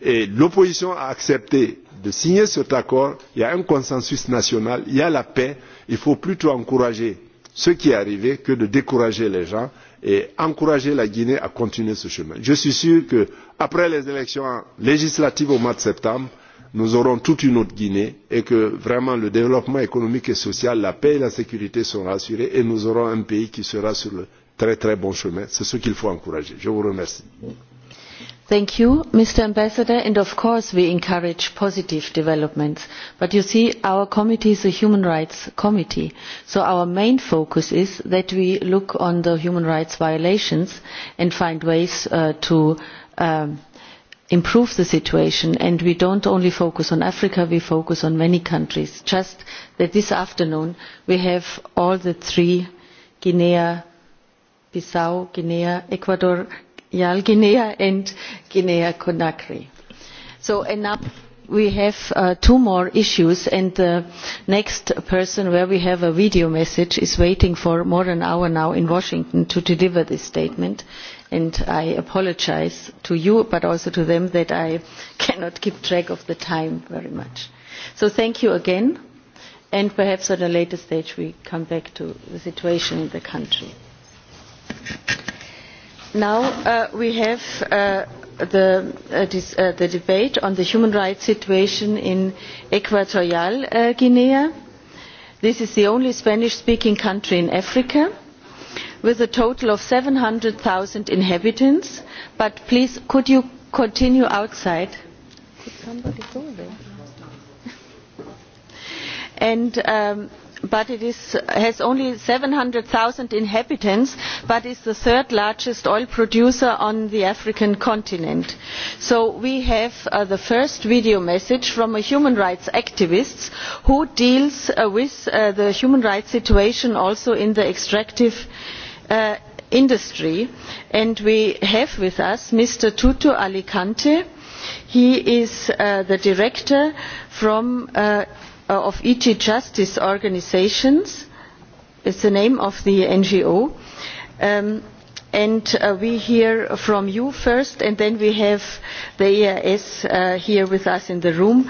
et l'opposition a accepté de signer cet accord il y a un consensus national il y a la paix il faut plutôt encourager ce qui est arrivé que de décourager les gens et encourager la guinée à continuer ce chemin. je suis sûr qu'après les élections législatives au mois de septembre nous aurons toute une autre Guinée et que vraiment le développement économique et social, la paix et la sécurité seront assurés et nous aurons un pays qui sera sur le très très bon chemin. C'est ce qu'il faut encourager. Je vous remercie. Thank you, Mr. Ambassador, and of course we encourage positive developments. But you see, our committee is a human rights committee, so our main focus is that we look on the human rights violations and find ways uh, to um, improve the situation and we do not only focus on africa we focus on many countries. just that this afternoon we have all the three guinea bissau guinea equatorial guinea and guinea conakry. so enough we have uh, two more issues and the next person where we have a video message is waiting for more than an hour now in washington to deliver this statement and i apologise to you but also to them that i (laughs) cannot keep track of the time very much. so thank you again and perhaps at a later stage we come back to the situation in the country. now uh, we have uh, the, uh, this, uh, the debate on the human rights situation in equatorial uh, guinea. this is the only spanish speaking country in africa with a total of seven hundred zero inhabitants but please could you continue outside? (laughs) And, um, but it has only seven hundred zero inhabitants but is the third largest oil producer on the african continent. so we have uh, the first video message from a human rights activist who deals uh, with uh, the human rights situation also in the extractive Uh, industry and we have with us mr tutu alicante he is uh, the director from, uh, of et justice organisations is the name of the ngo um, and we hear from you first and then we have the eeas here with us in the room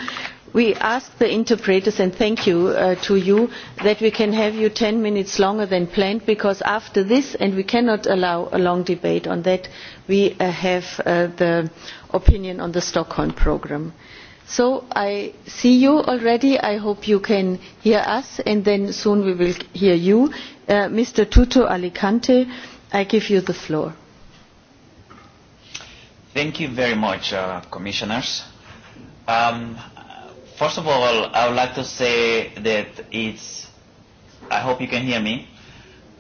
we ask the interpreters and thank you uh, to you that we can have you ten minutes longer than planned because after this and we cannot allow a long debate on that we uh, have uh, the opinion on the stockholm programme. so i see you already i hope you can hear us and then soon we will hear you. mr tutto alicante i give you the floor. thank you very much commissioners. Um, First of all, I would like to say that it's, I hope you can hear me,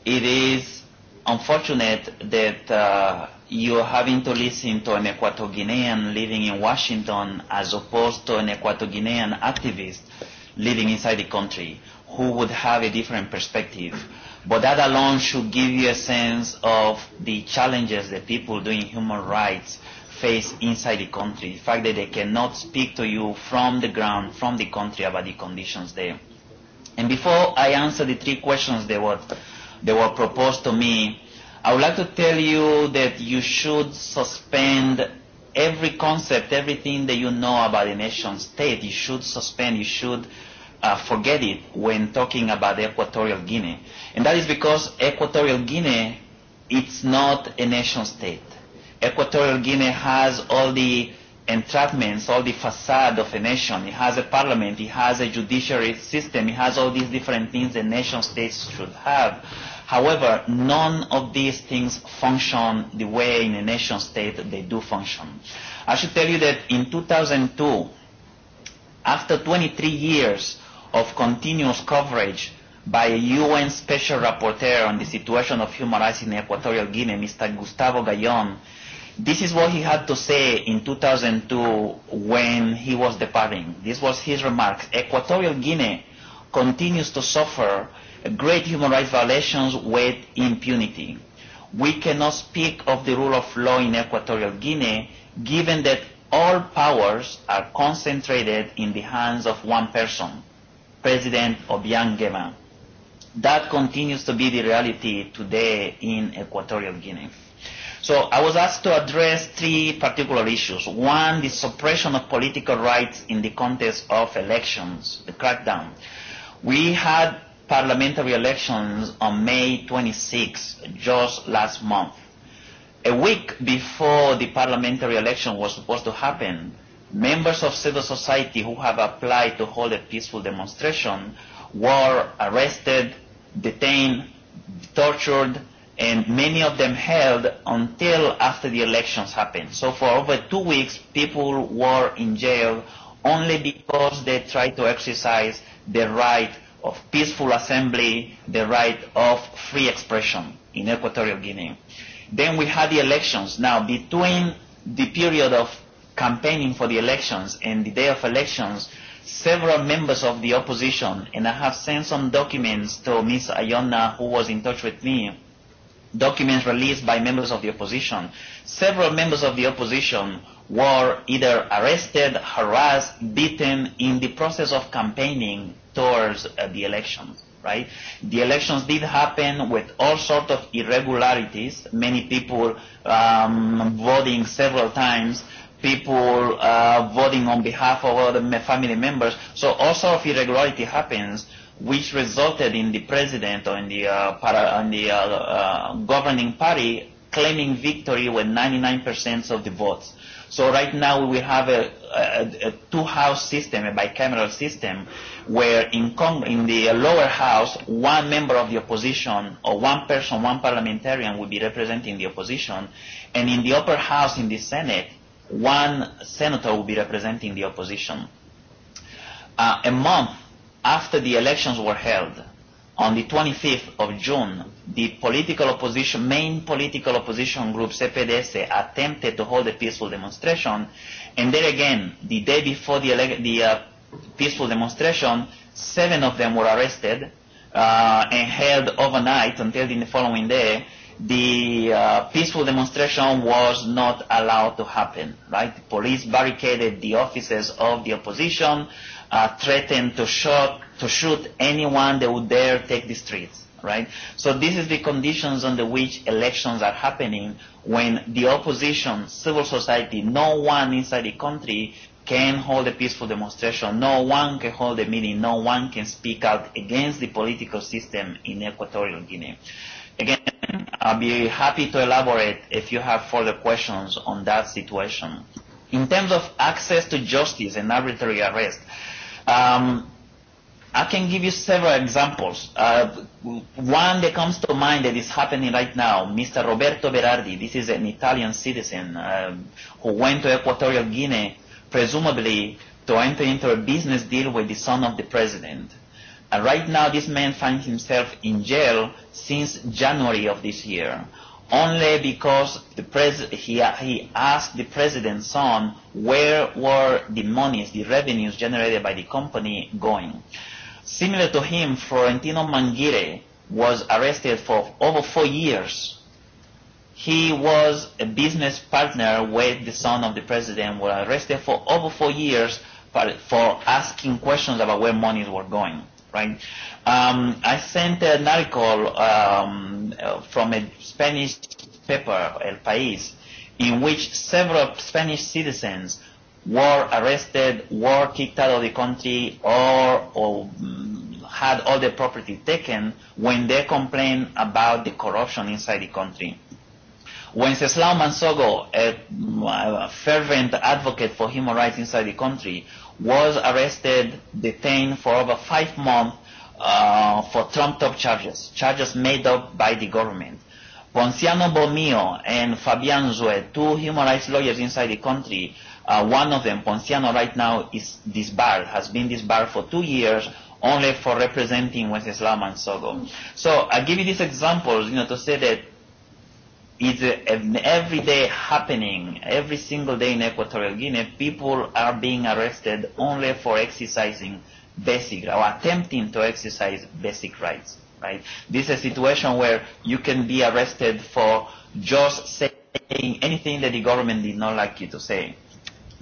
it is unfortunate that uh, you're having to listen to an Equator Guinean living in Washington as opposed to an Equator Guinean activist living inside the country who would have a different perspective. But that alone should give you a sense of the challenges that people doing human rights face inside the country, the fact that they cannot speak to you from the ground, from the country about the conditions there. And before I answer the three questions that were, that were proposed to me, I would like to tell you that you should suspend every concept, everything that you know about a nation state, you should suspend, you should uh, forget it when talking about Equatorial Guinea. And that is because Equatorial Guinea, it's not a nation state Equatorial Guinea has all the entrapments, all the facade of a nation. It has a parliament, it has a judiciary system, it has all these different things the nation states should have. However, none of these things function the way in a nation state they do function. I should tell you that in 2002, after 23 years of continuous coverage by a UN Special Rapporteur on the situation of human rights in Equatorial Guinea, Mr. Gustavo Gayon, This is what he had to say in 2002 when he was departing. This was his remarks. Equatorial Guinea continues to suffer great human rights violations with impunity. We cannot speak of the rule of law in Equatorial Guinea given that all powers are concentrated in the hands of one person, President Obiang Gema. That continues to be the reality today in Equatorial Guinea. So I was asked to address three particular issues. One, the suppression of political rights in the context of elections, the crackdown. We had parliamentary elections on May 26, just last month. A week before the parliamentary election was supposed to happen, members of civil society who have applied to hold a peaceful demonstration were arrested, detained, tortured, and many of them held until after the elections happened. So for over two weeks, people were in jail only because they tried to exercise the right of peaceful assembly, the right of free expression in Equatorial Guinea. Then we had the elections. Now, between the period of campaigning for the elections and the day of elections, several members of the opposition, and I have sent some documents to Ms. Ayona, who was in touch with me, documents released by members of the opposition. Several members of the opposition were either arrested, harassed, beaten in the process of campaigning towards uh, the elections. Right? The elections did happen with all sorts of irregularities. Many people um, voting several times, people uh, voting on behalf of other family members. So all sorts of irregularity happens which resulted in the president and the, uh, para, and the uh, uh, governing party claiming victory with 99% of the votes. So right now we have a, a, a two-house system, a bicameral system, where in, Cong- in the lower house, one member of the opposition or one person, one parliamentarian will be representing the opposition, and in the upper house, in the Senate, one senator will be representing the opposition. Uh, a month after the elections were held on the 25th of June, the political opposition, main political opposition group CPDS attempted to hold a peaceful demonstration, and there again, the day before the, the uh, peaceful demonstration, seven of them were arrested uh, and held overnight until the following day. The uh, peaceful demonstration was not allowed to happen. Right, the police barricaded the offices of the opposition uh, threaten to shoot, to shoot anyone that would dare take the streets, right? So this is the conditions under which elections are happening when the opposition, civil society, no one inside the country can hold a peaceful demonstration. No one can hold a meeting. No one can speak out against the political system in Equatorial Guinea. Again, I'll be happy to elaborate if you have further questions on that situation. In terms of access to justice and arbitrary arrest, uh, Um, I can give you several examples. Uh, one that comes to mind that is happening right now, Mr. Roberto Berardi, this is an Italian citizen um, who went to Equatorial Guinea, presumably to enter into a business deal with the son of the president. And right now this man finds himself in jail since January of this year only because the pres he, he asked the president's son where were the monies, the revenues generated by the company going. Similar to him, Florentino Mangire was arrested for over four years. He was a business partner with the son of the president, was arrested for over four years for asking questions about where monies were going right? Um, I sent an article um, from a Spanish paper, El País, in which several Spanish citizens were arrested, were kicked out of the country, or, or mm, had all their property taken when they complained about the corruption inside the country. Wenceslao Mansogo, a, mm, a fervent advocate for human rights inside the country, was arrested, detained for over five months uh, for trumped-up charges, charges made up by the government. Ponciano Bomio and Fabian Zue, two human rights lawyers inside the country, uh, one of them, Ponciano, right now is disbarred, has been disbarred for two years only for representing Wenceslao Mansogo. So I give you these examples, you know, to say that is an everyday happening. Every single day in Equatorial Guinea, people are being arrested only for exercising basic or attempting to exercise basic rights. Right? This is a situation where you can be arrested for just saying anything that the government did not like you to say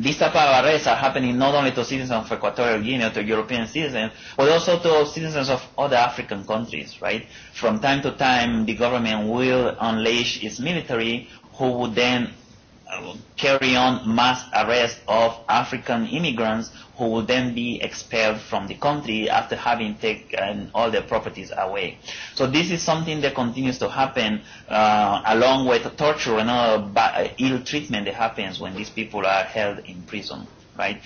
These type of arrests are happening not only to citizens of Equatorial Guinea, or to European citizens, but also to citizens of other African countries, right? From time to time, the government will unleash its military, who would then Uh, carry on mass arrest of African immigrants who will then be expelled from the country after having taken all their properties away. So this is something that continues to happen uh, along with torture and other uh, ill treatment that happens when these people are held in prison, right?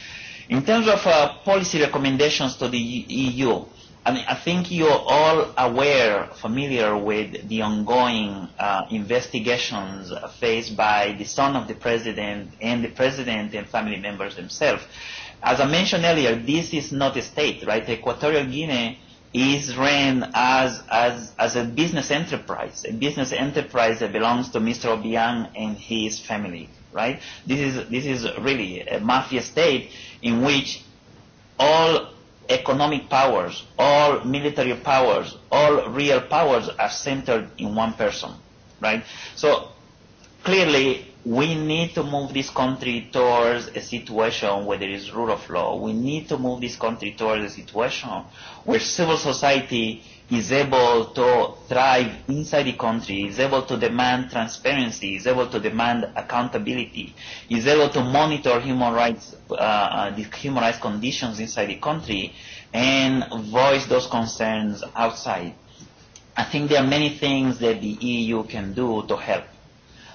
In terms of uh, policy recommendations to the EU, I mean, I think you're all aware, familiar with the ongoing uh, investigations faced by the son of the president and the president and family members themselves. As I mentioned earlier, this is not a state, right? Equatorial Guinea is ran as, as, as a business enterprise, a business enterprise that belongs to Mr. Obiang and his family, right? This is, this is really a mafia state in which all economic powers, all military powers, all real powers are centered in one person, right? So clearly we need to move this country towards a situation where there is rule of law. We need to move this country towards a situation where civil society is able to thrive inside the country, is able to demand transparency, is able to demand accountability, is able to monitor human rights, uh, uh the human rights conditions inside the country, and voice those concerns outside. I think there are many things that the EU can do to help.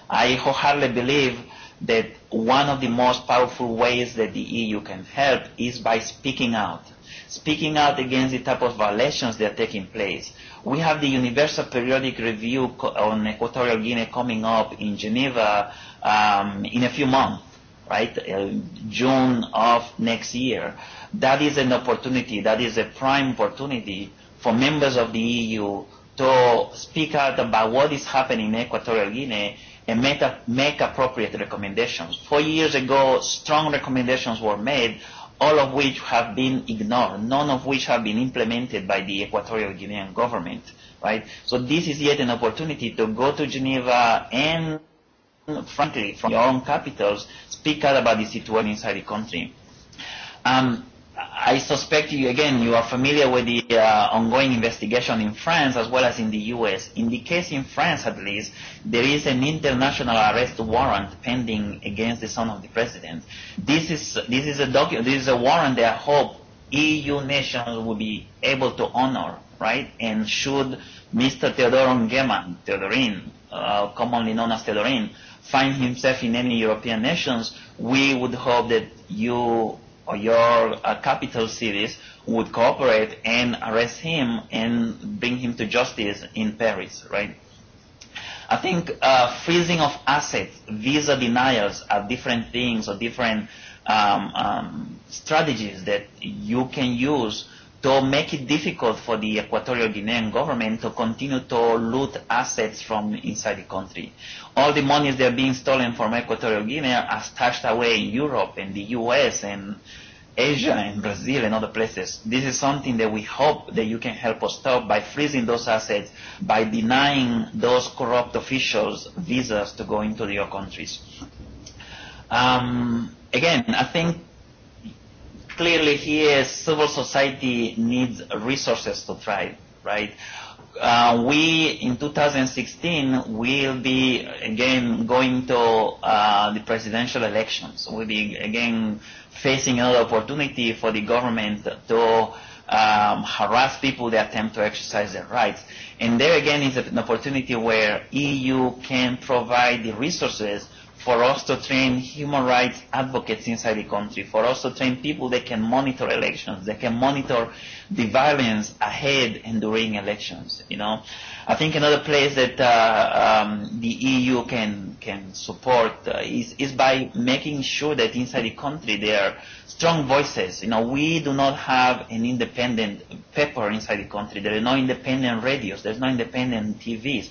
I wholeheartedly believe that one of the most powerful ways that the EU can help is by speaking out speaking out against the type of violations that are taking place. We have the Universal Periodic Review on Equatorial Guinea coming up in Geneva um, in a few months, right? Uh, June of next year. That is an opportunity, that is a prime opportunity for members of the EU to speak out about what is happening in Equatorial Guinea and make, a, make appropriate recommendations. Four years ago, strong recommendations were made all of which have been ignored, none of which have been implemented by the Equatorial Guinean government, right? So this is yet an opportunity to go to Geneva and, frankly, from your own capitals, speak out about the situation inside the country. Um, I suspect you, again, you are familiar with the uh, ongoing investigation in France as well as in the US. In the case in France, at least, there is an international arrest warrant pending against the son of the president. This is, this is, a, docu- this is a warrant that I hope EU nations will be able to honor, right? And should Mr. Theodore Ngeman, Theodorin, uh, commonly known as Theodorin, find himself in any European nations, we would hope that you or your uh, capital cities would cooperate and arrest him and bring him to justice in Paris, right? I think uh, freezing of assets, visa denials are different things or different um, um, strategies that you can use to make it difficult for the Equatorial Guinean government to continue to loot assets from inside the country. All the monies that are being stolen from Equatorial Guinea are stashed away in Europe and the US and Asia and Brazil and other places. This is something that we hope that you can help us stop by freezing those assets, by denying those corrupt officials visas to go into your countries. Um, again, I think clearly here civil society needs resources to thrive, right? Uh, we, in 2016, will be again going to uh, the presidential elections. We'll be again facing another opportunity for the government to um, harass people that attempt to exercise their rights. And there again is an opportunity where EU can provide the resources for us to train human rights advocates inside the country, for us to train people that can monitor elections, that can monitor the violence ahead and during elections. You know, I think another place that uh, um, the EU can can support uh, is is by making sure that inside the country there are strong voices. You know, we do not have an independent paper inside the country. There are no independent radios. There's no independent TVs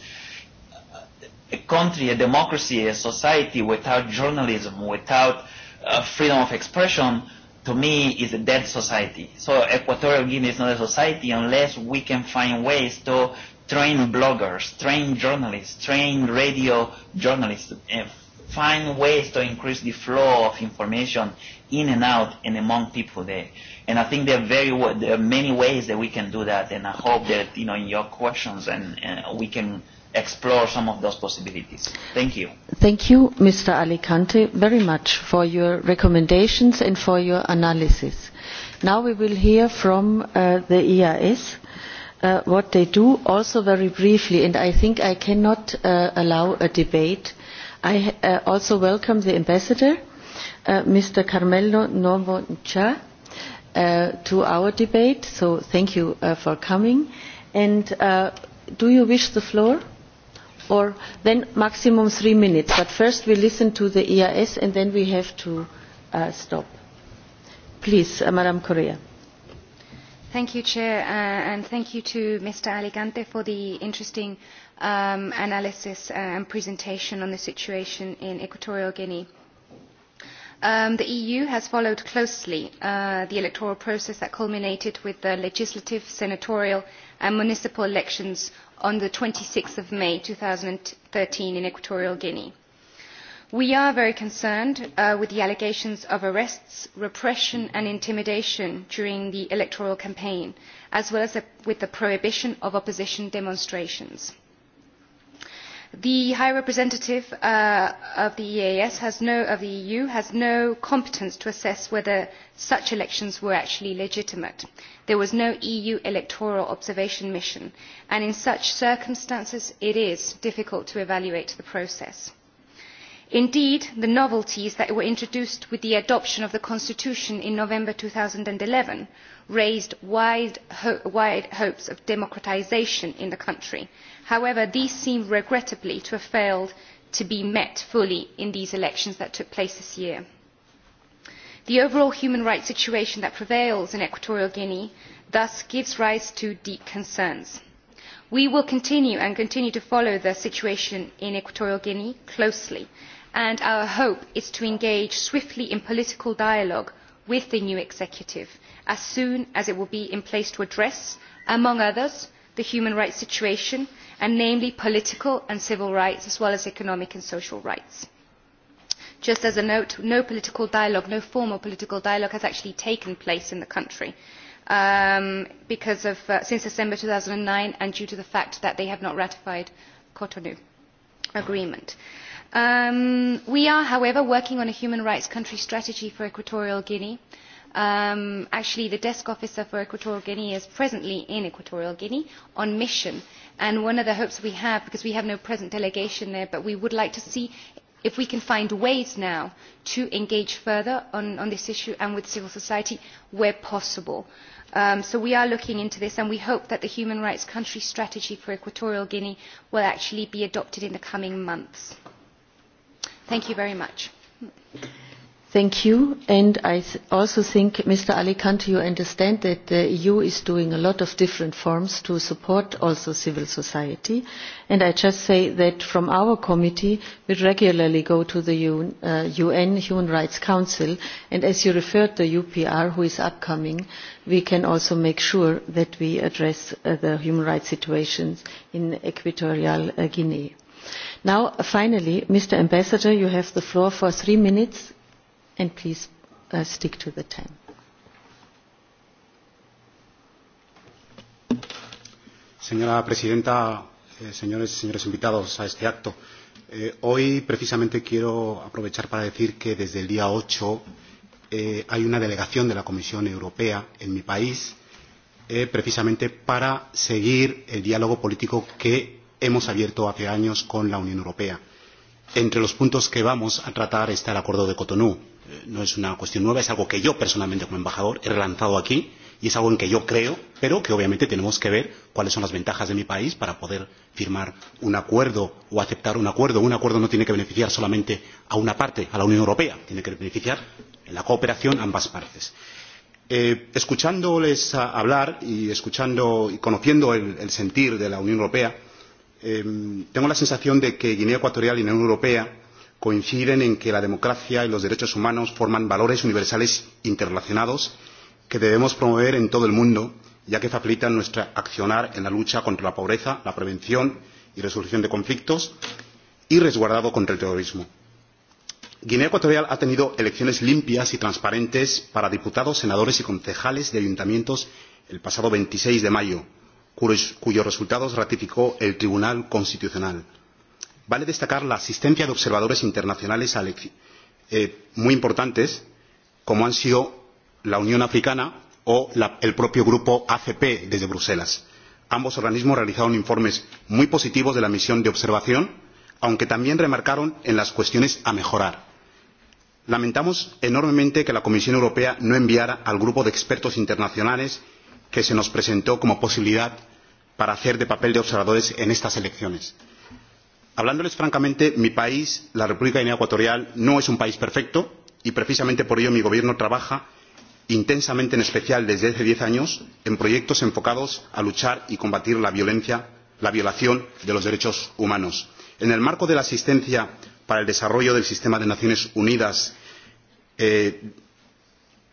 a country, a democracy, a society without journalism, without uh, freedom of expression, to me, is a dead society. So Equatorial Guinea is not a society unless we can find ways to train bloggers, train journalists, train radio journalists, and find ways to increase the flow of information in and out and among people there. And I think there are very there are many ways that we can do that. And I hope that you know in your questions and, and we can explore some of those possibilities. Thank you. Thank you, Mr. Alicante, very much for your recommendations and for your analysis. Now we will hear from uh, the EIS uh, what they do, also very briefly, and I think I cannot uh, allow a debate. I uh, also welcome the ambassador, uh, Mr. Carmelo Nomoncha, uh, to our debate, so thank you uh, for coming. And uh, do you wish the floor? or then maximum three minutes. But first we listen to the eas and then we have to uh, stop. Please, uh, Madam Correa. Thank you, Chair, uh, and thank you to Mr. Alicante for the interesting um, analysis uh, and presentation on the situation in Equatorial Guinea. Um, the eu has followed closely uh, the electoral process that culminated with the legislative senatorial and municipal elections on twenty six may two thousand and thirteen in equatorial guinea. we are very concerned uh, with the allegations of arrests repression and intimidation during the electoral campaign as well as with the prohibition of opposition demonstrations the high representative uh, of, the of the eu has no competence to assess whether such elections were actually legitimate. there was no eu electoral observation mission and in such circumstances it is difficult to evaluate the process. indeed the novelties that were introduced with the adoption of the constitution in november two thousand and eleven raised wide, hopes of democratisation in the country. however these seem regrettably to have failed to be met fully in these elections that took place this year. the overall human rights situation that prevails in equatorial guinea thus gives rise to deep concerns. we will continue and continue to follow the situation in equatorial guinea closely and our hope is to engage swiftly in political dialogue with the new executive as soon as it will be in place to address among others the human rights situation and namely political and civil rights as well as economic and social rights. just as a note no political dialogue no formal political dialogue has actually taken place in the country um, because of, uh, since december two thousand and nine and due to the fact that they have not ratified the cotonou agreement. Um, we are, however, working on a human rights country strategy for Equatorial Guinea. Um, actually, the desk officer for Equatorial Guinea is presently in Equatorial Guinea on mission. And one of the hopes we have, because we have no present delegation there, but we would like to see if we can find ways now to engage further on, this issue and with civil society where possible. Um, so we are looking into this and we hope that the human rights country strategy for Equatorial Guinea will actually be adopted in the coming months. Thank you very much. Thank you. And I also think, Mr. Alicante, you understand that the EU is doing a lot of different forms to support also civil society. And I just say that from our committee, we regularly go to the UN, uh, Human Rights Council. And as you referred the UPR, who is upcoming, we can also make sure that we address uh, the human rights situations in Equatorial uh, Guinea now finally mr ambassador you have the floor for three minutes and please uh, stick to the time. señora presidenta eh, señores y señores invitados a este acto eh, hoy precisamente quiero aprovechar para decir que desde el día ocho eh, hay una delegación de la comisión europea en mi país eh, precisamente para seguir el diálogo político que hemos abierto hace años con la Unión Europea. Entre los puntos que vamos a tratar está el acuerdo de Cotonú. Eh, no es una cuestión nueva, es algo que yo personalmente como embajador he relanzado aquí y es algo en que yo creo, pero que obviamente tenemos que ver cuáles son las ventajas de mi país para poder firmar un acuerdo o aceptar un acuerdo. Un acuerdo no tiene que beneficiar solamente a una parte, a la Unión Europea, tiene que beneficiar en la cooperación a ambas partes. Eh, escuchándoles hablar y escuchando y conociendo el, el sentir de la Unión Europea, tengo la sensación de que Guinea Ecuatorial y la Unión Europea coinciden en que la democracia y los derechos humanos forman valores universales interrelacionados que debemos promover en todo el mundo, ya que facilitan nuestro accionar en la lucha contra la pobreza, la prevención y resolución de conflictos y resguardado contra el terrorismo. Guinea Ecuatorial ha tenido elecciones limpias y transparentes para diputados, senadores y concejales de ayuntamientos el pasado 26 de mayo, cuyos, resultados ratificó el Tribunal Constitucional. Vale destacar la asistencia de observadores internacionales eh, muy importantes, como han sido la Unión Africana o la, el propio grupo ACP desde Bruselas. Ambos organismos realizaron informes muy positivos de la misión de observación, aunque también remarcaron en las cuestiones a mejorar. Lamentamos enormemente que la Comisión Europea no enviara al grupo de expertos internacionales que se nos presentó como posibilidad para hacer de papel de observadores en estas elecciones. Hablándoles francamente, mi país, la República de Guinea Ecuatorial, no es un país perfecto y precisamente por ello mi gobierno trabaja intensamente, en especial desde hace diez años, en proyectos enfocados a luchar y combatir la violencia, la violación de los derechos humanos. En el marco de la asistencia para el desarrollo del sistema de Naciones Unidas eh,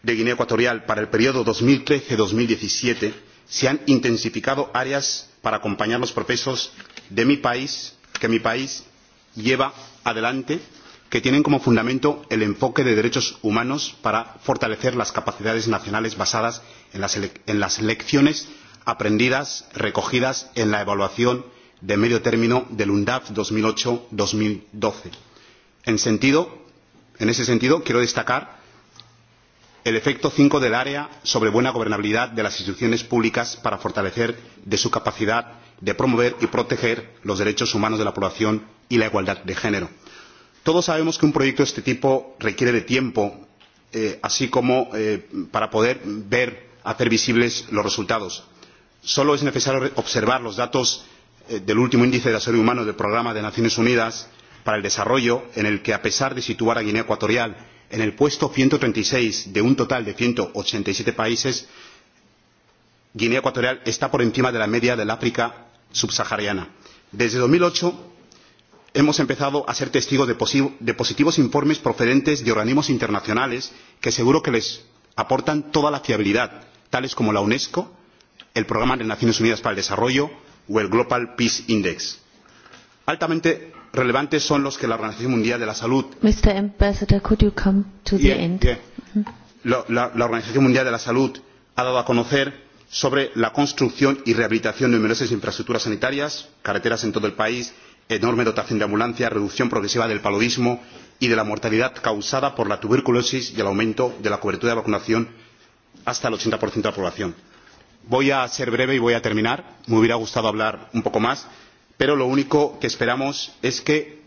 de Guinea Ecuatorial para el periodo mil diecisiete se han intensificado áreas para acompañar los procesos de mi país, que mi país lleva adelante, que tienen como fundamento el enfoque de derechos humanos para fortalecer las capacidades nacionales basadas en las, en las lecciones aprendidas recogidas en la evaluación de medio término del UNDAF 2008-2012. En, sentido, en ese sentido, quiero destacar el efecto cinco del área sobre buena gobernabilidad de las instituciones públicas para fortalecer de su capacidad de promover y proteger los derechos humanos de la población y la igualdad de género. Todos sabemos que un proyecto de este tipo requiere de tiempo, eh, así como eh, para poder ver, hacer visibles los resultados. Solo es necesario observar los datos eh, del último índice de desarrollo humano del programa de Naciones Unidas para el desarrollo, en el que, a pesar de situar a Guinea Ecuatorial en el puesto 136 de un total de 187 países, Guinea Ecuatorial está por encima de la media del África subsahariana. Desde 2008 hemos empezado a ser testigos de, de positivos informes procedentes de organismos internacionales que seguro que les aportan toda la fiabilidad, tales como la UNESCO, el Programa de las Naciones Unidas para el Desarrollo o el Global Peace Index. Altamente relevantes son los que la Organización Mundial de la Salud. Mm-hmm. La, la Organización Mundial de la Salud ha dado a conocer sobre la construcción y rehabilitación de numerosas infraestructuras sanitarias, carreteras en todo el país, enorme dotación de ambulancias, reducción progresiva del paludismo y de la mortalidad causada por la tuberculosis y el aumento de la cobertura de vacunación hasta el 80% de la población. Voy a ser breve y voy a terminar. Me hubiera gustado hablar un poco más pero lo único que esperamos es que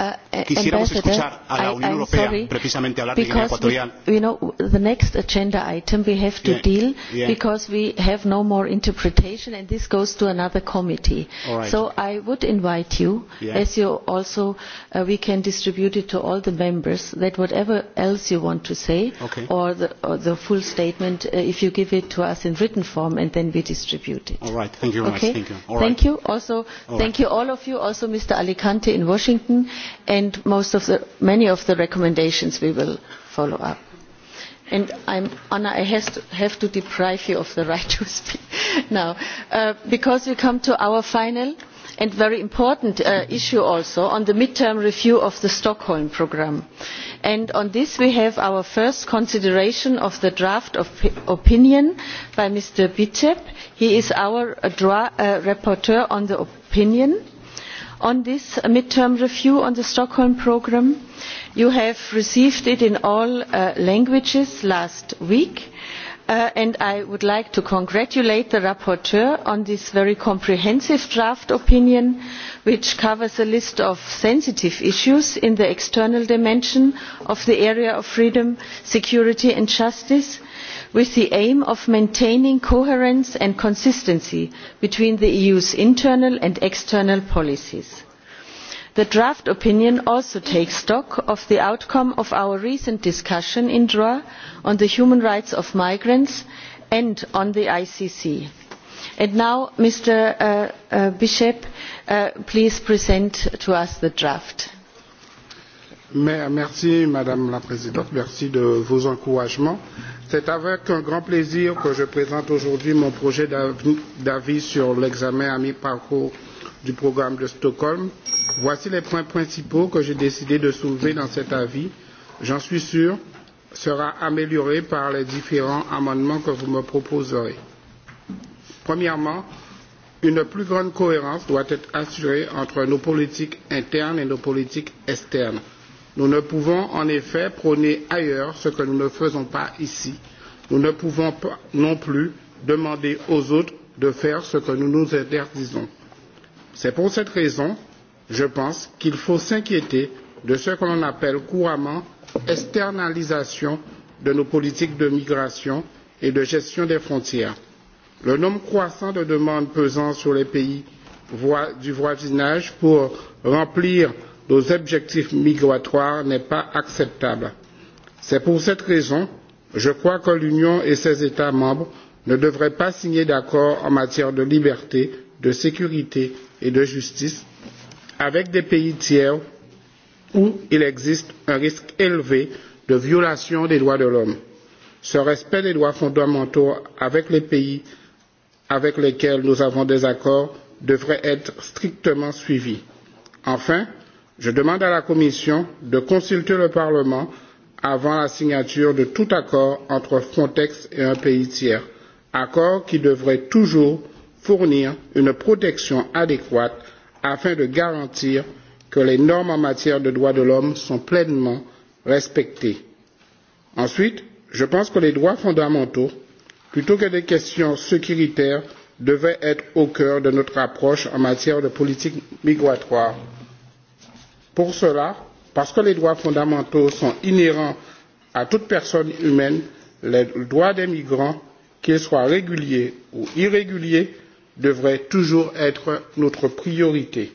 Uh, uh, Quisiéramos escuchar a la Unión Europea precisamente hablar de Guinea Ecuatorial. We, you know, the next agenda item we have to deal because we have no more interpretation and this goes to another committee. So I would invite you, as you also, uh, we can distribute it to all the members, that whatever else you want to say or, the, full statement, if you give it to us in written form and then we distribute it. All right. Thank you very much. Thank you. thank you. Also, thank you all of you, also Mr. Alicante in Washington and most of the, many of the recommendations we will follow up. And I'm, Anna, I have to, have to deprive you of the right to speak (laughs) now, uh, because we come to our final and very important uh, issue also on the mid term review of the stockholm programme and on this we have our first consideration of the draft of opinion by mr bicep he is our uh, uh, rapporteur on the opinion on this mid term review on the stockholm programme. you have received it in all uh, languages last week uh, and i would like to congratulate the rapporteur on this very comprehensive draft opinion which covers a list of sensitive issues in the external dimension of the area of freedom security and justice with the aim of maintaining coherence and consistency between the eu's internal and external policies. the draft opinion also takes stock of the outcome of our recent discussion in doha on the human rights of migrants and on the icc. And now mr uh, uh, bishop uh, please present to us the draft. Merci Madame la Présidente, merci de vos encouragements. C'est avec un grand plaisir que je présente aujourd'hui mon projet d'avis sur l'examen à mi-parcours du programme de Stockholm. Voici les points principaux que j'ai décidé de soulever dans cet avis. J'en suis sûr sera amélioré par les différents amendements que vous me proposerez. Premièrement, une plus grande cohérence doit être assurée entre nos politiques internes et nos politiques externes Nous ne pouvons en effet prôner ailleurs ce que nous ne faisons pas ici. Nous ne pouvons pas non plus demander aux autres de faire ce que nous nous interdisons. C'est pour cette raison, je pense, qu'il faut s'inquiéter de ce que l'on appelle couramment externalisation de nos politiques de migration et de gestion des frontières. Le nombre croissant de demandes pesant sur les pays du voisinage pour remplir nos objectifs migratoires n'est pas acceptable. C'est pour cette raison, je crois que l'Union et ses États membres ne devraient pas signer d'accord en matière de liberté, de sécurité et de justice avec des pays tiers où il existe un risque élevé de violation des droits de l'homme. Ce respect des droits fondamentaux avec les pays avec lesquels nous avons des accords devrait être strictement suivi. Enfin, je demande à la commission de consulter le parlement avant la signature de tout accord entre frontex et un pays tiers accord qui devrait toujours fournir une protection adéquate afin de garantir que les normes en matière de droits de l'homme sont pleinement respectées. ensuite je pense que les droits fondamentaux plutôt que des questions sécuritaires devraient être au cœur de notre approche en matière de politique migratoire. Pour cela, parce que les droits fondamentaux sont inhérents à toute personne humaine, les droits des migrants, qu'ils soient réguliers ou irréguliers, devraient toujours être notre priorité.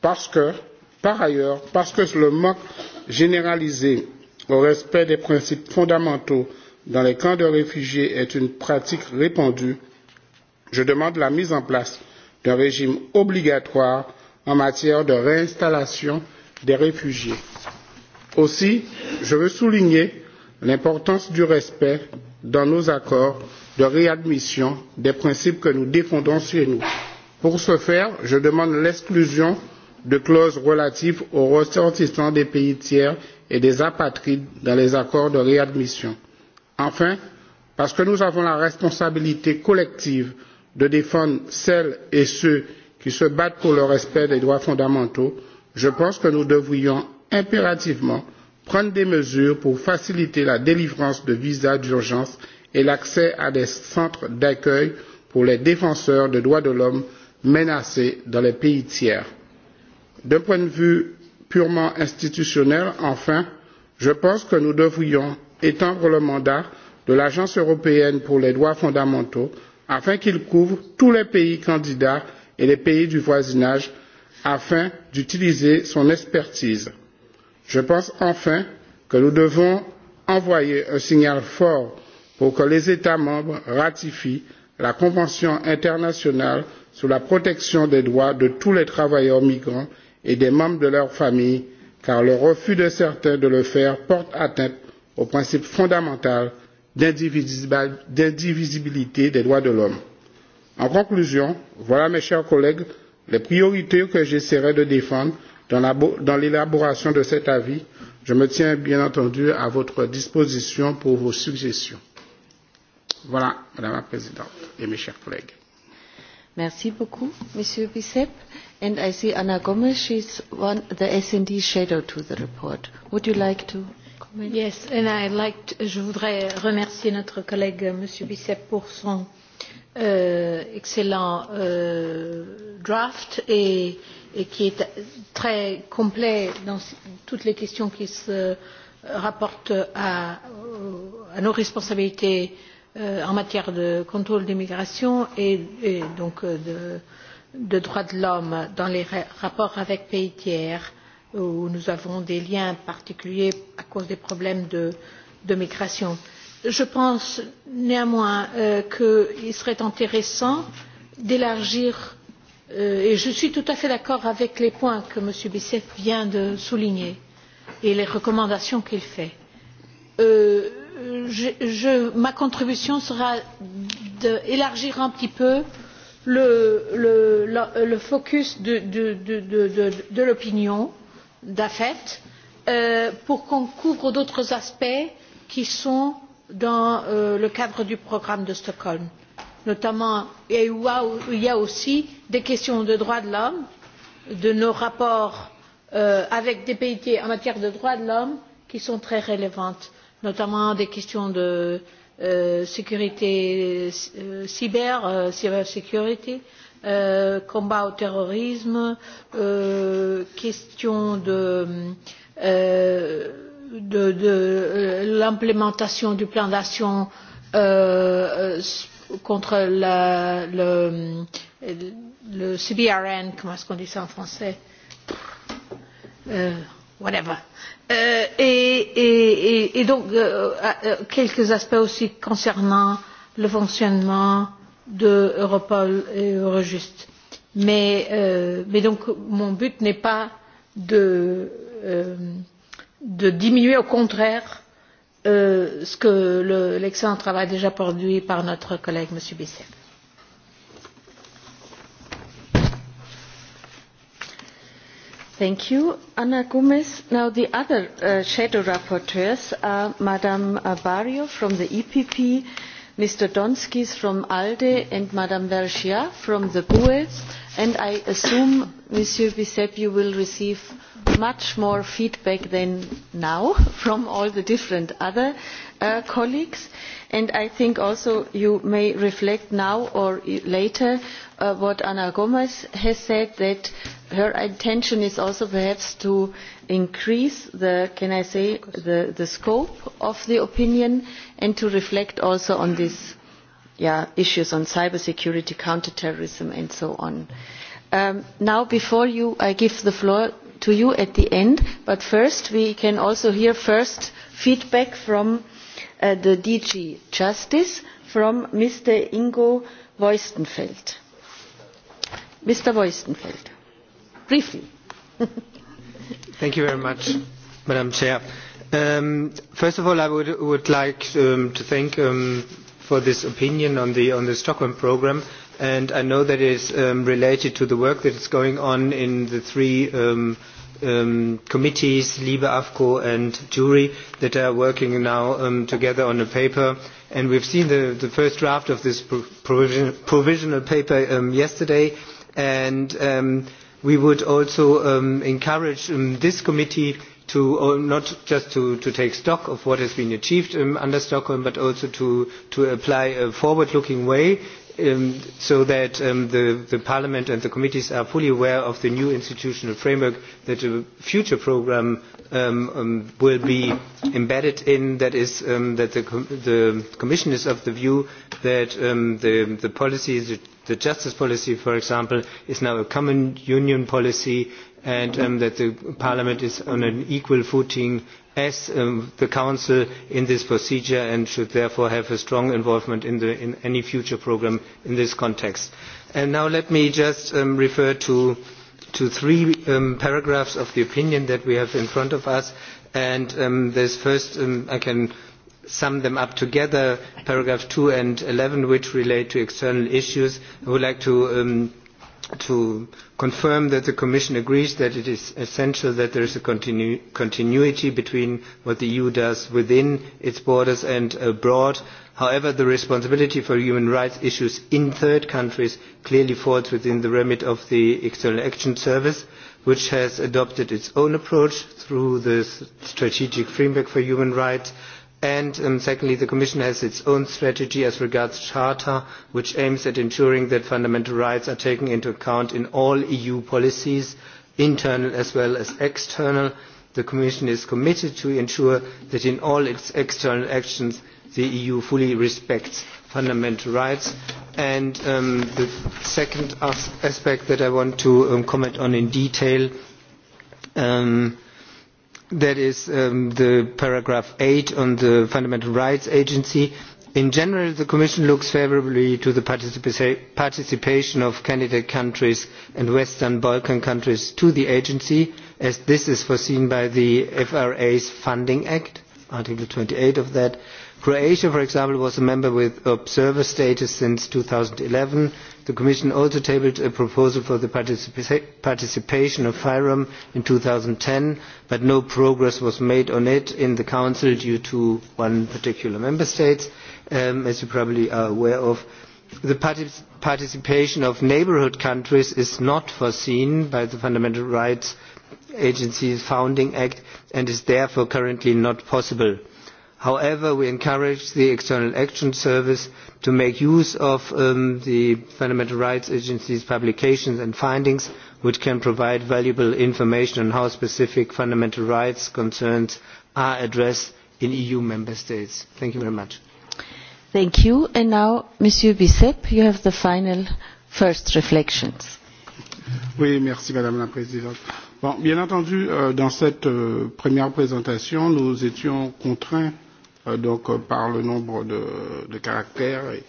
Parce que, par ailleurs, parce que le manque généralisé au respect des principes fondamentaux dans les camps de réfugiés est une pratique répandue, je demande la mise en place d'un régime obligatoire en matière de réinstallation des réfugiés. Aussi, je veux souligner l'importance du respect dans nos accords de réadmission des principes que nous défendons chez nous. Pour ce faire, je demande l'exclusion de clauses relatives aux ressortissants des pays tiers et des apatrides dans les accords de réadmission. Enfin, parce que nous avons la responsabilité collective de défendre celles et ceux qui se battent pour le respect des droits fondamentaux, je pense que nous devrions impérativement prendre des mesures pour faciliter la délivrance de visas d'urgence et l'accès à des centres d'accueil pour les défenseurs des droits de l'homme menacés dans les pays tiers. D'un point de vue purement institutionnel, enfin, je pense que nous devrions étendre le mandat de l'Agence européenne pour les droits fondamentaux afin qu'il couvre tous les pays candidats et les pays du voisinage afin d'utiliser son expertise. Je pense enfin que nous devons envoyer un signal fort pour que les États membres ratifient la Convention internationale sur la protection des droits de tous les travailleurs migrants et des membres de leurs familles, car le refus de certains de le faire porte atteinte au principe fondamental d'indivisibilité des droits de l'homme. En conclusion, voilà mes chers collègues les priorités que j'essaierai de défendre dans l'élaboration de cet avis. Je me tiens bien entendu à votre disposition pour vos suggestions. Voilà, Madame la Présidente et mes chers collègues. Merci beaucoup, Monsieur Bicep. And I see Anna Gomes, she's one, the S&D shadow to the report. Would you like to comment? Yes, and I'd like to, je voudrais remercier notre collègue Monsieur Bicep pour son Euh, excellent euh, draft et, qui est très complet dans toutes les questions qui se rapportent à, nos responsabilités euh, en matière de contrôle des migrations et, donc euh, de, droits de l'homme dans les rapports avec pays tiers où nous avons des liens particuliers à cause des problèmes de, migration je pense néanmoins euh, qu'il serait intéressant d'élargir euh, et je suis tout à fait d'accord avec les points que m. bisset vient de souligner et les recommandations qu'il fait. Euh, ma contribution sera d'élargir un petit peu le, focus de, de l'opinion d'afet pour qu'on couvre d'autres aspects qui sont dans euh, le cadre du programme de stockholm notamment et où il y a aussi des questions de droits de l'homme de nos rapports euh, avec des pays tiers en matière de droits de l'homme qui sont très relevantes notamment des questions de euh, sécurité cyber cybersécurité combat au terrorisme questions de de, de euh, l'implémentation du plan d'action euh, euh, contre le, CBRN, comment est-ce qu'on dit ça en français euh, Whatever. Euh, et, et, et, et donc, euh, quelques aspects aussi concernant le fonctionnement de Europol et Eurojust. Mais, euh, mais donc, mon but n'est pas de. Euh, de diminuer au contraire euh, l'excellent travail déjà produit par notre collègue m. bisset. Thank you, Now the other uh, shadow rapporteurs are Madame Barrio from the EPP, Mr. Donskis from ALDE, and Madame Vergia from the GUE. And I assume, Monsieur Bissep, you will receive much more feedback than now (laughs) from all the different other uh, colleagues and i think also you may reflect now or later on uh, what ana gomes has said that her intention is also perhaps to increase the can i say the, scope of the opinion and to reflect also on these issues on cybersecurity counterterrorism and so on. Um, now before you, i give the floor to you at the end but first we can also hear first feedback from uh, the dg justice from mr ingo voistenfeld. mr voistenfeld briefly. (laughs) thank you very much madam chair. Um, first of all i would, would like um, to thank um, for this opinion on the, on the stockholm programme and I know that it is um, related to the work that is going on in the three um, um, committees, Liebe, AFCO and Jury, that are working now um, together on a paper. And we've seen the, the first draft of this provision, provisional paper um, yesterday, and um, we would also um, encourage um, this committee to uh, not just to, to take stock of what has been achieved um, under Stockholm, but also to, to apply a forward-looking way Um, so that um, the, the, Parliament and the committees are fully aware of the new institutional framework that a future programme um, um, will be embedded in, that is, um, that the, com the, Commission is of the view that the, the policy, the, the justice policy, for example, is now a common union policy and um, that the parliament is on an equal footing as um, the council in this procedure and should therefore have a strong involvement in, any future programme in this context. And now let me just um, refer to, three um, paragraphs of the opinion that we have in front of us and this first I can sum them up together paragraphs two and eleven which relate to external issues. I would like to to confirm that the Commission agrees that it is essential that there is a continu continuity between what the EU does within its borders and abroad. However, the responsibility for human rights issues in third countries clearly falls within the remit of the External Action Service, which has adopted its own approach through the Strategic Framework for Human Rights, and um, secondly the commission has its own strategy as regards charter which aims at ensuring that fundamental rights are taken into account in all eu policies internal as well as external. the commission is committed to ensure that in all its external actions the eu fully respects fundamental rights. And, um, the second aspect that i want to um, comment on in detail that is um, the paragraph 8 on the Fundamental Rights Agency. In general, the Commission looks favourably to the participation of candidate countries and Western Balkan countries to the agency, as this is foreseen by the FRA's Funding Act, Article 28 of that. Croatia, for example, was a member with observer status since 2011 the Commission also tabled a proposal for the participation of fyrom in 2010, but no progress was made on it in the Council due to one particular Member State, um, as you probably are aware of. The participation of neighbourhood countries is not foreseen by the Fundamental Rights Agency's Founding Act and is therefore currently not possible. However, we encourage the External Action Service to make use of um, the Fundamental Rights Agency's publications and findings, which can provide valuable information on how specific fundamental rights concerns are addressed in EU member states. Thank you very much. Thank you. And now, Monsieur Bissep, you have the final first reflections. Oui, merci Madame la Présidente. Bon, bien entendu, euh, dans cette euh, première présentation, nous étions contraints euh, donc euh, par le nombre de, de caractères. Et,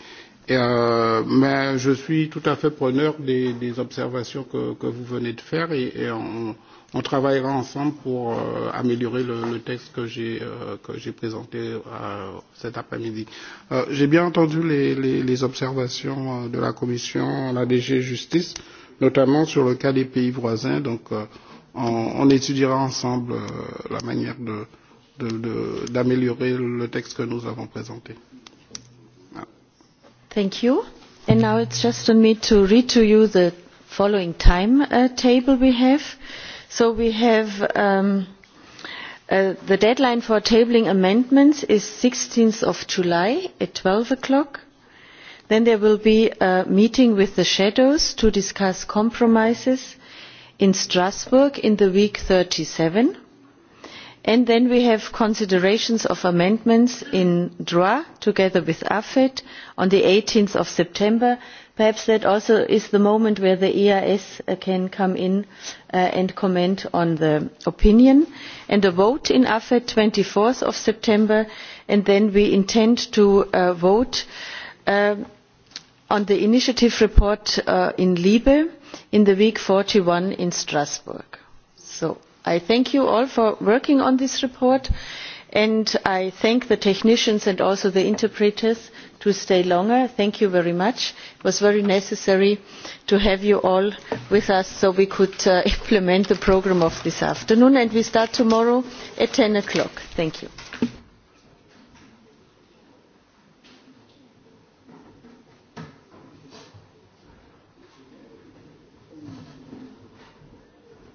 et, euh, mais je suis tout à fait preneur des, des observations que, que vous venez de faire et, et on, on travaillera ensemble pour euh, améliorer le, le texte que j'ai euh, que j'ai présenté euh, cet après-midi. Euh, j'ai bien entendu les, les, les observations euh, de la commission, la DG Justice, notamment sur le cas des pays voisins. Donc euh, on, on étudiera ensemble euh, la manière de euh, d'améliorer le texte que nous avons présenté. Thank you. And now it's just on me to read to you the following time uh, table we have. So we have um, uh, the deadline for tabling amendments is 16th of July at 12 o'clock. Then there will be a meeting with the shadows to discuss compromises in Strasbourg in the week 37 and then we have considerations of amendments in droit together with afet on eighteen september. perhaps that also is the moment where the eeas uh, can come in uh, and comment on the opinion and a vote in afet on twenty four september and then we intend to uh, vote on the initiative report in libe in the week forty one in strasbourg. So i thank you all for working on this report and i thank the technicians and also the interpreters for staying longer. thank you very much. it was very necessary to have you all with us so we could uh, (laughs) implement the programme of this afternoon and we start tomorrow at ten o'clock. thank you.